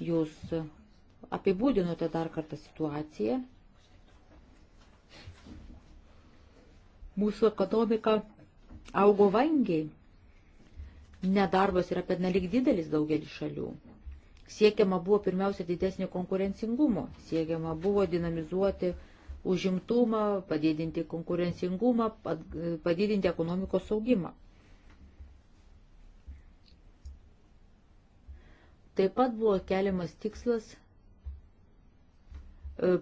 Jūs apibūdinote dar kartą situaciją. Mūsų ekonomika augo vangiai. Nedarbas yra pernelyg didelis daugelį šalių. Siekiama buvo pirmiausia didesnio konkurencingumo, siekiama buvo dinamizuoti užimtumą, padidinti konkurencingumą, padidinti ekonomikos saugimą. Taip pat buvo keliamas tikslas e,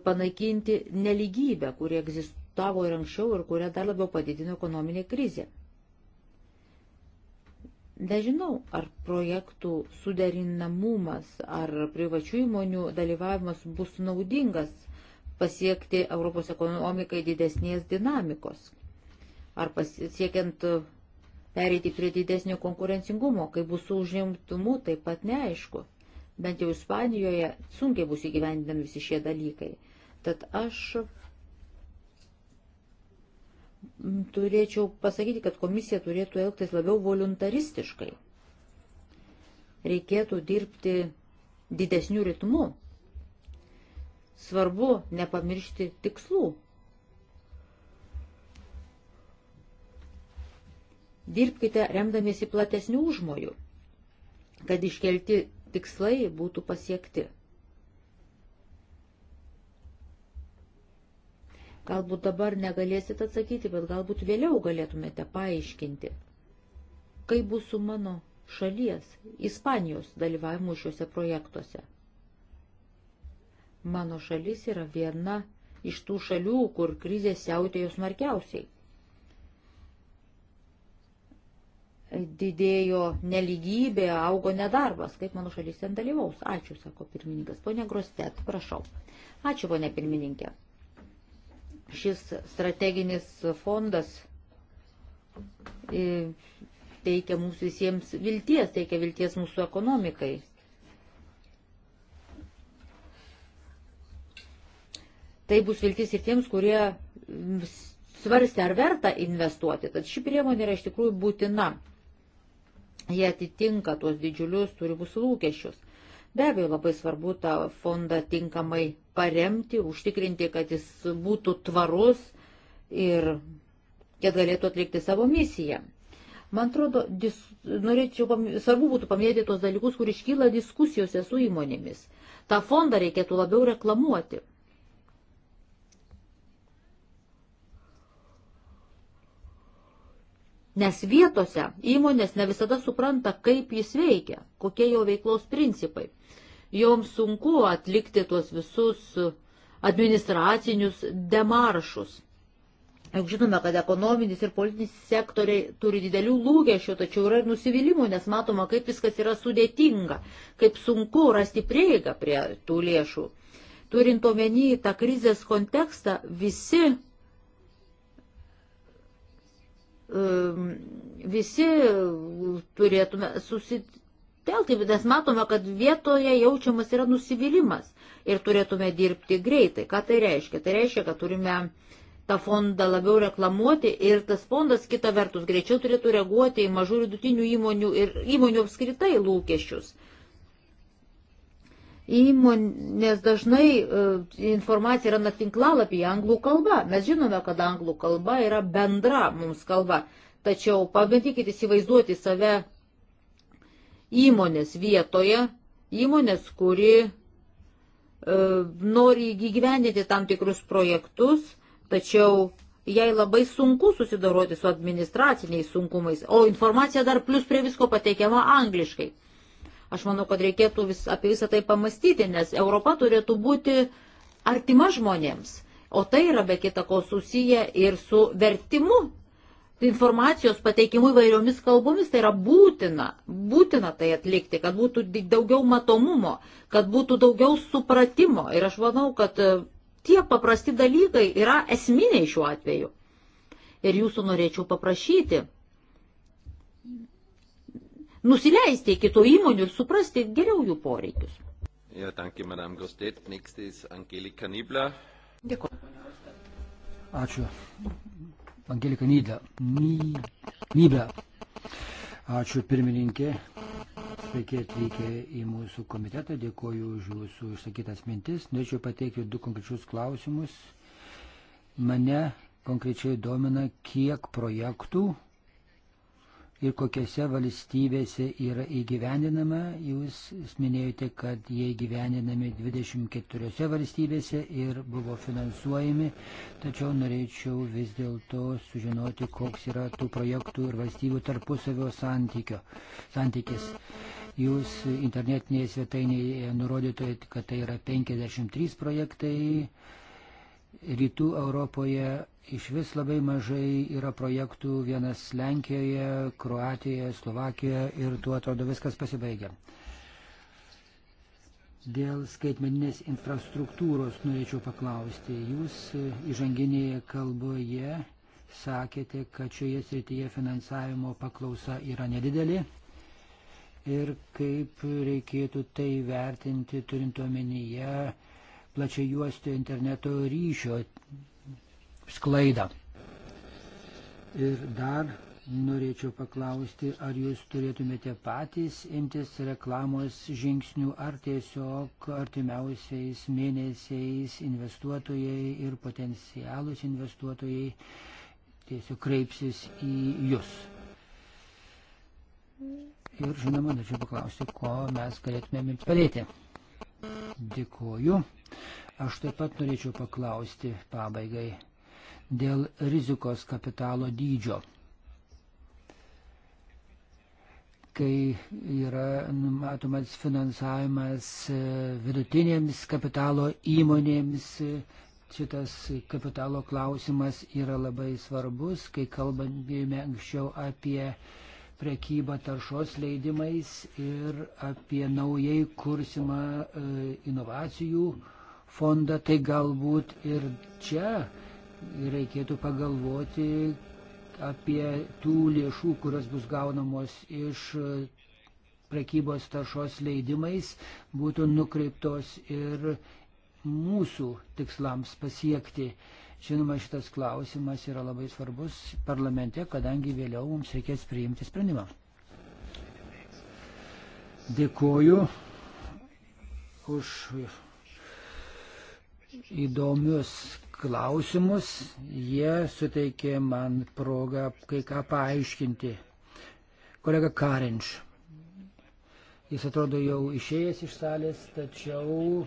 panaikinti neligybę, kuri egzistavo ir anksčiau ir kurią dar labiau padidino ekonominė krizė. Nežinau, ar projektų suderinamumas, ar privačių įmonių dalyvavimas bus naudingas pasiekti Europos ekonomikai didesnės dinamikos, ar pasiekiant Pereiti prie didesnio konkurencingumo, kai bus su užimtumu, taip pat neaišku. Bent jau Ispanijoje sunkiai bus įgyvendinami visi šie dalykai. Tad aš turėčiau pasakyti, kad komisija turėtų elgtis labiau voluntaristiškai. Reikėtų dirbti didesnių ritmų. Svarbu nepamiršti tikslų. Dirbkite remdamiesi platesnių užmojų, kad iškelti tikslai būtų pasiekti. Galbūt dabar negalėsit atsakyti, bet galbūt vėliau galėtumėte paaiškinti, kaip bus su mano šalies, Ispanijos dalyvavimu šiuose projektuose. Mano šalis yra viena iš tų šalių, kur krizė siautėjo smarkiausiai. didėjo neligybė, augo nedarbas, kaip mano šalis ten dalyvaus. Ačiū, sako pirmininkas. Pone Grostet, prašau. Ačiū, pone pirmininkė. Šis strateginis fondas e, teikia mums visiems vilties, teikia vilties mūsų ekonomikai. Tai bus viltis ir tiems, kurie svarstė, ar verta investuoti. Tad ši priemonė yra iš tikrųjų būtina jie atitinka tuos didžiulius turimus lūkesčius. Be abejo, labai svarbu tą fondą tinkamai paremti, užtikrinti, kad jis būtų tvarus ir kad galėtų atlikti savo misiją. Man atrodo, dis, norėčiau, svarbu būtų paminėti tos dalykus, kur iškyla diskusijose su įmonėmis. Ta fondą reikėtų labiau reklamuoti. Nes vietose įmonės ne visada supranta, kaip jis veikia, kokie jo veiklos principai. Joms sunku atlikti tuos visus administracinius demaršus. Juk žinome, kad ekonominis ir politinis sektoriai turi didelių lūkesčių, tačiau yra ir nusivylimų, nes matoma, kaip viskas yra sudėtinga, kaip sunku rasti prieigą prie tų lėšų. Turint omeny tą krizės kontekstą, visi Ehm, visi turėtume susitelti, nes matome, kad vietoje jaučiamas yra nusivylimas ir turėtume dirbti greitai. Ką tai reiškia? Tai reiškia, kad turime tą fondą labiau reklamuoti ir tas fondas kita vertus greičiau turėtų reaguoti į mažų ir vidutinių įmonių ir įmonių apskritai lūkesčius. Įmonės dažnai e, informacija yra natinklalapyje anglų kalba. Mes žinome, kad anglų kalba yra bendra mums kalba. Tačiau pabandykite įsivaizduoti save įmonės vietoje, įmonės, kuri e, nori įgyvendinti tam tikrus projektus, tačiau jai labai sunku susidoroti su administraciniais sunkumais, o informacija dar plus prie visko pateikiama angliškai. Aš manau, kad reikėtų vis, apie visą tai pamastyti, nes Europa turėtų būti artima žmonėms. O tai yra be kita ko susiję ir su vertimu informacijos pateikimu įvairiomis kalbomis, tai yra būtina, būtina tai atlikti, kad būtų daugiau matomumo, kad būtų daugiau supratimo. Ir aš manau, kad e, tie paprasti dalykai yra esminiai šiuo atveju. Ir jūsų norėčiau paprašyti, nusileisti iki tų įmonių ir suprasti geriau jų poreikius. Ja, danke, Madame Grostet. Nächste ist Angelika Nibler. Dėkuoju. Ačiū. Angelika Nydlė. Ny... Nybė. Ačiū pirmininkė. Sveiki atvykę į mūsų komitetą. Dėkuoju už jūsų išsakytas mintis. Norėčiau pateikti du konkrečius klausimus. Mane konkrečiai domina, kiek projektų ir kokiose valstybėse yra įgyvendinama. Jūs minėjote, kad jie įgyvendinami 24 valstybėse ir buvo finansuojami, tačiau norėčiau vis dėlto sužinoti, koks yra tų projektų ir valstybių tarpusavio santykio, santykis. Jūs internetinėje svetainėje nurodytojate, kad tai yra 53 projektai. Rytų Europoje iš vis labai mažai yra projektų, vienas Lenkijoje, Kroatijoje, Slovakijoje ir tuo atrodo viskas pasibaigia. Dėl skaitmeninės infrastruktūros norėčiau paklausti. Jūs įžanginėje kalboje sakėte, kad šioje srityje finansavimo paklausa yra nedidelė ir kaip reikėtų tai vertinti turint omenyje plačiai juostų interneto ryšio sklaidą. Ir dar norėčiau paklausti, ar jūs turėtumėte patys imtis reklamos žingsnių, ar tiesiog artimiausiais mėnesiais investuotojai ir potencialus investuotojai tiesiog kreipsis į jūs. Ir žinoma, norėčiau paklausti, ko mes galėtumėm jums padėti. Dėkuoju. Aš taip pat norėčiau paklausti pabaigai dėl rizikos kapitalo dydžio. Kai yra numatomas finansavimas e, vidutinėms kapitalo įmonėms, e, šitas kapitalo klausimas yra labai svarbus, kai kalbame anksčiau apie prekybą taršos leidimais ir apie naujai kursimą e, inovacijų fondą, tai galbūt ir čia reikėtų pagalvoti apie tų lėšų, kurios bus gaunamos iš e, prekybos taršos leidimais, būtų nukreiptos ir mūsų tikslams pasiekti. Žinoma, šitas klausimas yra labai svarbus parlamente, kadangi vėliau mums reikės priimti sprendimą. Dėkuoju už įdomius klausimus. Jie suteikė man progą kai ką paaiškinti. Kolega Karinč. Jis atrodo jau išėjęs iš salės, tačiau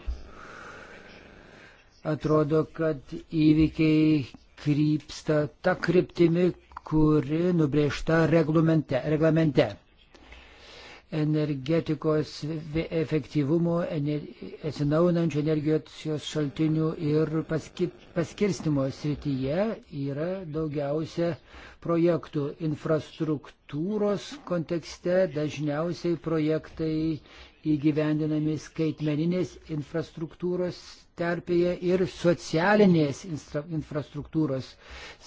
atrodo, kad įvykiai krypsta tą kryptimį, kuri nubrėžta reglamente. reglamente. Energetikos efektyvumo, ener, atsinaunančių energijos šaltinių ir paski, paskirstimo srityje yra daugiausia projektų. Infrastruktūros kontekste dažniausiai projektai įgyvendinami skaitmeninės infrastruktūros terpėje ir socialinės infrastruktūros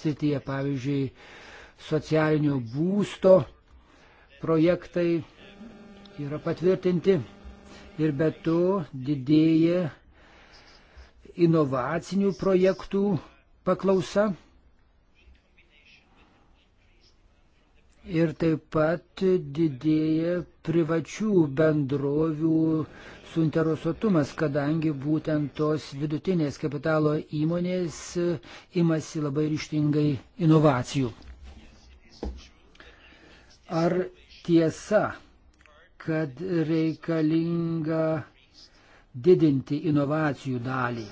srityje, pavyzdžiui, socialinio būsto projektai yra patvirtinti ir be to didėja inovacinių projektų paklausa. ir taip pat didėja privačių bendrovių suinteresuotumas, kadangi būtent tos vidutinės kapitalo įmonės imasi labai ryštingai inovacijų. Ar tiesa, kad reikalinga didinti inovacijų dalį?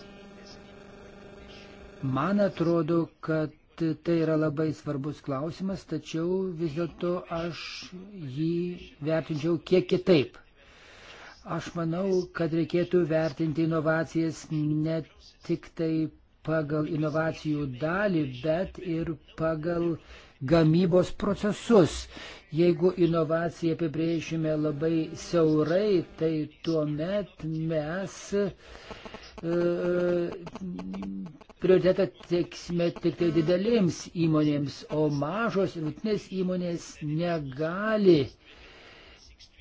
Man atrodo, kad tai yra labai svarbus klausimas, tačiau vis dėlto aš jį vertinčiau kiek kitaip. Aš manau, kad reikėtų vertinti inovacijas ne tik tai pagal inovacijų dalį, bet ir pagal gamybos procesus. Jeigu inovaciją apibrėšime labai siaurai, tai tuomet mes E, prioritetą teiksime tik tai didelėms įmonėms, o mažos ir vidutinės įmonės negali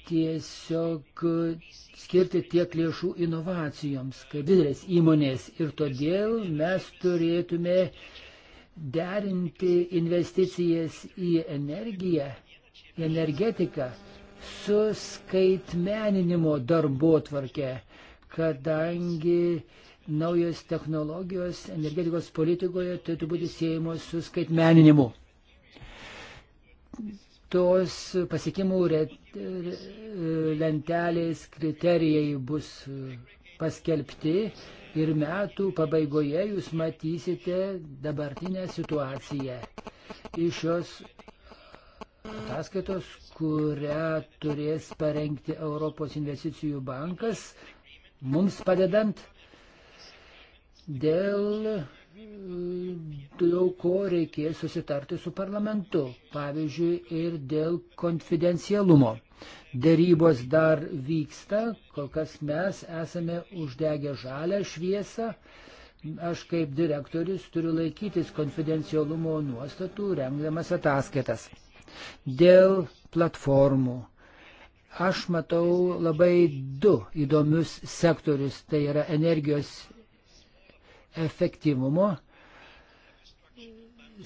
tiesiog skirti tiek lėšų inovacijoms, kaip didelės įmonės. Ir todėl mes turėtume derinti investicijas į energiją, į energetiką su skaitmeninimo darbo tvarkė kadangi naujos technologijos energetikos politikoje turėtų būti siejamos su skaitmeninimu. Tos pasiekimų lentelės kriterijai bus paskelbti ir metų pabaigoje jūs matysite dabartinę situaciją. Iš šios ataskaitos, kurią turės parengti Europos investicijų bankas, mums padedant, dėl, dėl ko reikės susitarti su parlamentu, pavyzdžiui, ir dėl konfidencialumo. Dėrybos dar vyksta, kol kas mes esame uždegę žalę šviesą. Aš kaip direktorius turiu laikytis konfidencialumo nuostatų, rengdamas ataskaitas. Dėl platformų Aš matau labai du įdomius sektorius. Tai yra energijos efektyvumo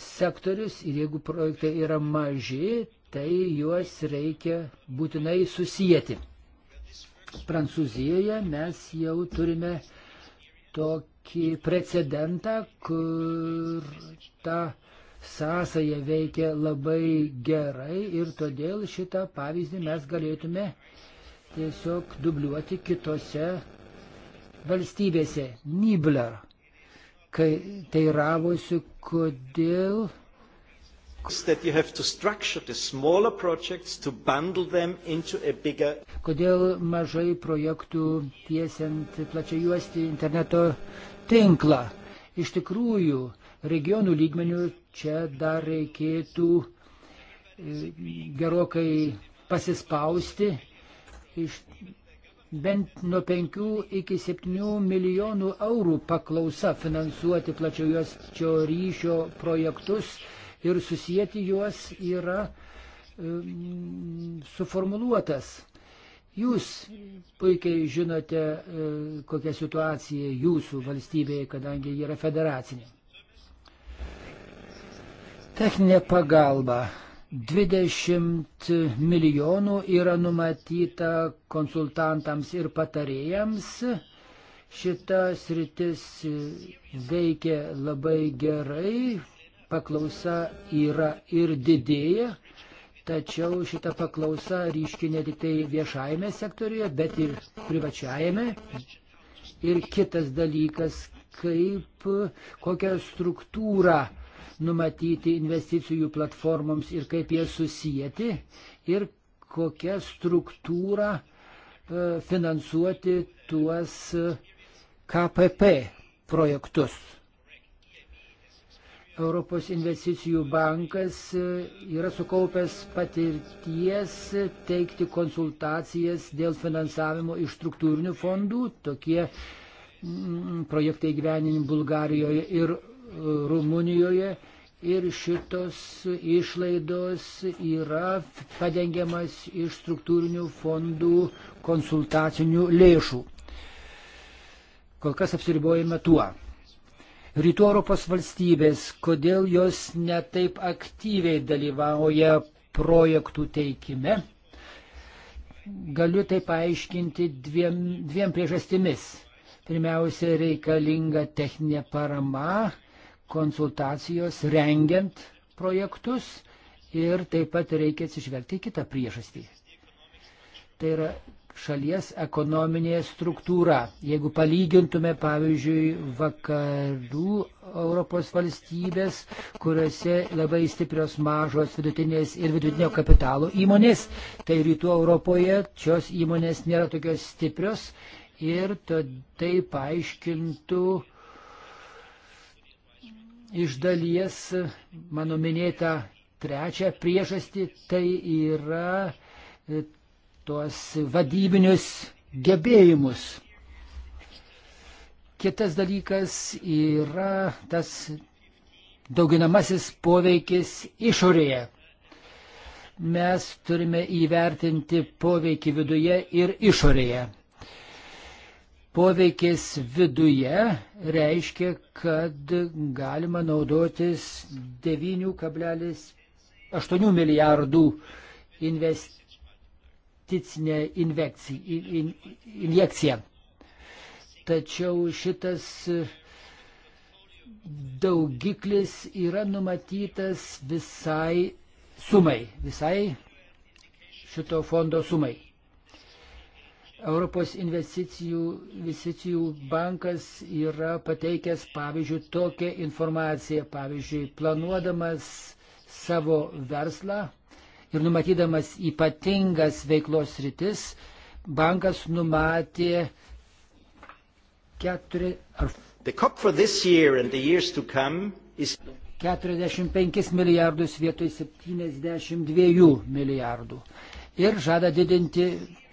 sektorius ir jeigu projektai yra maži, tai juos reikia būtinai susijęti. Prancūzijoje mes jau turime tokį precedentą, kur ta sąsaja veikia labai gerai ir todėl šitą pavyzdį mes galėtume tiesiog dubliuoti kitose valstybėse. Nibler, kai teiravosi, kodėl that you have to structure the smaller projects to bundle them into a bigger. Kodėl mažai projektų tiesiant plačiajuosti interneto tinklą? Iš tikrųjų, Regionų lygmenių čia dar reikėtų e, gerokai pasispausti iš bent nuo 5 iki 7 milijonų eurų paklausa finansuoti plačiojo ryšio projektus ir susijęti juos yra suformuluotas. Jūs puikiai žinote, e, kokia situacija jūsų valstybėje, kadangi ji yra federacinė. Techninė pagalba. 20 milijonų yra numatyta konsultantams ir patarėjams. Šita sritis veikia labai gerai, paklausa yra ir didėja, tačiau šita paklausa ryški ne tik tai viešajame sektoriuje, bet ir privačiajame. Ir kitas dalykas, kaip kokią struktūrą uh, numatyti investicijų platformoms ir kaip jas susijęti ir kokią struktūrą e, finansuoti tuos e, KPP projektus. Europos investicijų bankas e, yra sukaupęs patirties teikti konsultacijas dėl finansavimo iš struktūrinių fondų. Tokie projektai gyveninimi Bulgarijoje ir Rumunijoje ir šitos išlaidos yra padengiamas iš struktūrinių fondų konsultacinių lėšų. Kol kas apsiribojame tuo. Rytų Europos valstybės, kodėl jos netaip aktyviai dalyvauja projektų teikime, galiu tai paaiškinti dviem, dviem priežastimis. Pirmiausia, reikalinga techninė parama konsultacijos rengiant projektus ir taip pat reikia atsižvelgti į kitą priežastį. Tai yra šalies ekonominė struktūra. Jeigu palygintume, pavyzdžiui, vakarų Europos valstybės, kuriuose labai stiprios mažos vidutinės ir vidutinio kapitalo įmonės, tai rytų Europoje šios įmonės nėra tokios stiprios ir tai paaiškintų iš dalies mano minėtą trečią priežastį, tai yra e, tuos vadybinius gebėjimus. Kitas dalykas yra tas dauginamasis poveikis išorėje. Mes turime įvertinti poveikį viduje ir išorėje poveikis viduje reiškia, kad galima naudotis 9,8 milijardų investicinę injekciją. Tačiau šitas daugiklis yra numatytas visai sumai, visai šito fondo sumai. Europos investicijų, investicijų bankas yra pateikęs, pavyzdžiui, tokią informaciją, pavyzdžiui, planuodamas savo verslą ir numatydamas ypatingas veiklos rytis, bankas numatė keturi, ar, 45 milijardus vietoj 72 milijardų ir žada didinti,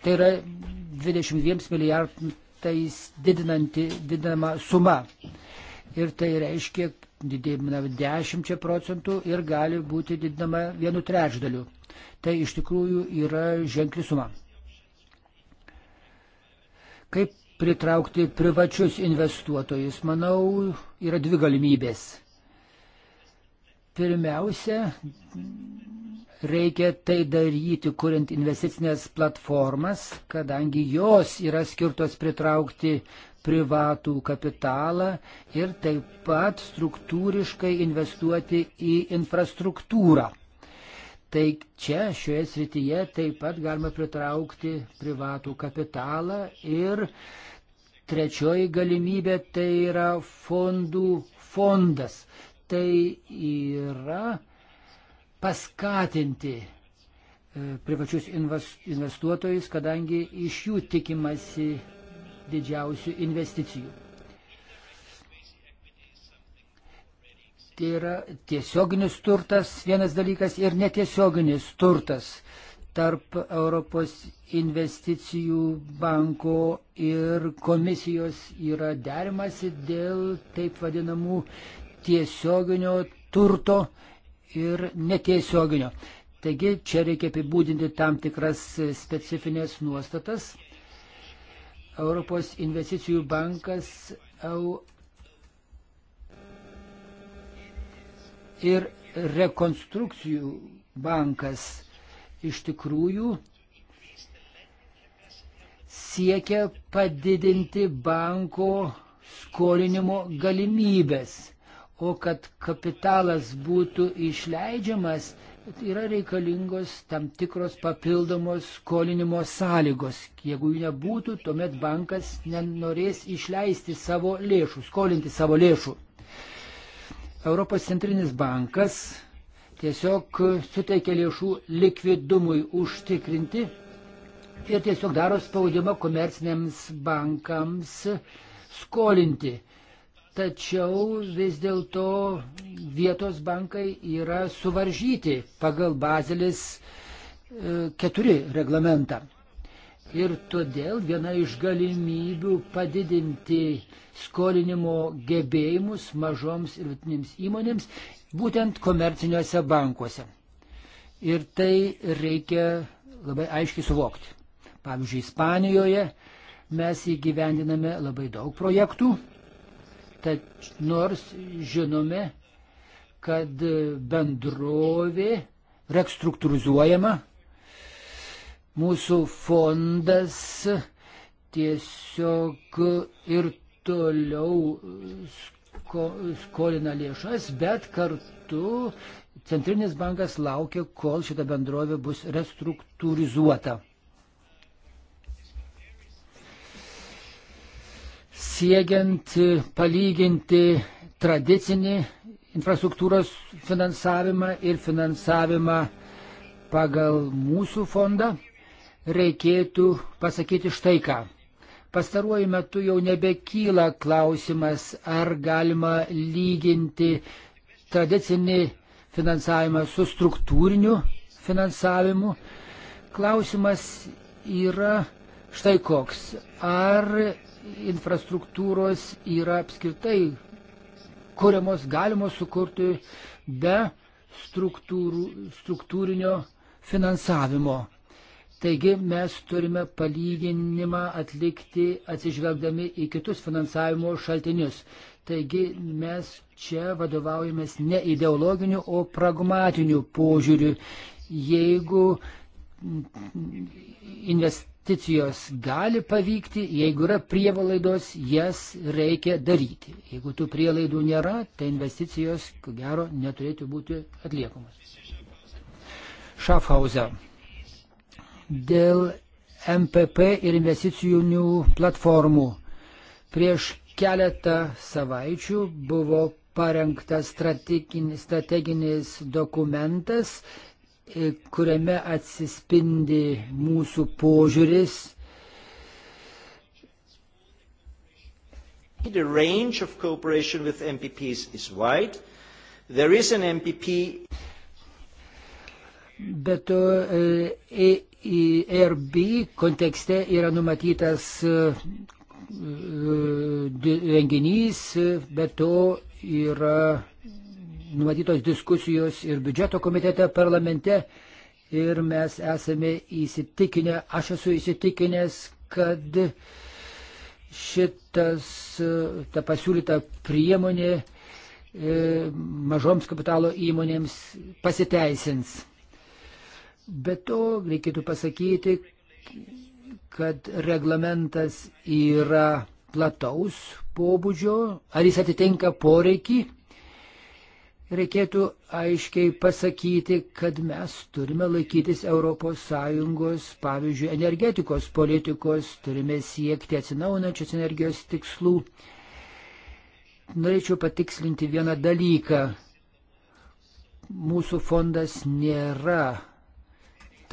tai yra 22 milijardais didinanti, didinama suma. Ir tai reiškia didinama 10 procentų ir gali būti didinama vienu trečdaliu. Tai iš tikrųjų yra ženkli suma. Kaip pritraukti privačius investuotojus? Manau, yra dvi galimybės. Pirmiausia, Reikia tai daryti, kuriant investicinės platformas, kadangi jos yra skirtos pritraukti privatų kapitalą ir taip pat struktūriškai investuoti į infrastruktūrą. Tai čia šioje srityje taip pat galima pritraukti privatų kapitalą ir trečioji galimybė tai yra fondų fondas. Tai yra paskatinti e, privačius investuotojus, kadangi iš jų tikimasi didžiausių investicijų. Tai yra tiesioginis turtas vienas dalykas ir netiesioginis turtas tarp Europos investicijų banko ir komisijos yra derimasi dėl taip vadinamų tiesioginio turto ir netiesioginio. Taigi čia reikia apibūdinti tam tikras specifines nuostatas. Europos investicijų bankas EU ir rekonstrukcijų bankas iš tikrųjų siekia padidinti banko skolinimo galimybės. O kad kapitalas būtų išleidžiamas, yra reikalingos tam tikros papildomos skolinimo sąlygos. Jeigu jų nebūtų, tuomet bankas nenorės išleisti savo lėšų, skolinti savo lėšų. Europos centrinis bankas tiesiog suteikia lėšų likvidumui užtikrinti ir tiesiog daro spaudimą komerciniams bankams skolinti tačiau vis dėlto vietos bankai yra suvaržyti pagal Bazelis 4 e, reglamentą. Ir todėl viena iš galimybių padidinti skolinimo gebėjimus mažoms ir vidutinėms įmonėms būtent komerciniuose bankuose. Ir tai reikia labai aiškiai suvokti. Pavyzdžiui, Ispanijoje mes įgyvendiname labai daug projektų Tad nors žinome, kad bendrovė rekstruktūrizuojama, mūsų fondas tiesiog ir toliau sko, skolina lėšas, bet kartu Centrinis bankas laukia, kol šita bendrovė bus restruktūrizuota. siekiant palyginti tradicinį infrastruktūros finansavimą ir finansavimą pagal mūsų fondą, reikėtų pasakyti štai ką. Pastaruoju metu jau nebekyla klausimas, ar galima lyginti tradicinį finansavimą su struktūriniu finansavimu. Klausimas yra štai koks. Ar infrastruktūros yra apskritai kuriamos, galimos sukurti be struktūrų, struktūrinio finansavimo. Taigi mes turime palyginimą atlikti atsižvelgdami į kitus finansavimo šaltinius. Taigi mes čia vadovaujamės ne ideologiniu, o pragmatiniu požiūriu. Jeigu invest investicijos gali pavykti, jeigu yra prievalaidos, jas reikia daryti. Jeigu tų prielaidų nėra, tai investicijos, ko gero, neturėtų būti atliekamos. Schaffhauser. Dėl MPP ir investicijų platformų. Prieš keletą savaičių buvo parengtas strateginis, strateginis dokumentas E, kuriame atsispindi mūsų požiūris. The range of cooperation with MPPs is wide. There is an MPP. Bet to ERB e, e kontekste yra numatytas renginys, bet to yra numatytos diskusijos ir biudžeto komitete parlamente ir mes esame įsitikinę, aš esu įsitikinęs, kad šitas, ta pasiūlyta priemonė e, mažoms kapitalo įmonėms pasiteisins. Bet to reikėtų pasakyti, kad reglamentas yra plataus pobūdžio, ar jis atitinka poreikį reikėtų aiškiai pasakyti, kad mes turime laikytis ES, pavyzdžiui, energetikos politikos, turime siekti atsinaunančios energijos tikslų. Norėčiau patikslinti vieną dalyką. Mūsų fondas nėra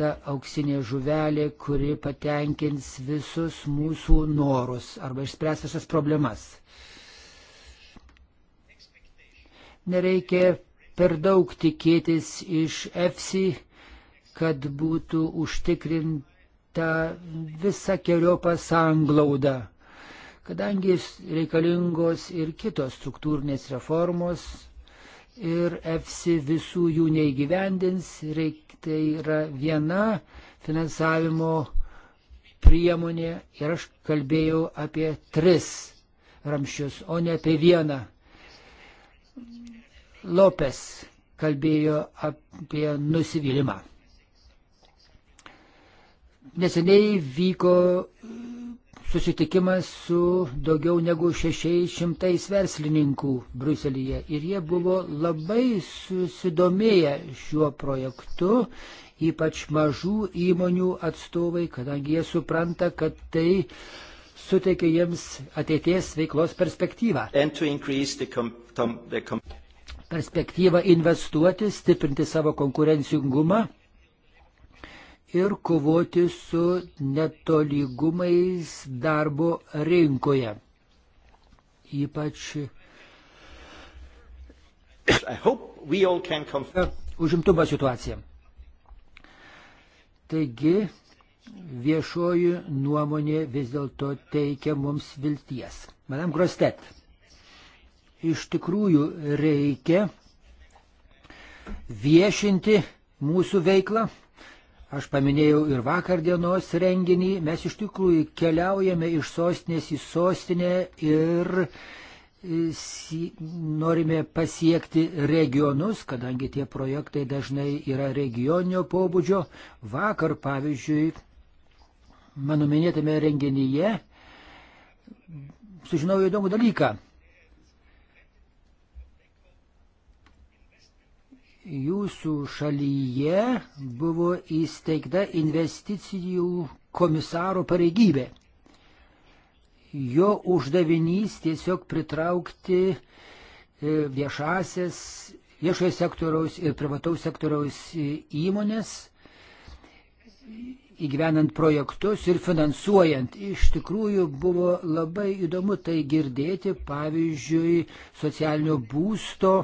ta auksinė žuvelė, kuri patenkins visus mūsų norus arba išspręs visas problemas. Nereikia per daug tikėtis iš EFSI, kad būtų užtikrinta visa keriopa sanglauda, kadangi reikalingos ir kitos struktūrinės reformos ir EFSI visų jų neįgyvendins, reik, tai yra viena finansavimo priemonė ir aš kalbėjau apie tris ramščius, o ne apie vieną. Lopes kalbėjo apie nusivylimą. Neseniai vyko e, susitikimas su daugiau negu 600 verslininkų Bruselėje ir jie buvo labai susidomėję šiuo projektu, ypač mažų įmonių atstovai, kadangi jie supranta, kad tai suteikia jiems ateities veiklos perspektyvą perspektyvą investuoti, stiprinti savo konkurencingumą ir kovoti su netolygumais darbo rinkoje. Ypač užimtumo situacija. Taigi, viešoji nuomonė vis dėlto teikia mums vilties. Madame Grostet iš tikrųjų reikia viešinti mūsų veiklą. Aš paminėjau ir vakar dienos renginį, mes iš tikrųjų keliaujame iš sostinės į sostinę ir e, norime pasiekti regionus, kadangi tie projektai dažnai yra regioninio pobūdžio. Vakar, pavyzdžiui, mano minėtame renginyje sužinojau įdomų dalyką. jūsų šalyje buvo įsteigta investicijų komisaro pareigybė. Jo uždavinys tiesiog pritraukti e, viešasias, viešojo sektoriaus ir privataus sektoriaus e, įmonės, įgyvenant projektus ir finansuojant. Iš tikrųjų buvo labai įdomu tai girdėti, pavyzdžiui, socialinio būsto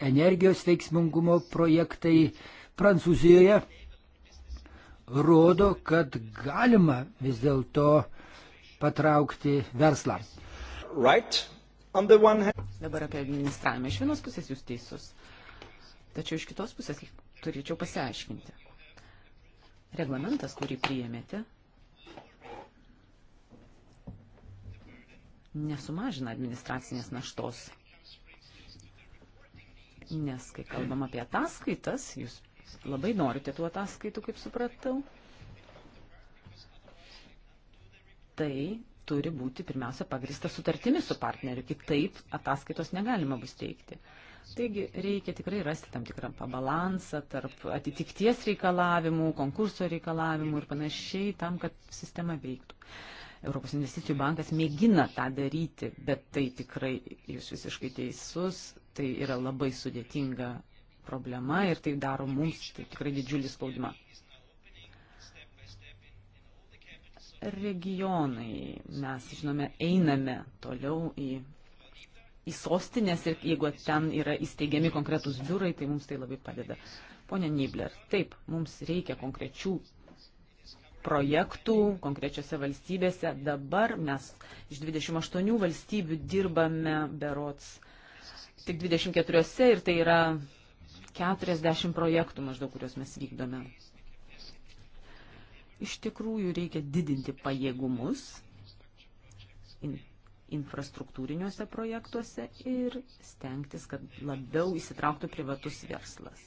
energijos veiksmingumo projektai Prancūzijoje rodo, kad galima vis dėlto patraukti verslą. Right. Dabar apie administravimą. Iš vienos pusės jūs teisus. Tačiau iš kitos pusės turėčiau pasiaiškinti. Reglamentas, kurį priėmėte, nesumažina administracinės naštos Nes kai kalbam apie ataskaitas, jūs labai norite tų ataskaitų, kaip supratau, tai turi būti pirmiausia pagrista sutartimi su partneriu, kitaip ataskaitos negalima bus teikti. Taigi reikia tikrai rasti tam tikrą pabalansą tarp atitikties reikalavimų, konkurso reikalavimų ir panašiai tam, kad sistema veiktų. Europos investicijų bankas mėgina tą daryti, bet tai tikrai, jūs visiškai teisus, tai yra labai sudėtinga problema ir tai daro mums tai tikrai didžiulį spaudimą. Regionai, mes žinome, einame toliau į, į sostinės ir jeigu ten yra įsteigiami konkretus biurai, tai mums tai labai padeda. Pone Nibler, taip, mums reikia konkrečių projektų konkrečiose valstybėse. Dabar mes iš 28 valstybių dirbame berots tik 24 ir tai yra 40 projektų maždaug, kuriuos mes vykdome. Iš tikrųjų reikia didinti pajėgumus in, infrastruktūriniuose projektuose ir stengtis, kad labiau įsitrauktų privatus verslas.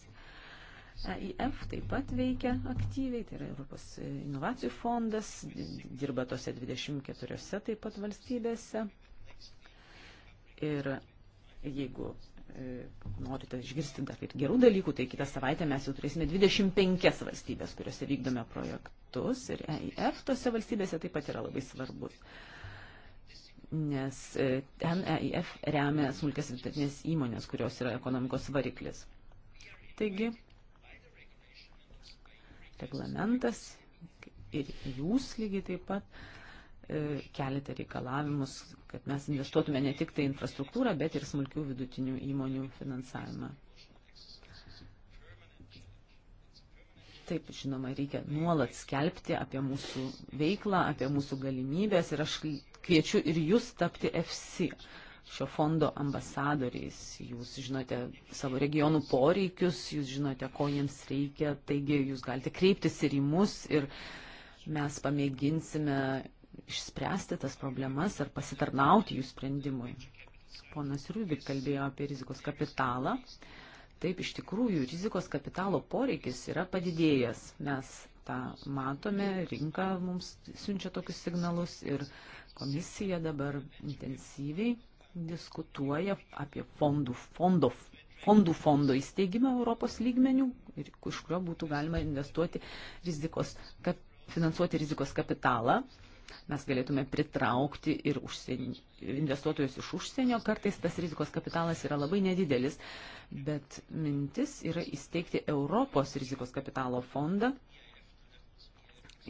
EIF taip pat veikia aktyviai, tai yra Europos inovacijų fondas, dirba tose 24 taip pat valstybėse. Ir Jeigu e, norite išgirsti dar ir gerų dalykų, tai kitą savaitę mes jau turėsime 25 valstybės, kuriuose vykdome projektus ir EIF tose valstybėse taip pat yra labai svarbus. Nes e, ten EIF remia smulkės vidutinės įmonės, kurios yra ekonomikos variklis. Taigi, reglamentas ir jūs lygiai taip pat E, keliate reikalavimus, kad mes investuotume ne tik tai infrastruktūrą, bet ir smulkių vidutinių įmonių finansavimą. Taip, žinoma, reikia nuolat skelbti apie mūsų veiklą, apie mūsų galimybės ir aš kviečiu ir jūs tapti FC šio fondo ambasadoriais. Jūs žinote savo regionų poreikius, jūs žinote, ko jiems reikia, taigi jūs galite kreiptis ir į mus ir mes pamėginsime išspręsti tas problemas ar pasitarnauti jų sprendimui. Ponas Rubik kalbėjo apie rizikos kapitalą. Taip, iš tikrųjų, rizikos kapitalo poreikis yra padidėjęs. Mes tą matome, rinka mums siunčia tokius signalus ir komisija dabar intensyviai diskutuoja apie fondų, fondo, fondų fondo įsteigimą Europos lygmenių, iš kurio būtų galima investuoti rizikos, finansuoti rizikos kapitalą mes galėtume pritraukti ir užsienį, investuotojus iš užsienio. Kartais tas rizikos kapitalas yra labai nedidelis, bet mintis yra įsteigti Europos rizikos kapitalo fondą.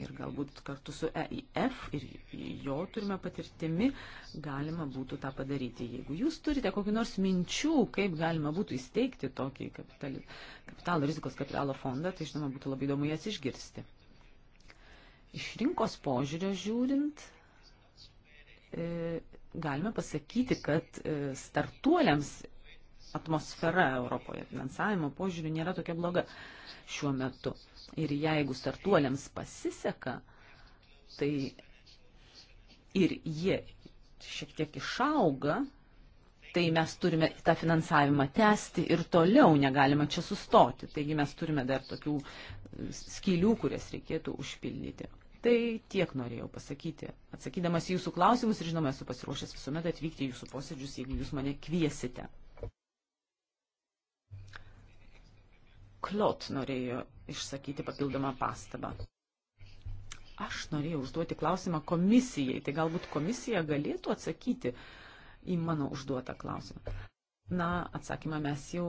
Ir galbūt kartu su EIF ir jo turime patirtimi galima būtų tą padaryti. Jeigu jūs turite kokiu nors minčių, kaip galima būtų įsteigti tokį kapitali, kapitalo rizikos kapitalo fondą, tai žinoma būtų labai įdomu jas išgirsti iš rinkos požiūrio žiūrint, e, galime pasakyti, kad e, startuoliams atmosfera Europoje finansavimo požiūrių nėra tokia bloga šiuo metu. Ir jeigu startuoliams pasiseka, tai ir jie šiek tiek išauga, tai mes turime tą finansavimą tęsti ir toliau negalima čia sustoti. Taigi mes turime dar tokių skylių, kurias reikėtų užpildyti. Tai tiek norėjau pasakyti. Atsakydamas į jūsų klausimus, ir, žinoma, esu pasiruošęs visuomet atvykti į jūsų posėdžius, jeigu jūs mane kviesite. Klot norėjo išsakyti papildomą pastabą. Aš norėjau užduoti klausimą komisijai, tai galbūt komisija galėtų atsakyti į mano užduotą klausimą. Na, atsakymą mes jau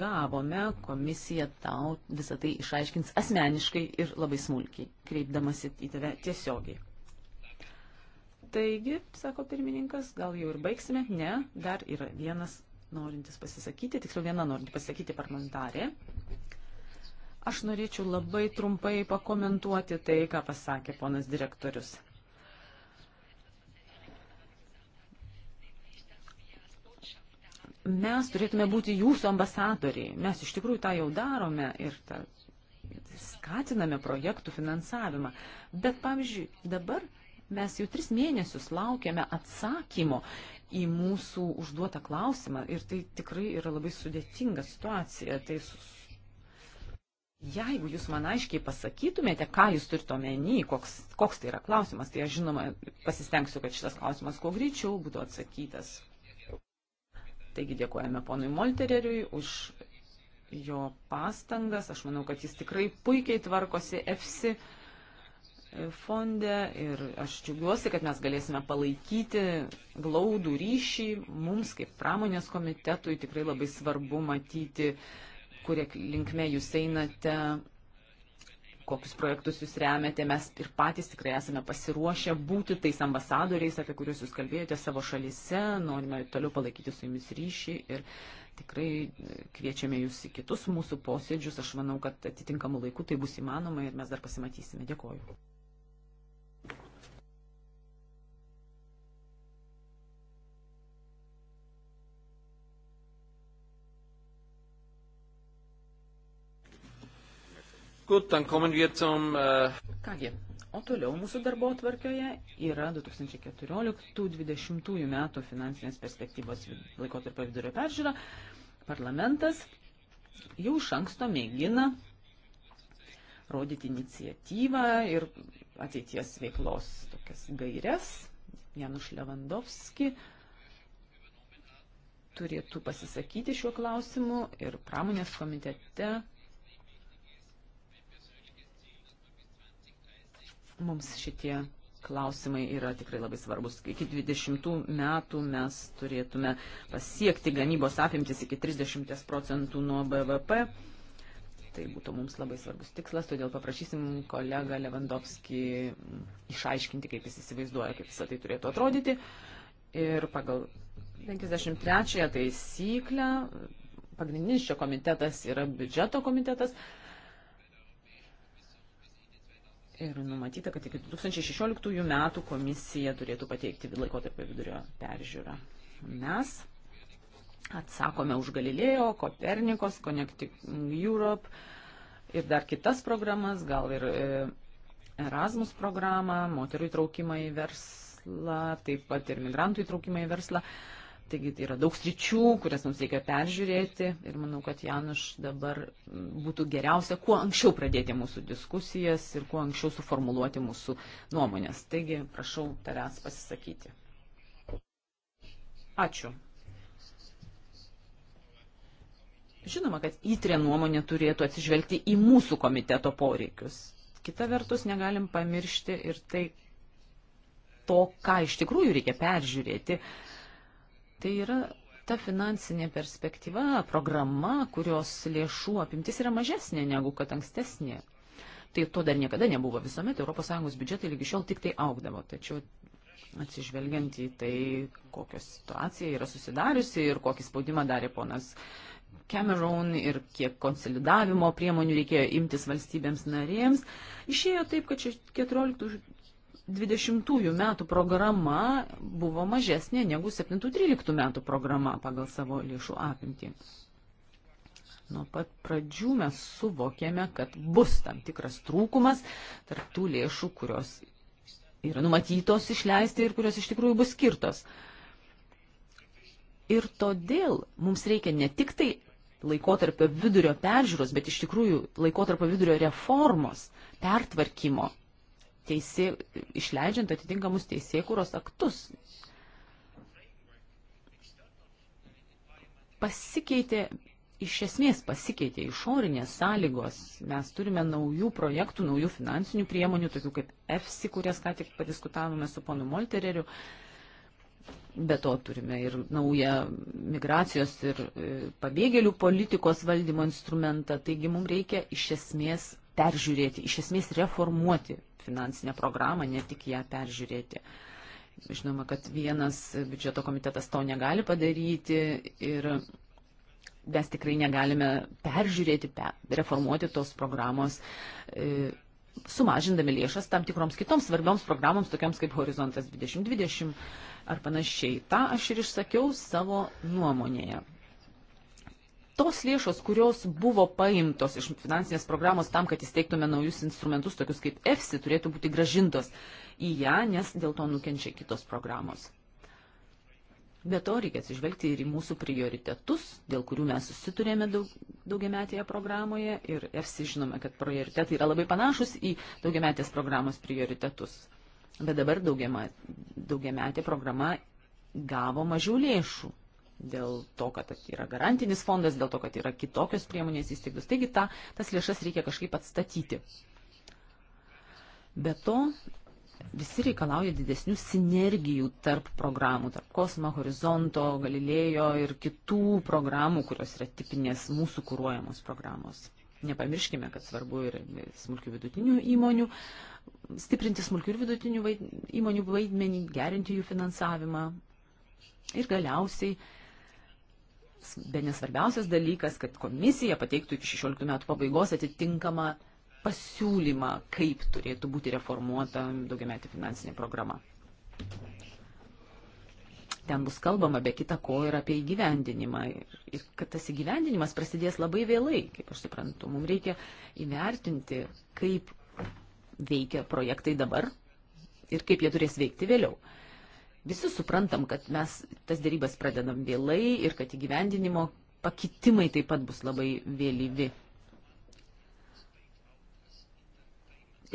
gavome, komisija tau visą tai išaiškins asmeniškai ir labai smulkiai, kreipdamasi į tave tiesiogiai. Taigi, sako pirmininkas, gal jau ir baigsime? Ne, dar yra vienas norintis pasisakyti, tiksliau viena norinti pasisakyti parlamentarė. Aš norėčiau labai trumpai pakomentuoti tai, ką pasakė ponas direktorius. mes turėtume būti jūsų ambasadoriai. Mes iš tikrųjų tą jau darome ir tą skatiname projektų finansavimą. Bet, pavyzdžiui, dabar mes jau tris mėnesius laukiame atsakymo į mūsų užduotą klausimą ir tai tikrai yra labai sudėtinga situacija. Tai Jeigu jūs man aiškiai pasakytumėte, ką jūs turite omeny, koks, koks tai yra klausimas, tai aš žinoma pasistengsiu, kad šitas klausimas kuo greičiau būtų atsakytas. Taigi dėkojame ponui Moltereriui už jo pastangas. Aš manau, kad jis tikrai puikiai tvarkosi EFSI fonde ir aš džiugiuosi, kad mes galėsime palaikyti glaudų ryšį. Mums kaip pramonės komitetui tikrai labai svarbu matyti, kurie linkme jūs einate kokius projektus jūs remiate, mes ir patys tikrai esame pasiruošę būti tais ambasadoriais, apie kuriuos jūs kalbėjote savo šalise, norime toliau palaikyti su jumis ryšį ir tikrai e, kviečiame jūs į kitus mūsų posėdžius. Aš manau, kad atitinkamų laikų tai bus įmanoma ir mes dar pasimatysime. Dėkoju. Gut, dann kommen wir zum... Uh... Kągi, o toliau mūsų darbo atvarkioje yra 2014-2020 metų finansinės perspektyvos laikotarpio vidurio peržiūra. Parlamentas jau iš anksto mėgina rodyti iniciatyvą ir ateities veiklos tokias gairias. Januš Levandovski turėtų pasisakyti šiuo klausimu ir pramonės komitete Mums šitie klausimai yra tikrai labai svarbus. Iki 20 metų mes turėtume pasiekti gamybos apimtis iki 30 procentų nuo BVP. Tai būtų mums labai svarbus tikslas, todėl paprašysim kolegą Levandovskį išaiškinti, kaip jis įsivaizduoja, kaip visą tai turėtų atrodyti. Ir pagal 53 taisyklę pagrindinis šio komitetas yra biudžeto komitetas. Ir numatyta, kad iki 2016 metų komisija turėtų pateikti laikotarpio vidurio peržiūrą. Mes atsakome už Galilėjo, Kopernikos, Connecting Europe ir dar kitas programas, gal ir e, Erasmus programą, moterų įtraukimą į verslą, taip pat ir migrantų įtraukimą į verslą. Uh, Taigi tai yra daug sričių, kurias mums reikia peržiūrėti ir manau, kad Januš dabar būtų geriausia kuo anksčiau pradėti mūsų diskusijas ir kuo anksčiau suformuluoti mūsų nuomonės. Taigi prašau tavęs pasisakyti. Ačiū. Žinoma, kad įtrė nuomonė turėtų atsižvelgti į mūsų komiteto poreikius. Kita vertus, negalim pamiršti ir tai to, ką iš tikrųjų reikia peržiūrėti. Uh, Tai yra ta finansinė perspektyva, programa, kurios lėšų apimtis yra mažesnė negu kad ankstesnė. Tai to dar niekada nebuvo visuomet, ES biudžetai lygi šiol tik tai augdavo. Tačiau atsižvelgiant į tai, kokią situaciją yra susidariusi ir kokį spaudimą darė ponas Cameron ir kiek konsolidavimo priemonių reikėjo imtis valstybėms narėms, išėjo taip, kad 14 20 metų programa buvo mažesnė negu 7-13 metų programa pagal savo lėšų apimtį. Nuo pat pradžių mes suvokėme, kad bus tam tikras trūkumas tarp tų lėšų, kurios yra numatytos išleisti ir kurios iš tikrųjų bus skirtos. Ir todėl mums reikia ne tik tai laikotarpio vidurio peržiūros, bet iš tikrųjų laikotarpio vidurio reformos, pertvarkymo teisė, išleidžiant atitinkamus teisėkūros aktus. Pasikeitė, iš esmės pasikeitė išorinės sąlygos. Mes turime naujų projektų, naujų finansinių priemonių, tokių kaip EFSI, kurias ką tik padiskutavome su ponu Moltereriu. Be to turime ir naują migracijos ir e, pabėgėlių politikos valdymo instrumentą. Taigi mums reikia iš esmės peržiūrėti, iš esmės reformuoti finansinę programą, ne tik ją peržiūrėti. Žinoma, kad vienas biudžeto komitetas to negali padaryti ir mes tikrai negalime peržiūrėti, reformuoti tos programos, e, sumažindami lėšas tam tikroms kitoms svarbioms programoms, tokiams kaip Horizontas 2020 ar panašiai. Ta aš ir išsakiau savo nuomonėje tos lėšos, kurios buvo paimtos iš finansinės programos tam, kad įsteigtume naujus instrumentus, tokius kaip EFSI, turėtų būti gražintos į ją, nes dėl to nukenčia kitos programos. Be to reikia atsižvelgti ir į mūsų prioritetus, dėl kurių mes susiturėme daug, daugiametėje programoje ir EFSI žinome, kad prioritetai yra labai panašus į daugiametės programos prioritetus. Bet dabar daugiametė programa gavo mažiau lėšų dėl to, kad yra garantinis fondas, dėl to, kad yra kitokios priemonės įsteigtos. Taigi ta, tas lėšas reikia kažkaip atstatyti. Be to, visi reikalauja didesnių sinergijų tarp programų, tarp kosmo, horizonto, galilėjo ir kitų programų, kurios yra tipinės mūsų kūruojamos programos. Nepamirškime, kad svarbu ir smulkių vidutinių įmonių, stiprinti smulkių ir vidutinių vaid... įmonių vaidmenį, gerinti jų finansavimą. Ir galiausiai be nesvarbiausias dalykas, kad komisija pateiktų iki 16 metų pabaigos atitinkamą pasiūlymą, kaip turėtų būti reformuota daugiametė finansinė programa. Ten bus kalbama be kita ko ir apie įgyvendinimą. Ir, ir kad tas įgyvendinimas prasidės labai vėlai, kaip aš suprantu. Mums reikia įvertinti, kaip veikia projektai dabar ir kaip jie turės veikti vėliau. Uh, Visi suprantam, kad mes tas dėrybas pradedam vėlai ir kad įgyvendinimo pakitimai taip pat bus labai vėlyvi.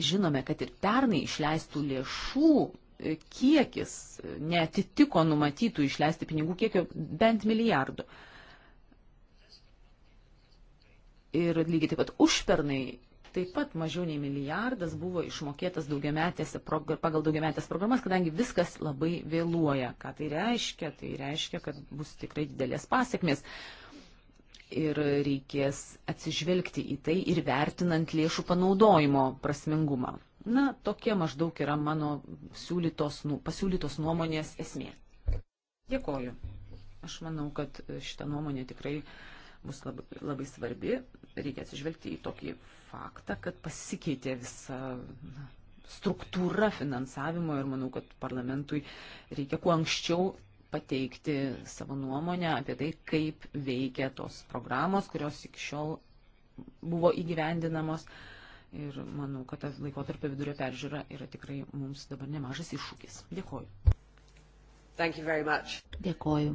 Žinome, kad ir pernai išleistų lėšų kiekis netitiko numatytų išleisti pinigų kiekio bent milijardų. Ir lygiai taip pat užpernai taip pat mažiau nei milijardas buvo išmokėtas daugiametėse, pagal daugiametės programas, kadangi viskas labai vėluoja. Ką tai reiškia? Tai reiškia, kad bus tikrai didelės pasiekmes. Ir reikės atsižvelgti į tai ir vertinant lėšų panaudojimo prasmingumą. Na, tokia maždaug yra mano siūlytos, nu, pasiūlytos nuomonės esmė. Dėkoju. Aš manau, kad šita nuomonė tikrai bus labai, labai svarbi reikia atsižvelgti į tokį faktą, kad pasikeitė visa na, struktūra finansavimo ir manau, kad parlamentui reikia kuo anksčiau pateikti savo nuomonę apie tai, kaip veikia tos programos, kurios iki šiol buvo įgyvendinamos. Ir manau, kad tas laikotarpio vidurio peržiūra yra tikrai mums dabar nemažas iššūkis. Dėkoju. Dėkoju.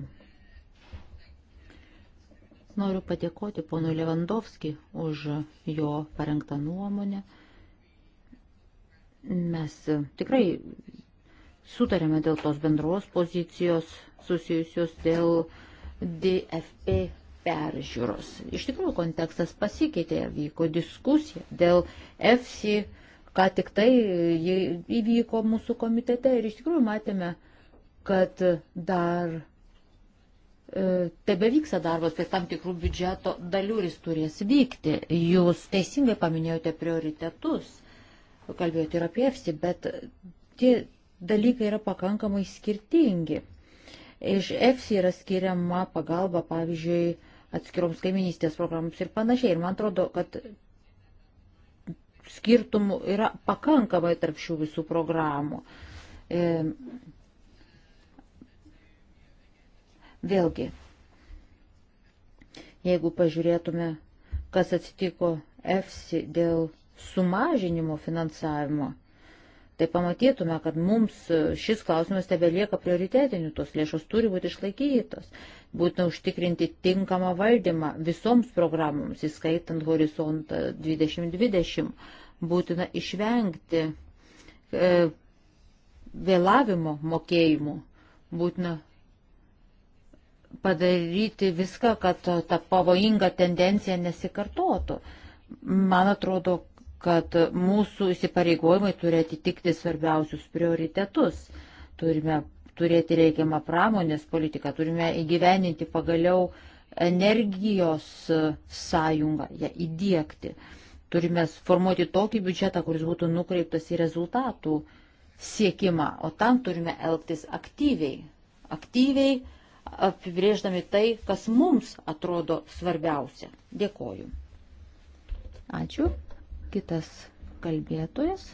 Noriu padėkoti ponui Levandovski už jo parengtą nuomonę. Mes tikrai sutarėme dėl tos bendros pozicijos susijusios dėl DFP peržiūros. Iš tikrųjų, kontekstas pasikeitė, vyko diskusija dėl EFSI, ką tik tai įvyko mūsų komitete ir iš tikrųjų matėme, kad dar E, tebe vyksta darbas prie tam tikrų biudžeto dalių ir jis turės vykti. Jūs teisingai paminėjote prioritetus, kalbėjote ir apie EFSI, bet tie dalykai yra pakankamai skirtingi. Iš EFSI yra skiriama pagalba, pavyzdžiui, atskiroms kaiminystės programams ir panašiai. Ir man atrodo, kad skirtumų yra pakankamai tarp šių visų programų. E, Vėlgi, jeigu pažiūrėtume, kas atsitiko EFSI dėl sumažinimo finansavimo, tai pamatytume, kad mums šis klausimas tebelieka prioritetiniu, tos lėšos turi būti išlaikytos, būtina užtikrinti tinkamą valdymą visoms programoms, įskaitant horizontą 2020, būtina išvengti e, vėlavimo mokėjimų, būtina padaryti viską, kad ta pavojinga tendencija nesikartotų. Man atrodo, kad mūsų įsipareigojimai turi atitikti svarbiausius prioritetus. Turime turėti reikiamą pramonės politiką, turime įgyveninti pagaliau energijos sąjungą, ją įdėkti. Turime formuoti tokį biudžetą, kuris būtų nukreiptas į rezultatų siekimą, o tam turime elgtis aktyviai. Aktyviai apibrėždami tai, kas mums atrodo svarbiausia. Dėkoju. Ačiū. Kitas kalbėtojas.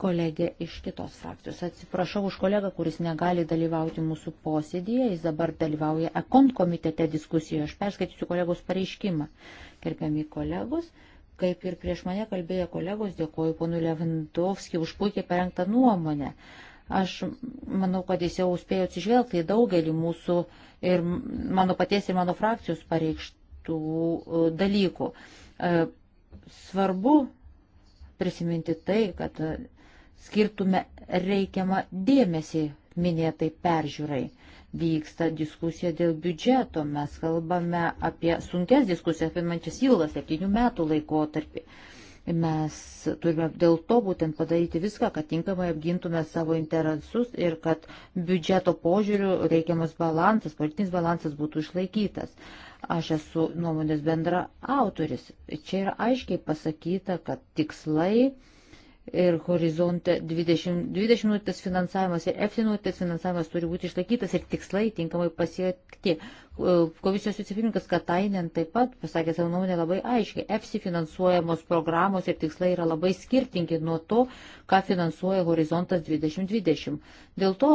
Kolegė iš kitos frakcijos. Atsiprašau už kolegą, kuris negali dalyvauti mūsų posėdėje. Jis dabar dalyvauja ekon komitete diskusijoje. Aš perskaitysiu kolegos pareiškimą. Gerbiami kolegos, uh, Kaip ir prieš mane kalbėjo kolegos, dėkoju ponui Levandovskijui už puikiai parengtą nuomonę. Aš manau, kad jis jau spėjo atsižvelgti į daugelį mūsų ir mano paties ir mano frakcijos pareikštų e, dalykų. E, svarbu prisiminti tai, kad e, skirtume reikiamą dėmesį minėtai peržiūrai vyksta diskusija dėl biudžeto. Mes kalbame apie sunkes diskusijas, apimančias ilgą septynių metų laikotarpį. Mes turime dėl to būtent padaryti viską, kad tinkamai apgintume savo interesus ir kad biudžeto požiūrių reikiamas balansas, politinis balansas būtų išlaikytas. Aš esu nuomonės bendra autoris. Čia yra aiškiai pasakyta, kad tikslai ir horizonte 20, 20 minutės finansavimas ir F minutės finansavimas turi būti išlaikytas ir tikslai tinkamai pasiekti. Komisijos vicepirinkas Katainen taip pat pasakė savo nuomonę labai aiškiai. EFSI finansuojamos programos ir tikslai yra labai skirtingi nuo to, ką finansuoja horizontas 2020. Dėl to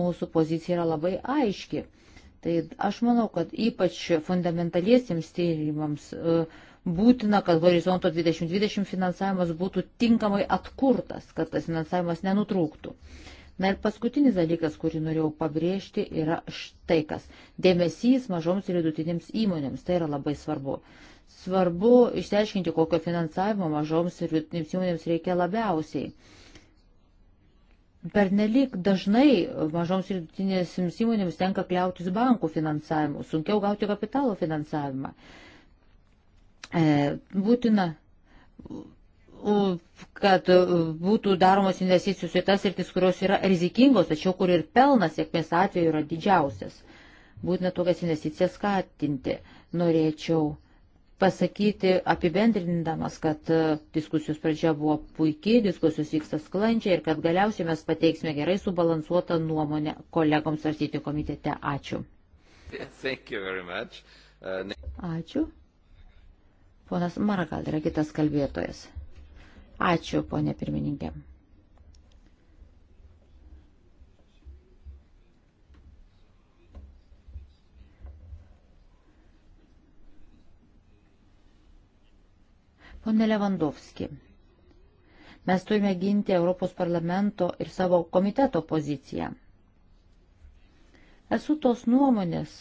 mūsų pozicija yra labai aiški. Tai aš manau, kad ypač fundamentaliesiems tyrimams uh, būtina, kad horizonto 2020 finansavimas būtų tinkamai atkurtas, kad tas finansavimas nenutrūktų. Na ir paskutinis dalykas, kurį norėjau pabrėžti, yra štai kas. Dėmesys mažoms ir vidutinėms įmonėms. Tai yra labai svarbu. Svarbu išsiaiškinti, kokio finansavimo mažoms ir vidutinėms įmonėms reikia labiausiai. Per nelik dažnai mažoms ir vidutinėms įmonėms tenka kliautis bankų finansavimu, sunkiau gauti kapitalo finansavimą. E, būtina kad būtų daromos investicijos į tas sritis, kurios yra rizikingos, tačiau kur ir pelnas sėkmės atveju yra didžiausias. Būtina tokias investicijas skatinti. Norėčiau pasakyti apibendrindamas, kad e, diskusijos pradžia buvo puikiai, diskusijos vyksta sklandžiai ir kad galiausiai mes pateiksime gerai subalansuotą nuomonę kolegoms svarstyti komitete. Ačiū. Uh, Ačiū. Ponas Maragal yra kitas kalbėtojas. Ačiū, ponė pirmininkė. Pone Levandovski, mes turime ginti Europos parlamento ir savo komiteto poziciją. Esu tos nuomonės,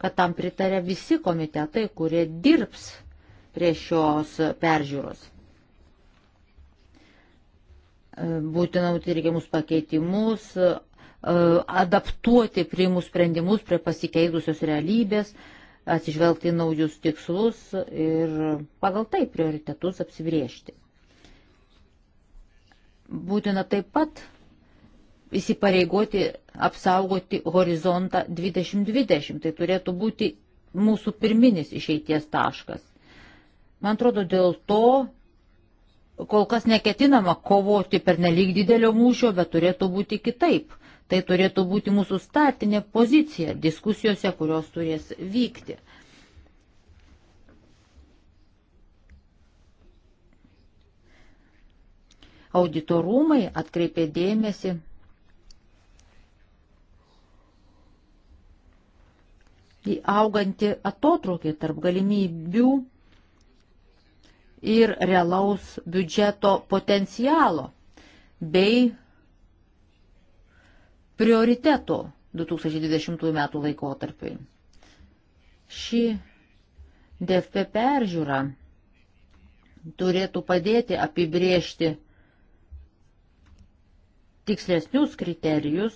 kad tam pritarė visi komitetai, kurie dirbs prie šios peržiūros. E, būtina būti reikiamus pakeitimus, e, adaptuoti priimus sprendimus prie pasikeitusios realybės, atsižvelgti naujus tikslus ir pagal tai prioritetus apsibriežti. Būtina taip pat įsipareigoti apsaugoti horizontą 2020. Tai turėtų būti mūsų pirminis išeities taškas. Man atrodo, dėl to kol kas neketinama kovoti per nelik didelio mūšio, bet turėtų būti kitaip. Tai turėtų būti mūsų startinė pozicija diskusijose, kurios turės vykti. Auditorumai atkreipė dėmesį į augantį atotrukį tarp galimybių ir realaus biudžeto potencialo bei prioritetų 2020 metų laikotarpiai. Ši DFP peržiūra turėtų padėti apibriežti tikslesnius kriterijus,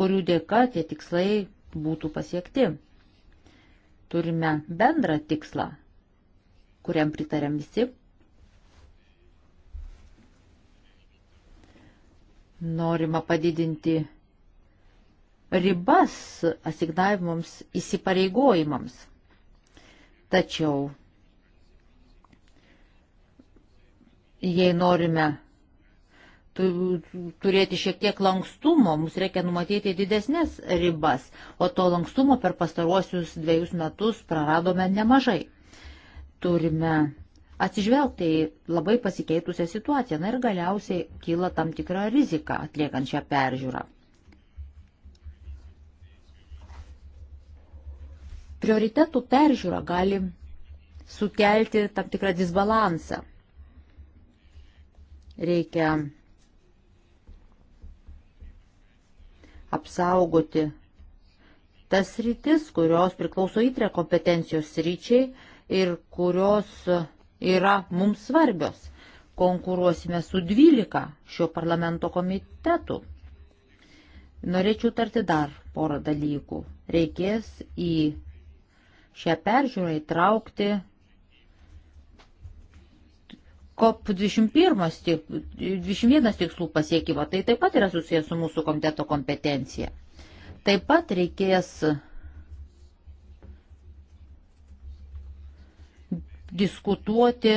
kurių dėka tie tikslai būtų pasiekti. Turime bendrą tikslą, kuriam pritarėm visi. Norima padidinti ribas asignavimams įsipareigojimams. Tačiau, jei norime turėti šiek tiek lankstumo, mums reikia numatyti didesnės ribas, o to lankstumo per pastaruosius dviejus metus praradome nemažai. Turime atsižvelgti į labai pasikeitusią situaciją, na ir galiausiai kyla tam tikra rizika atliekant šią peržiūrą. Prioritetų peržiūra gali sukelti tam tikrą disbalansą. Reikia apsaugoti tas rytis, kurios priklauso įtrė kompetencijos ryčiai ir kurios yra mums svarbios. Konkuruosime su 12 šio parlamento komitetų. Norėčiau tarti dar porą dalykų. Reikės į šią peržiūrą įtraukti COP21 tik, tikslų pasiekimą. Tai taip pat yra susijęs su mūsų komiteto kompetencija. Taip pat reikės diskutuoti,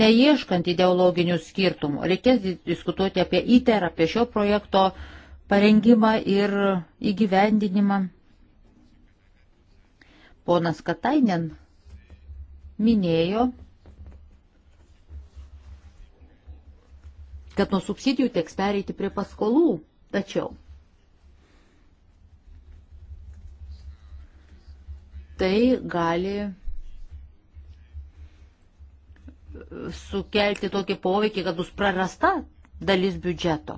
neieškant ideologinių skirtumų. Reikės diskutuoti apie ITER, apie šio projekto parengimą ir įgyvendinimą. Ponas Katainen minėjo, kad nuo subsidijų teks pereiti prie paskolų. Tačiau tai gali sukelti tokį poveikį, kad bus prarasta dalis biudžeto.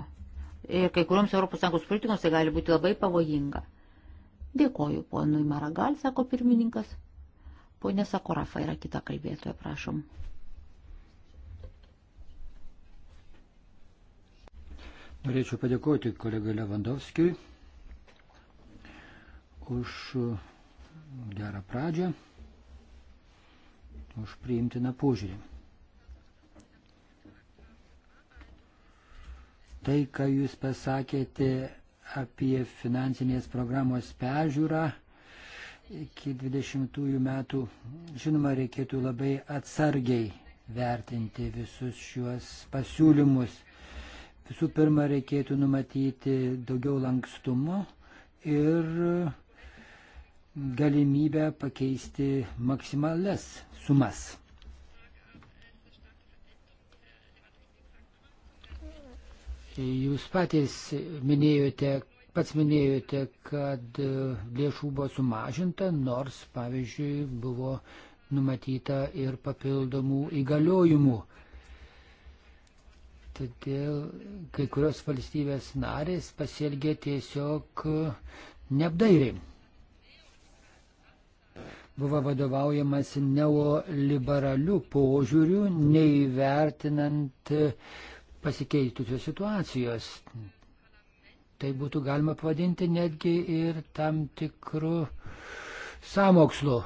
Ir kai kuriuoms ES politikoms tai gali būti labai pavojinga. Dėkoju, ponui Maragal, sako pirmininkas. Pone Sakorafa yra kita kalbėtoja, prašom. Norėčiau padėkoti kolegai Levandovskijui už gerą pradžią, už priimtiną požiūrį. Tai, ką jūs pasakėte apie finansinės programos peržiūrą iki 20 metų, žinoma, reikėtų labai atsargiai vertinti visus šiuos pasiūlymus Visų pirma, reikėtų numatyti daugiau lankstumo ir galimybę pakeisti maksimales sumas. Jūs patys minėjote, pats minėjote, kad lėšų buvo sumažinta, nors, pavyzdžiui, buvo numatyta ir papildomų įgaliojimų Todėl kai kurios valstybės narės pasielgė tiesiog neapdairiai. Buvo vadovaujamas neoliberalių požiūrių, neįvertinant pasikeitusios situacijos. Tai būtų galima pavadinti netgi ir tam tikrų samokslų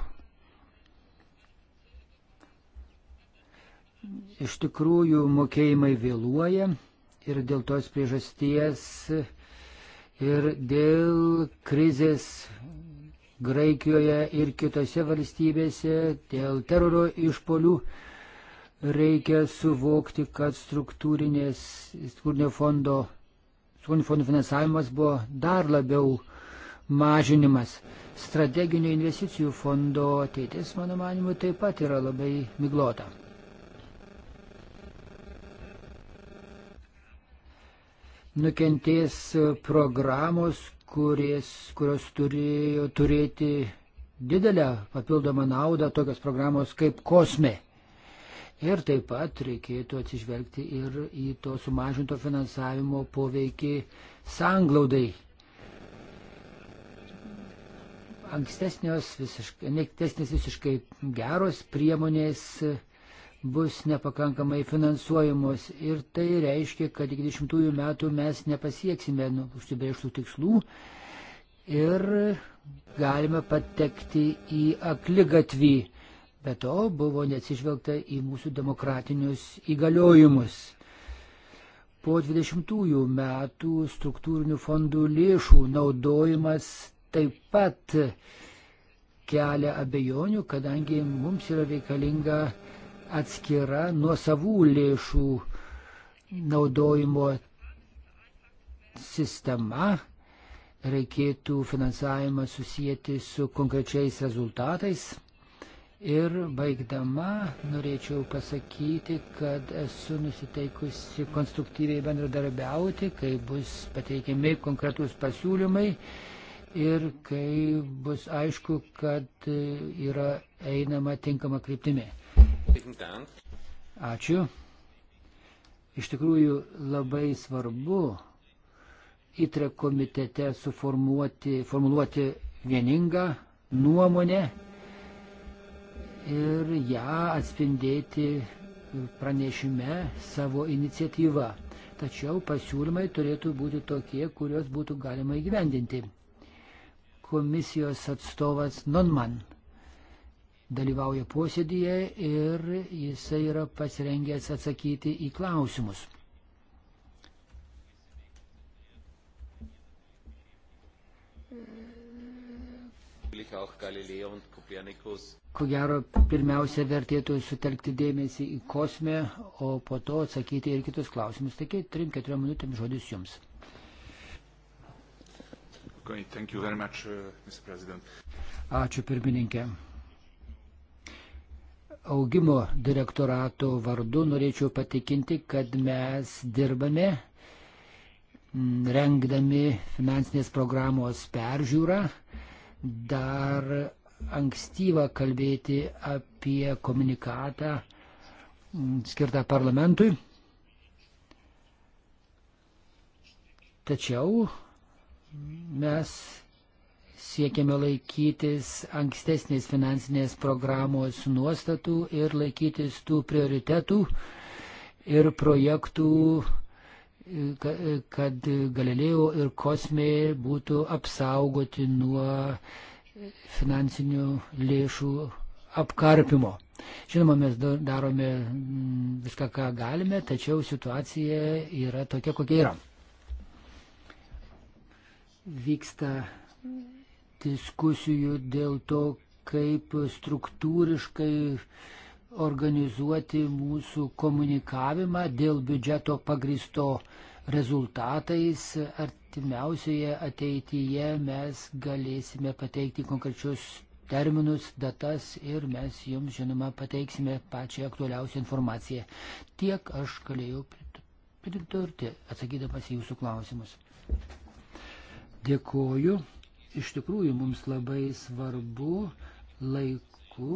iš tikrųjų mokėjimai vėluoja ir dėl tos priežasties ir dėl krizės Graikijoje ir kitose valstybėse, dėl teroro išpolių reikia suvokti, kad struktūrinės, struktūrinio fondo, struktūrinio fondo finansavimas buvo dar labiau mažinimas. Strateginio investicijų fondo ateitis, mano manimu, taip pat yra labai miglota. nukentės programos, kuris, kurios turėjo turėti didelę papildomą naudą, tokios programos kaip kosme. Ir taip pat reikėtų atsižvelgti ir į to sumažinto finansavimo poveikį sanglaudai. Ankstesnės visiškai, ankstesnės visiškai geros priemonės bus nepakankamai finansuojamos ir tai reiškia, kad iki 20 metų mes nepasieksime nu, užsibrėžtų tikslų ir galime patekti į akligatvį. Be to buvo neatsižvelgta į mūsų demokratinius įgaliojimus. Po 20 metų struktūrinių fondų lėšų naudojimas taip pat kelia abejonių, kadangi mums yra reikalinga atskira nuo savų lėšų naudojimo sistema. Reikėtų finansavimą susijęti su konkrečiais rezultatais. Ir baigdama norėčiau pasakyti, kad esu nusiteikusi konstruktyviai bendradarbiauti, kai bus pateikiami konkretūs pasiūlymai ir kai bus aišku, kad yra einama tinkama kryptimi. Ačiū. Iš tikrųjų labai svarbu įtre komitete suformuoti, formuluoti vieningą nuomonę ir ją atspindėti pranešime savo iniciatyvą. Tačiau pasiūlymai turėtų būti tokie, kuriuos būtų galima įgyvendinti. Komisijos atstovas Nonman dalyvauja posėdėje ir jisai yra pasirengęs atsakyti į klausimus. Ko gero, pirmiausia, vertėtų sutelkti dėmesį į kosmę, o po to atsakyti ir kitus klausimus. Taigi, 3-4 minutėm žodis jums. Okay, much, uh, Ačiū pirmininkė augimo direktorato vardu norėčiau patikinti, kad mes dirbame rengdami finansinės programos peržiūrą. Dar ankstyva kalbėti apie komunikatą skirtą parlamentui. Tačiau mes siekiame laikytis ankstesnės finansinės programos nuostatų ir laikytis tų prioritetų ir projektų, kad Galilėjo ir Kosmė būtų apsaugoti nuo finansinių lėšų apkarpimo. Žinoma, mes darome mm, viską, ką galime, tačiau situacija yra tokia, kokia yra. Vyksta diskusijų dėl to, kaip struktūriškai organizuoti mūsų komunikavimą dėl biudžeto pagristo rezultatais. Artimiausioje ateityje mes galėsime pateikti konkrečius terminus, datas ir mes jums, žinoma, pateiksime pačią aktualiausią informaciją. Tiek aš galėjau pridurti, atsakydamas į jūsų klausimus. Dėkuoju iš tikrųjų mums labai svarbu laiku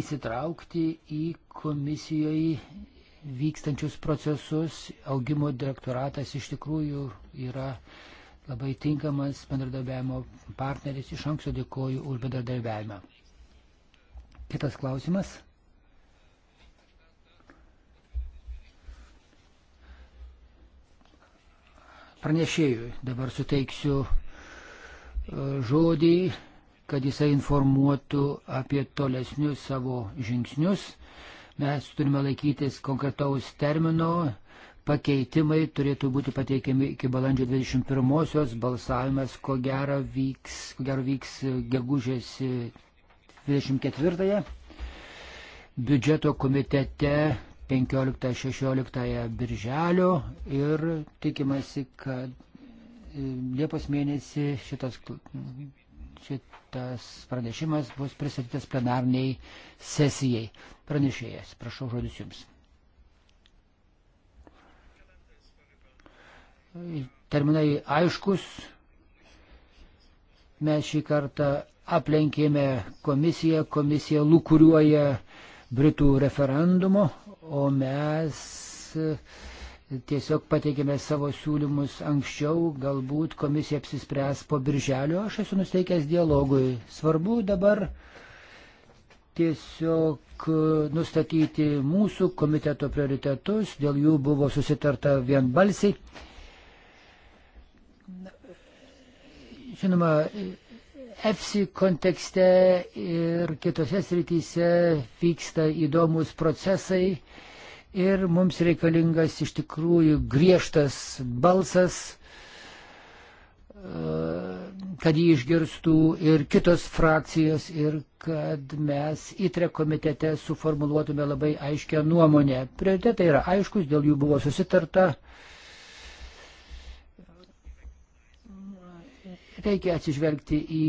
įsitraukti į komisijoje vykstančius procesus. Augimo direktoratas iš tikrųjų yra labai tinkamas bendradarbiavimo partneris. Iš anksto dėkoju už bendradarbiavimą. Kitas klausimas. pranešėjui. Dabar suteiksiu e, žodį, kad jisai informuotų apie tolesnius savo žingsnius. Mes turime laikytis konkretaus termino. Pakeitimai turėtų būti pateikiami iki balandžio 21-osios. Balsavimas, ko gero, vyks, ko gero vyks gegužės 24-ąją. Biudžeto komitete 15-16 birželio ir tikimasi, kad e, Liepos mėnesį šitas, šitas pranešimas bus pristatytas plenarniai sesijai. Pranešėjas, prašau žodis Jums. Terminai aiškus. Mes šį kartą aplenkėme komisiją, komisija lūkuriuoja Britų referendumo o mes e, tiesiog pateikėme savo siūlymus anksčiau, galbūt komisija apsispręs po birželio, aš esu nusteikęs dialogui. Svarbu dabar tiesiog e, nustatyti mūsų komiteto prioritetus, dėl jų buvo susitarta vienbalsiai. Žinoma, EFSI kontekste ir kitose srityse vyksta įdomus procesai ir mums reikalingas iš tikrųjų griežtas balsas, e, kad jį išgirstų ir kitos frakcijos ir kad mes įtre komitete suformuluotume labai aiškę nuomonę. Prioritetai yra aiškus, dėl jų buvo susitarta. Reikia atsižvelgti į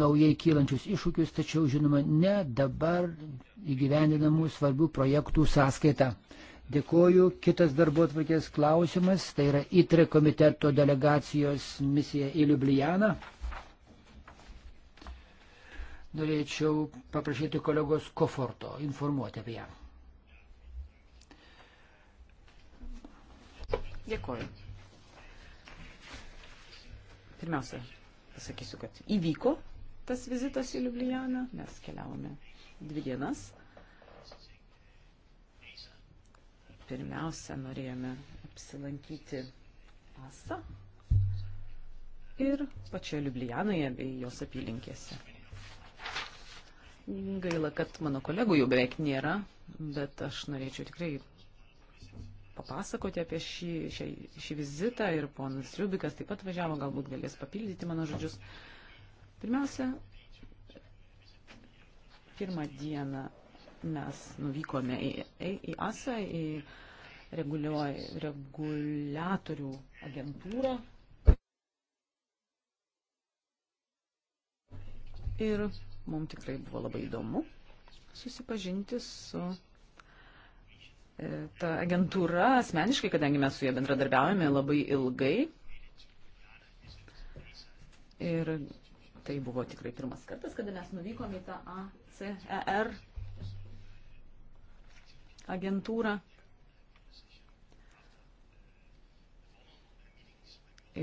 naujai kylančius iššūkius, tačiau žinoma, ne dabar įgyvendinamų svarbių projektų sąskaita. Dėkoju. Kitas darbo atvarkės klausimas, tai yra ITRE komiteto delegacijos misija į Liublianą. Norėčiau paprašyti kolegos Koforto informuoti apie ją. Dėkoju. Pirmiausia, pasakysiu, kad įvyko tas vizitas į Liublianą, mes keliavome dvi dienas. Pirmiausia, norėjome apsilankyti Asa ir pačioje Liublianoje bei jos apylinkėse. Gaila, kad mano kolegų jau beveik nėra, bet aš norėčiau tikrai papasakoti apie šį, šį, šį vizitą ir ponas Riubikas taip pat važiavo, galbūt galės papildyti mano žodžius. Pirmiausia, pirmą dieną mes nuvykome į, į, į ASA, į reguliatorių agentūrą. Ir mums tikrai buvo labai įdomu susipažinti su Ta agentūra asmeniškai, kadangi mes su jie bendradarbiaujame labai ilgai. Ir tai buvo tikrai pirmas kartas, kada mes nuvykome į tą ACER agentūrą.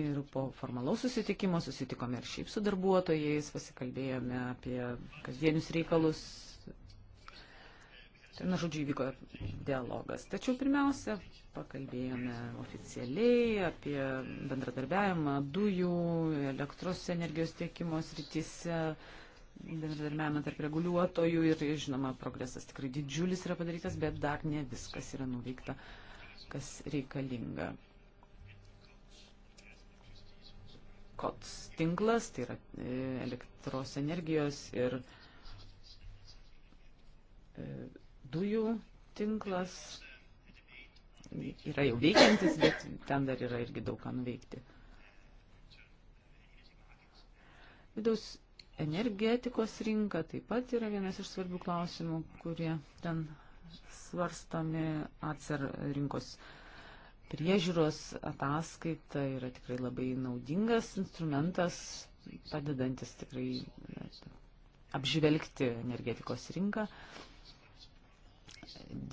Ir po formalaus susitikimo susitikome ir šiaip su darbuotojais, pasikalbėjome apie kasdienius reikalus, Na, žodžiu, įvyko dialogas. Tačiau pirmiausia, pakalbėjome oficialiai apie bendradarbiavimą dujų, elektros energijos tiekimo srityse, bendradarbiavimą tarp reguliuotojų ir, žinoma, progresas tikrai didžiulis yra padarytas, bet dar ne viskas yra nuveikta, kas reikalinga. KOTS tinklas, tai yra e, elektros energijos ir e, dujų tinklas yra jau veikiantis, bet ten dar yra irgi daug ką nuveikti. Vidaus energetikos rinka taip pat yra vienas iš svarbių klausimų, kurie ten svarstomi atsar rinkos priežiūros ataskaita yra tikrai labai naudingas instrumentas, padedantis tikrai apžvelgti energetikos rinką. Uh,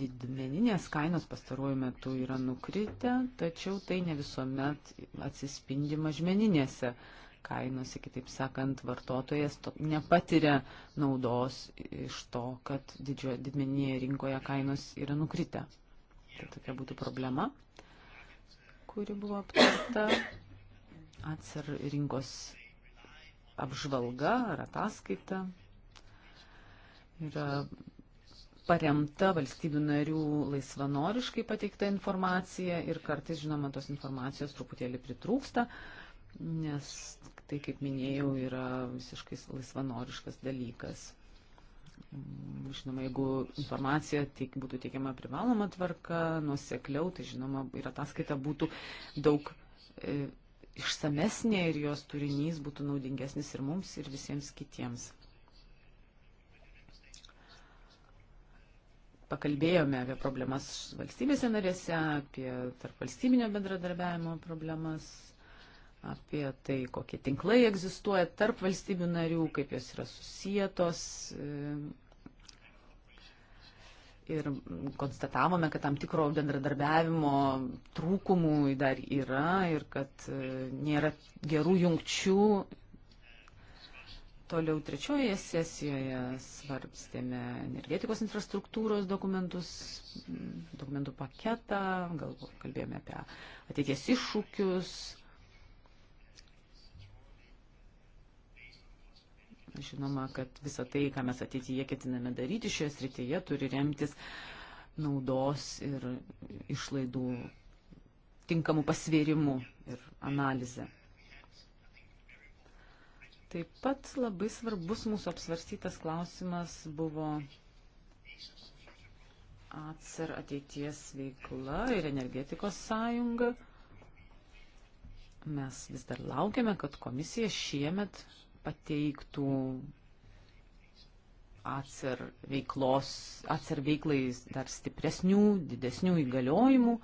didmeninės kainos pastaruoju metu yra nukritę, tačiau tai ne visuomet atsispindi mažmeninėse kainose. Kitaip sakant, vartotojas to, nepatiria naudos iš to, kad didžio, didmeninėje rinkoje kainos yra nukritę. Tai tokia būtų problema, kuri buvo aptarta. Atsir rinkos apžvalga ar ataskaita yra paremta valstybių narių laisvanoriškai pateikta informacija ir kartais, žinoma, tos informacijos truputėlį pritrūksta, nes tai, kaip minėjau, yra visiškai laisvanoriškas dalykas. Mm, žinoma, jeigu informacija teik, būtų teikiama privaloma tvarka, nuosekliau, tai žinoma, ir ataskaita būtų daug e, išsamesnė ir jos turinys būtų naudingesnis ir mums, ir visiems kitiems. pakalbėjome apie problemas valstybėse narėse, apie tarpvalstybinio bendradarbiavimo problemas, apie tai, kokie tinklai egzistuoja tarp valstybių narių, kaip jos yra susijėtos. Ir konstatavome, kad tam tikro bendradarbiavimo trūkumų dar yra ir kad nėra gerų jungčių Toliau trečiojoje sesijoje svarbstėme energetikos infrastruktūros dokumentus, dokumentų paketą, galbūt kalbėjome apie ateities iššūkius. Žinoma, kad visa tai, ką mes ateityje ketiname daryti šioje srityje, turi remtis naudos ir išlaidų tinkamų pasvėrimų ir analizę. Taip pat labai svarbus mūsų apsvarstytas klausimas buvo atsar ateities veikla ir energetikos sąjunga. Mes vis dar laukiame, kad komisija šiemet pateiktų atsar veiklos, atsar veiklai dar stipresnių, didesnių įgaliojimų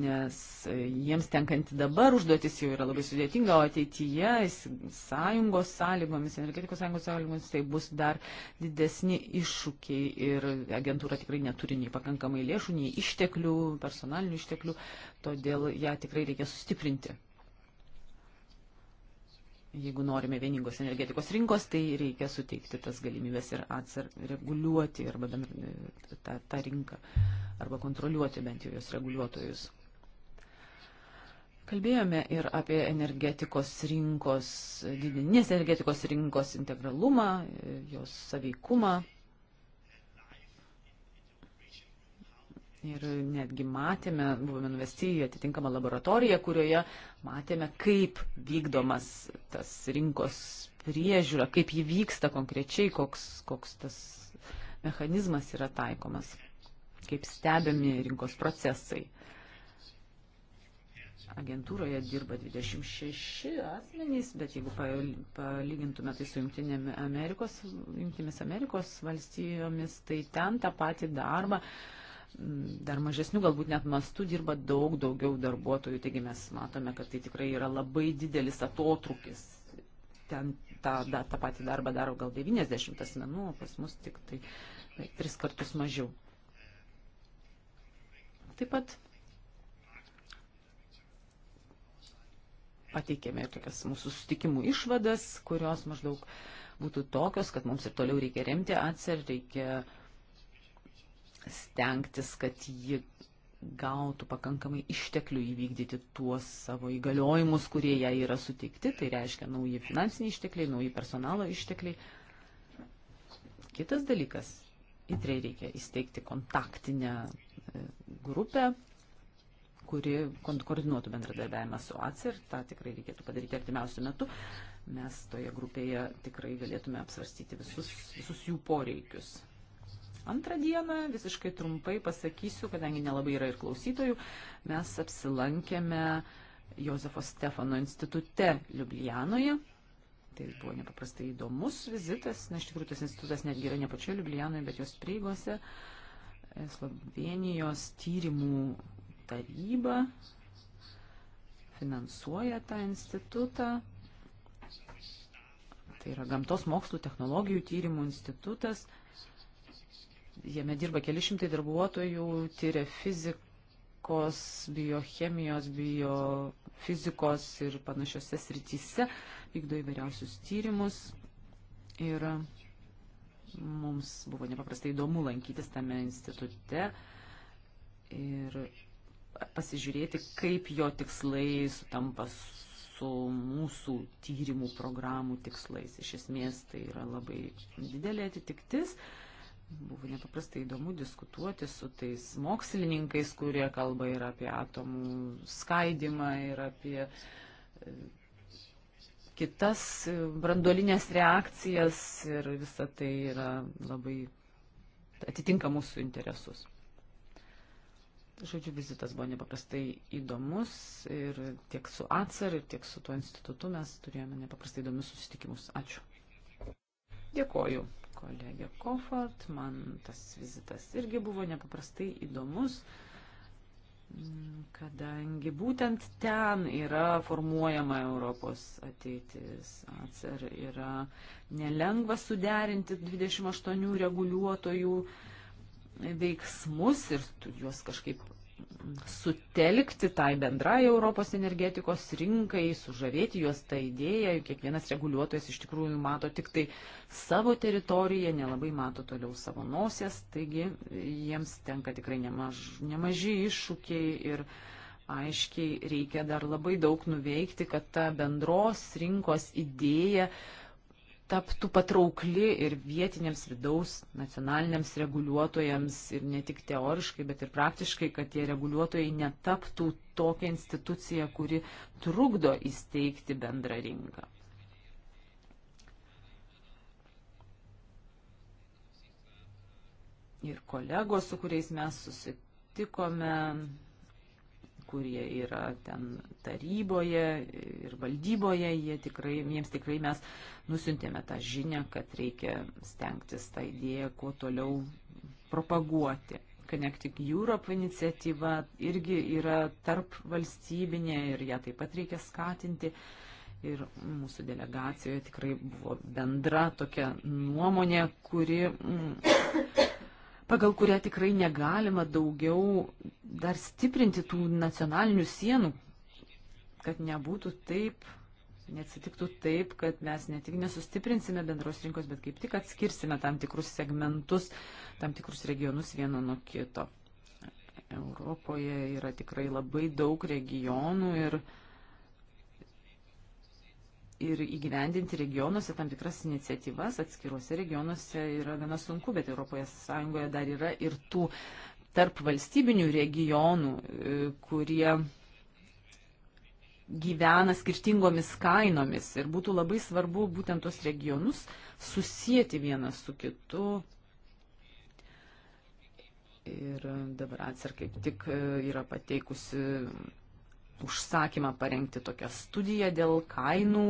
nes e, jiems tenkanti dabar užduotis jau yra labai sudėtinga, o ateityje sąjungos sąlygomis, energetikos sąjungos sąlygomis tai bus dar didesni iššūkiai ir agentūra tikrai neturi nei pakankamai lėšų, nei išteklių, personalinių išteklių, todėl ją tikrai reikia sustiprinti jeigu norime vieningos energetikos rinkos, tai reikia suteikti tas galimybės ir atsar reguliuoti arba bendra, tą, tą rinką arba kontroliuoti bent jau jos reguliuotojus. Kalbėjome ir apie energetikos rinkos, didinės energetikos rinkos integralumą, jos saveikumą. Ir netgi matėme, buvome nuvesti į atitinkamą laboratoriją, kurioje matėme, kaip vykdomas tas rinkos priežiūra, kaip ji vyksta konkrečiai, koks, koks tas mechanizmas yra taikomas, kaip stebimi rinkos procesai. Agentūroje dirba 26 asmenys, bet jeigu palygintume tai su Junktinėmis Amerikos, Junktinėmis Amerikos valstijomis, tai ten tą patį darbą uh, dar mažesnių, galbūt net mastų dirba daug daugiau darbuotojų, taigi mes matome, kad tai tikrai yra labai didelis atotrukis. Ten tą, tą, tą patį darbą daro gal 90 asmenų, o pas mus tik tai beveik tai tris kartus mažiau. Taip pat pateikėme ir tokias mūsų sustikimų išvadas, kurios maždaug būtų tokios, kad mums ir toliau reikia remti atsir, e reikia uh, stengtis, kad ji gautų pakankamai išteklių įvykdyti tuos savo įgaliojimus, kurie jai yra sutikti, tai reiškia nauji finansiniai ištekliai, nauji personalo ištekliai. Kitas dalykas, įtrei reikia įsteigti kontaktinę e, grupę, kuri koordinuotų bendradarbiavimą su ACER, tą tikrai reikėtų padaryti artimiausių metų. Mes toje grupėje tikrai galėtume apsvarstyti visus, visus jų poreikius. Antrą dieną, visiškai trumpai pasakysiu, kadangi nelabai yra ir klausytojų, mes apsilankėme Jozefo Stefano institute Ljubljanoje. Tai buvo nepaprastai įdomus vizitas, na iš tikrųjų tas institutas netgi yra ne pačioje Ljubljanoje, bet jos prieigose. Slovenijos tyrimų taryba finansuoja tą institutą. Tai yra gamtos mokslų technologijų tyrimų institutas. Jame dirba keli šimtai darbuotojų, tyria fizikos, biochemijos, biofizikos ir panašiose srityse, vykdo įvairiausius tyrimus. Ir mums buvo nepaprastai įdomu lankytis tame institute ir pasižiūrėti, kaip jo tikslai sutampa su mūsų tyrimų programų tikslais. Iš esmės tai yra labai didelė atitiktis. Uh, Buvo nepaprastai įdomu diskutuoti su tais mokslininkais, kurie kalba ir apie atomų skaidimą, ir apie e, kitas e, brandolinės reakcijas ir visa tai yra labai atitinka mūsų interesus. Žodžiu, vizitas buvo nepaprastai įdomus ir tiek su ACER, ir tiek su tuo institutu mes turėjome nepaprastai įdomius susitikimus. Ačiū. Dėkoju kolegė Kofart. Man tas vizitas irgi buvo nepaprastai įdomus, kadangi būtent ten yra formuojama Europos ateitis. Atsar yra nelengva suderinti 28 reguliuotojų veiksmus ir juos kažkaip sutelkti tai bendrai Europos energetikos rinkai, sužavėti juos tą idėją, juk kiekvienas reguliuotojas iš tikrųjų mato tik tai savo teritoriją, nelabai mato toliau savo nosies, taigi jiems tenka tikrai nemaž, nemaži iššūkiai ir aiškiai reikia dar labai daug nuveikti, kad ta bendros rinkos idėja uh, taptų patraukli ir vietiniams vidaus nacionaliniams reguliuotojams ir ne tik teoriškai, bet ir praktiškai, kad tie reguliuotojai netaptų tokią instituciją, kuri trukdo įsteigti bendrą rinką. Ir kolegos, su kuriais mes susitikome, kurie yra ten taryboje ir valdyboje, jie tikrai, jiems tikrai mes nusintėme tą žinę, kad reikia stengtis tą idėją kuo toliau propaguoti. Connecting Europe iniciatyva irgi yra tarp valstybinė ir ją taip pat reikia skatinti. Ir mūsų delegacijoje tikrai buvo bendra tokia nuomonė, kuri pagal kurią tikrai negalima daugiau dar stiprinti tų nacionalinių sienų, kad nebūtų taip, neatsitiktų taip, kad mes ne tik nesustiprinsime bendros rinkos, bet kaip tik atskirsime tam tikrus segmentus, tam tikrus regionus vieno nuo kito. Europoje yra tikrai labai daug regionų ir uh, ir įgyvendinti regionuose tam tikras iniciatyvas atskiruose regionuose yra gana sunku, bet ES dar yra ir tų tarp valstybinių regionų, e, kurie gyvena skirtingomis kainomis ir būtų labai svarbu būtent tos regionus susijęti vienas su kitu. Ir dabar atsar kaip tik e, yra pateikusi užsakymą parengti tokią studiją dėl kainų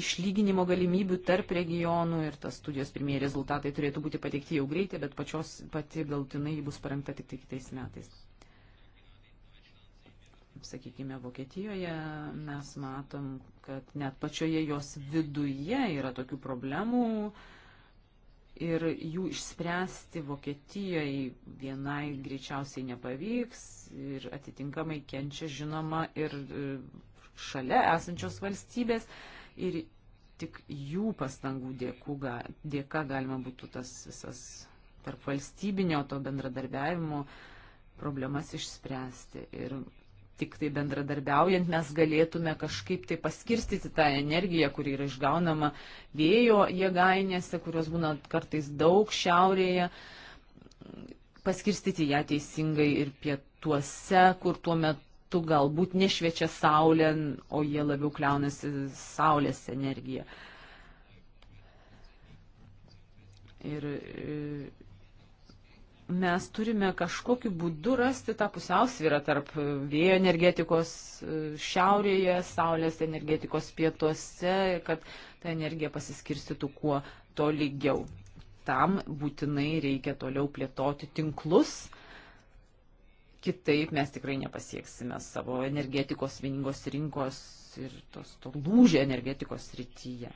išlyginimo galimybių tarp regionų ir tas studijos pirmieji rezultatai turėtų būti pateikti jau greitai, bet pačios pati galtinai bus parengta tik tai kitais metais. Sakykime, Vokietijoje mes matom, kad net pačioje jos viduje yra tokių problemų, uh, ir jų išspręsti Vokietijai vienai greičiausiai nepavyks ir atitinkamai kenčia žinoma ir e, šalia esančios valstybės ir tik jų pastangų dėkų, dėka galima būtų tas visas tarp valstybinio to bendradarbiavimo problemas išspręsti. Ir tik tai bendradarbiaujant mes galėtume kažkaip tai paskirstyti tą energiją, kuri yra išgaunama vėjo jėgainėse, kurios būna kartais daug šiaurėje, paskirstyti ją teisingai ir pietuose, kur tuo metu galbūt nešviečia saulė, o jie labiau kliaunasi saulės energiją. Ir mes turime kažkokiu būdu rasti tą pusiausvyrą tarp e, vėjo energetikos e, šiaurėje, saulės energetikos pietuose, kad ta energija pasiskirstytų kuo tolygiau. Tam būtinai reikia toliau plėtoti tinklus, kitaip mes tikrai nepasieksime savo energetikos vieningos rinkos ir tos to lūžė energetikos rytyje.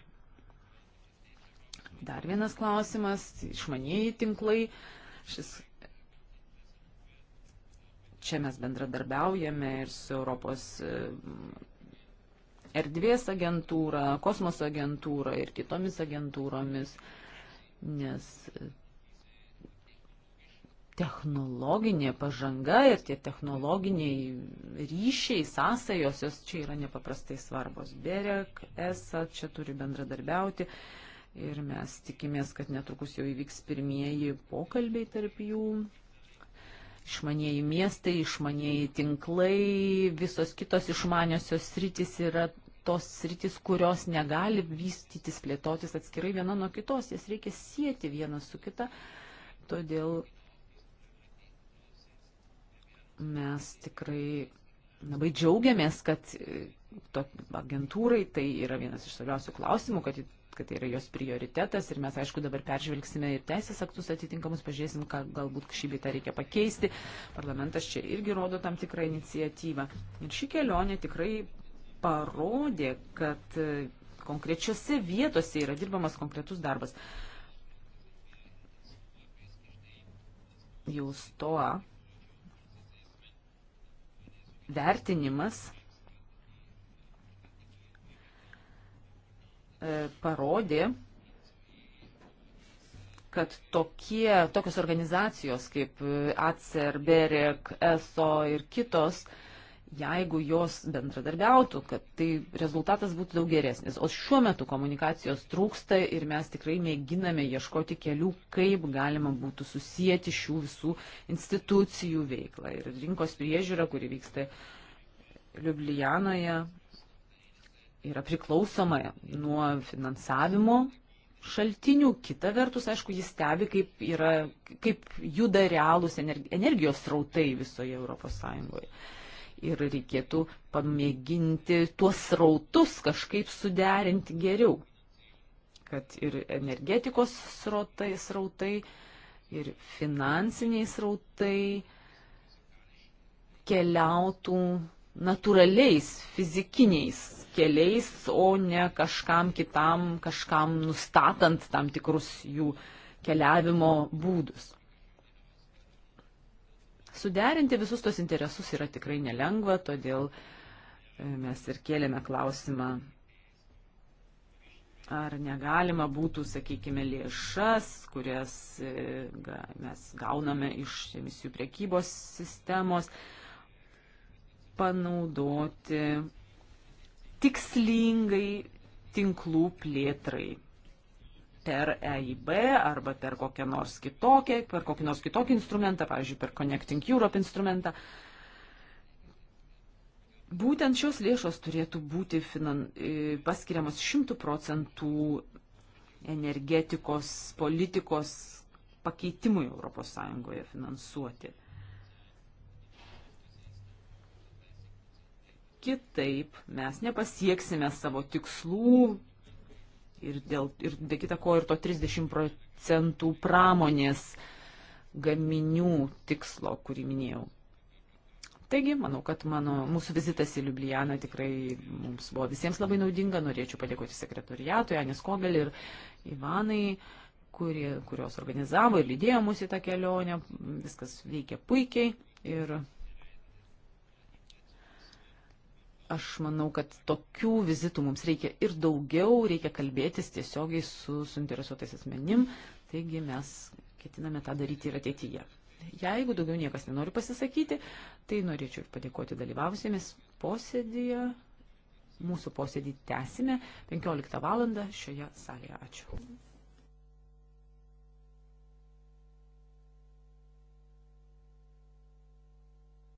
Dar vienas klausimas - išmaniai tinklai. Uh, Šis čia mes bendradarbiaujame ir su Europos e, erdvės agentūra, kosmoso agentūra ir kitomis agentūromis, nes e, technologinė pažanga ir tie technologiniai ryšiai, sąsajos, jos čia yra nepaprastai svarbos. Berek, ESA čia turi bendradarbiauti. Uh, ir mes tikimės, kad netrukus jau įvyks pirmieji pokalbiai tarp jų. Išmanieji miestai, išmanieji tinklai, visos kitos išmaniosios sritis yra tos sritis, kurios negali vystytis, plėtotis atskirai viena nuo kitos, jas reikia sieti viena su kita. Todėl mes tikrai labai džiaugiamės, kad agentūrai tai yra vienas iš svarbiausių klausimų, kad kad tai yra jos prioritetas ir mes, aišku, dabar peržvelgsime ir teisės aktus atitinkamus, pažiūrėsim, ką galbūt šį bitą reikia pakeisti. Parlamentas čia irgi rodo tam tikrą iniciatyvą. Ir ši kelionė tikrai parodė, kad e, konkrečiose vietose yra dirbamas konkretus darbas. Jau stoa vertinimas E, parodė, kad tokie, tokios organizacijos kaip e, ACER, BEREK, ESO ir kitos, jeigu jos bendradarbiautų, kad tai rezultatas būtų daug geresnis. O šiuo metu komunikacijos trūksta ir mes tikrai mėginame ieškoti kelių, kaip galima būtų susijęti šių visų institucijų veiklą ir rinkos priežiūrą, kuri vyksta Liublianoje, yra priklausoma nuo finansavimo šaltinių. Kita vertus, aišku, jis stebi, kaip, yra, kaip juda realūs energijos srautai visoje Europos Sąjungoje. Ir reikėtų pamėginti tuos srautus kažkaip suderinti geriau, kad ir energetikos srautai, srautai ir finansiniai srautai keliautų natūraliais, fizikiniais keliais, o ne kažkam kitam, kažkam nustatant tam tikrus jų keliavimo būdus. Suderinti visus tos interesus yra tikrai nelengva, todėl e, mes ir kėlėme klausimą, ar negalima būtų, sakykime, lėšas, kurias e, mes gauname iš emisijų priekybos sistemos, panaudoti tikslingai tinklų plėtrai per EIB arba per kokią nors kitokią, per kokį nors kitokį instrumentą, pavyzdžiui, per Connecting Europe instrumentą. Būtent šios lėšos turėtų būti finan, e, paskiriamas šimtų procentų energetikos politikos pakeitimui ES finansuoti. Kitaip mes nepasieksime savo tikslų ir, dėl, ir be kita ko ir to 30 procentų pramonės gaminių tikslo, kurį minėjau. Taigi, manau, kad mano, mūsų vizitas į Liublianą tikrai mums buvo visiems labai naudinga. Norėčiau padėkoti sekretoriatui, Anis Kogel ir Ivanai, kurie, kurios organizavo ir lydėjo mus į tą kelionę. Viskas veikia puikiai ir Aš manau, kad tokių vizitų mums reikia ir daugiau, reikia kalbėtis tiesiogiai su suinteresuotais asmenim, taigi mes ketiname tą daryti ir ateityje. Jeigu daugiau niekas nenori pasisakyti, tai norėčiau ir padėkoti dalyvavusiemis posėdėje. Mūsų posėdį tęsime 15 val. šioje salėje. Ačiū.